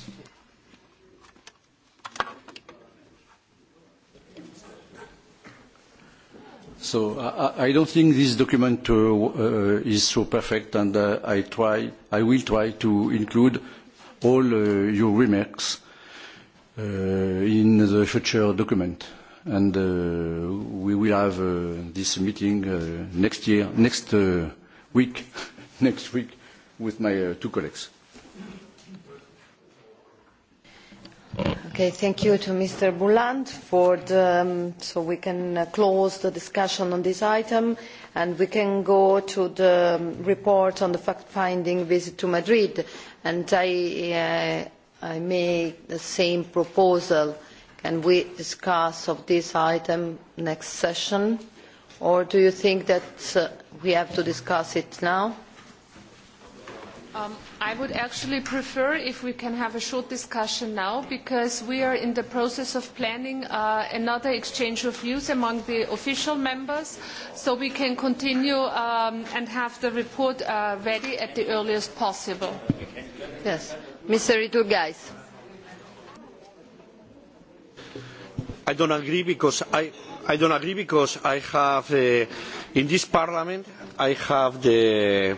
So I, I don't think this document is so perfect, and I try, I will try to include all your remarks in the future document. And we will have this meeting next year, next week, next week with my two colleagues. Okay, thank you to Mr. Bouland for the, so we can close the discussion on this item and we can go to the report on the fact-finding visit to Madrid and I, uh, I make the same proposal. Can we discuss of this item next session or do you think that uh, we have to discuss it now? Um I would actually prefer if we can have a short discussion now because we are in the process of planning another exchange of views among the official members so we can continue and have the report ready at the earliest possible. Yes. Mr. Iturgais. I don't agree because I, I don't agree because I have in this parliament I have the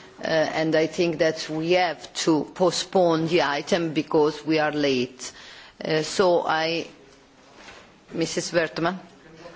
and I think that we have to postpone the item because we are late. so I, Mrs. Wertmann.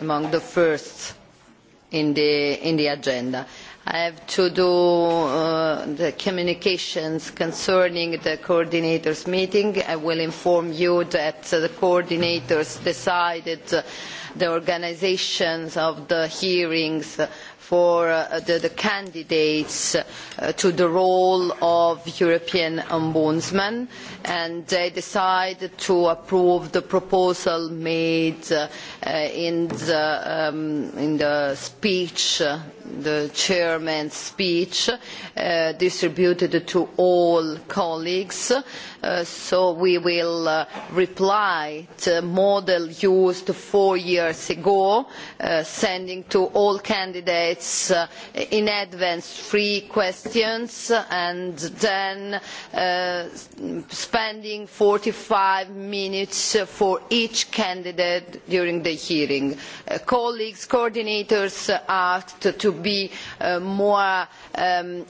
among the first in the, agenda. I have to do the communications concerning the coordinators meeting. I will inform you that the coordinators decided the organisation of the hearings for the, candidates to the role of European Ombudsman and they decide to approve the proposal made in, the, speech, the chairman's speech distributed to all colleagues. Uh, so we will reply to the model used four years ago, sending to all candidates in advance three questions and then spending forty five minutes for each candidate during the hearing. Colleagues, coordinators asked to be more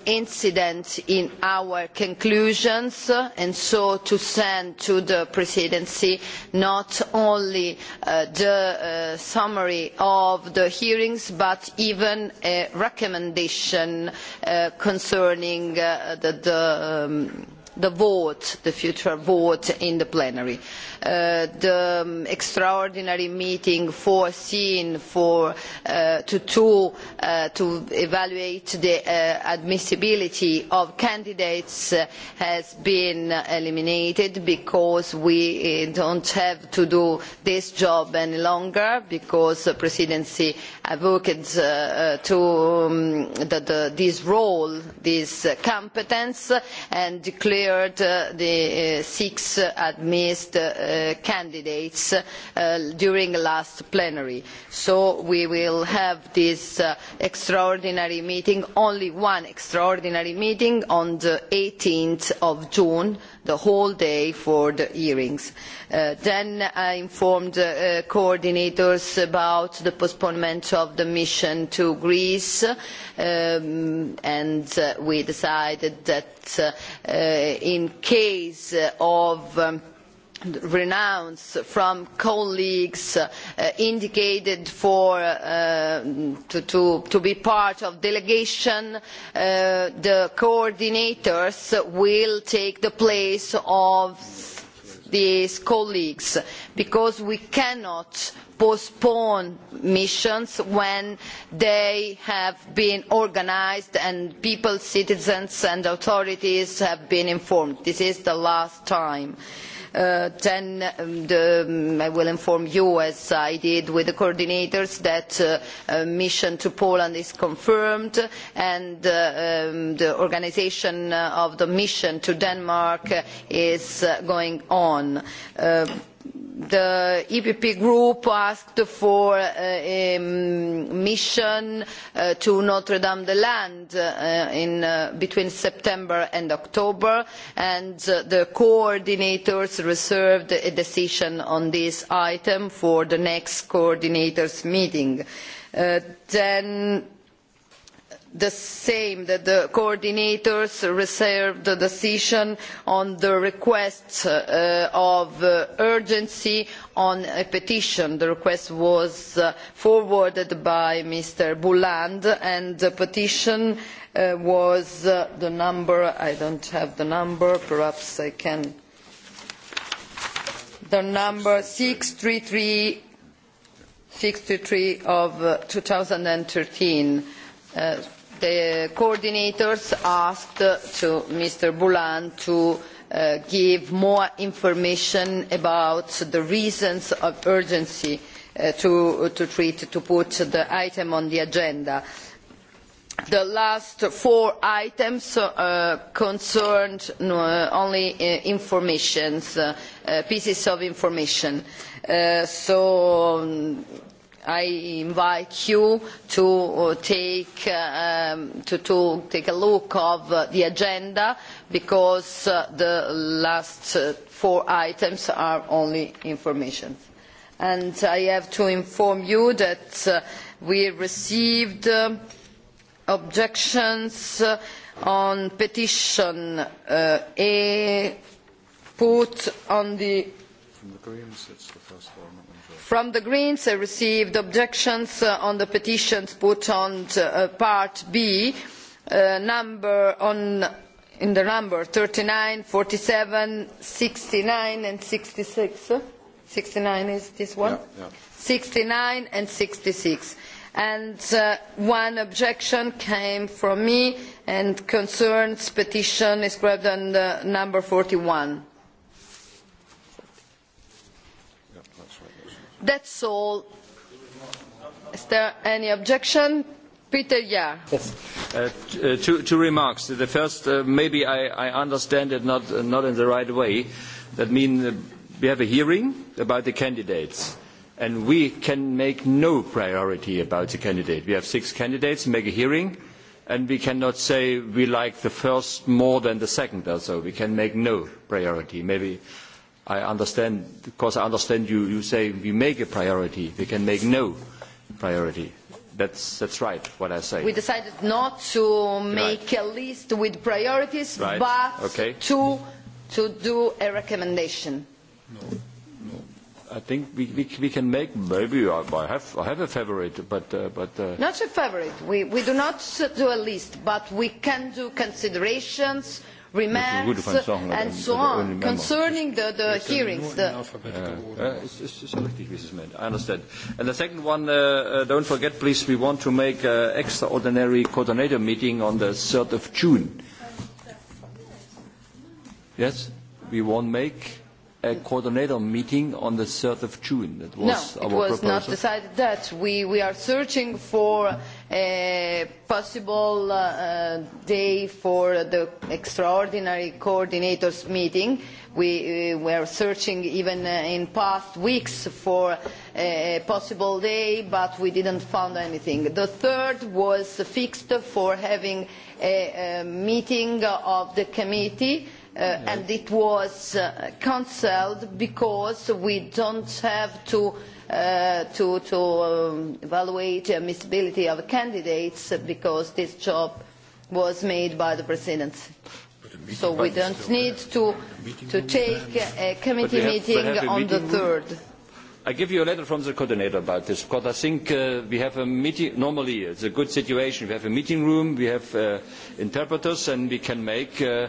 incident in our conclusions and so to send to the presidency not only the summary of the hearings but even a recommendation concerning the the vote, the future vote in the plenary. the extraordinary meeting foreseen for to, to evaluate the admissibility of candidates has been eliminated because we do not have to do this job any longer because the presidency advocates this role, this competence and declared prepared the six admitted candidates during the last plenary. So we will have this extraordinary meeting, only one extraordinary meeting on the 18th of June the whole day for the hearings. then I informed the coordinators about the postponement of the mission to Greece and we decided that in case of renounce from colleagues indicated to be part of delegation the coordinators will take the place of these colleagues because we cannot postpone missions when they have been organised and people citizens and authorities have been informed. this is the last time then I will inform you, as I did with the coordinators, that a mission to Poland is confirmed and the organisation of the mission to Denmark is going on the EPP group asked for a mission to Notre Dame de Land between September and October, and the coordinators reserved a decision on this item for the next coordinators meeting. then the same that the coordinators reserve the decision on the request of urgency on a petition. the request was forwarded by mr boulland and the petition was the number i do not have the number perhaps i can the number six three three sixty three of two thousand and thirteen the coordinators asked Mr. Boulan to give more information about the reasons of urgency to treat, to put the item on the agenda. The last four items concerned only information, pieces of information. So I invite you to take, to, take a look at the agenda because the last four items are only information. And I have to inform you that we received objections on petition put on the agreements, it's the first from the greens i received objections on the petitions put on part b in the number thirty nine forty seven sixty nine and sixty six sixty nine is this one sixty nine and sixty six and one objection came from me and concerns petition described on number forty one That's all. Is there any objection? Peter, yeah. two, remarks. The first, maybe I, I understand it not, not in the right way. That means we have a hearing about the candidates and we can make no priority about the candidate. We have six candidates, make a hearing, and we cannot say we like the first more than the second or so. We can make no priority. Maybe I understand, because I understand you, you say we make a priority, we can make no priority. That's, that's right, what I say. We decided not to make a list with priorities, but to, to do a recommendation. No. I think we, we, we can make maybe I, I have I have a favorite, but uh, but uh, not a favorite. We we do not do a list, but we can do considerations remarks and so on concerning the, the hearings. The I understand. And the second one, uh, uh, don't forget, please, we want to make an extraordinary coordinator meeting on the 3rd of June. Yes, we won't make a coordinator meeting on the 3rd of June. That was no, our it was proposal. not decided that. We, we are searching for possible day for the extraordinary coordinators meeting. We were searching even in past weeks for a possible day, but we didn't find anything. The third was fixed for having a meeting of the committee and it was cancelled because we don't have to uh, to, to evaluate the admissibility of candidates because this job was made by the presidency. So we don't need to, to take a committee meeting on the 3rd. I give you a letter from the coordinator about this because I think uh, we have a meeting. Normally, it's a good situation. We have a meeting room, we have uh, interpreters, and we can make uh,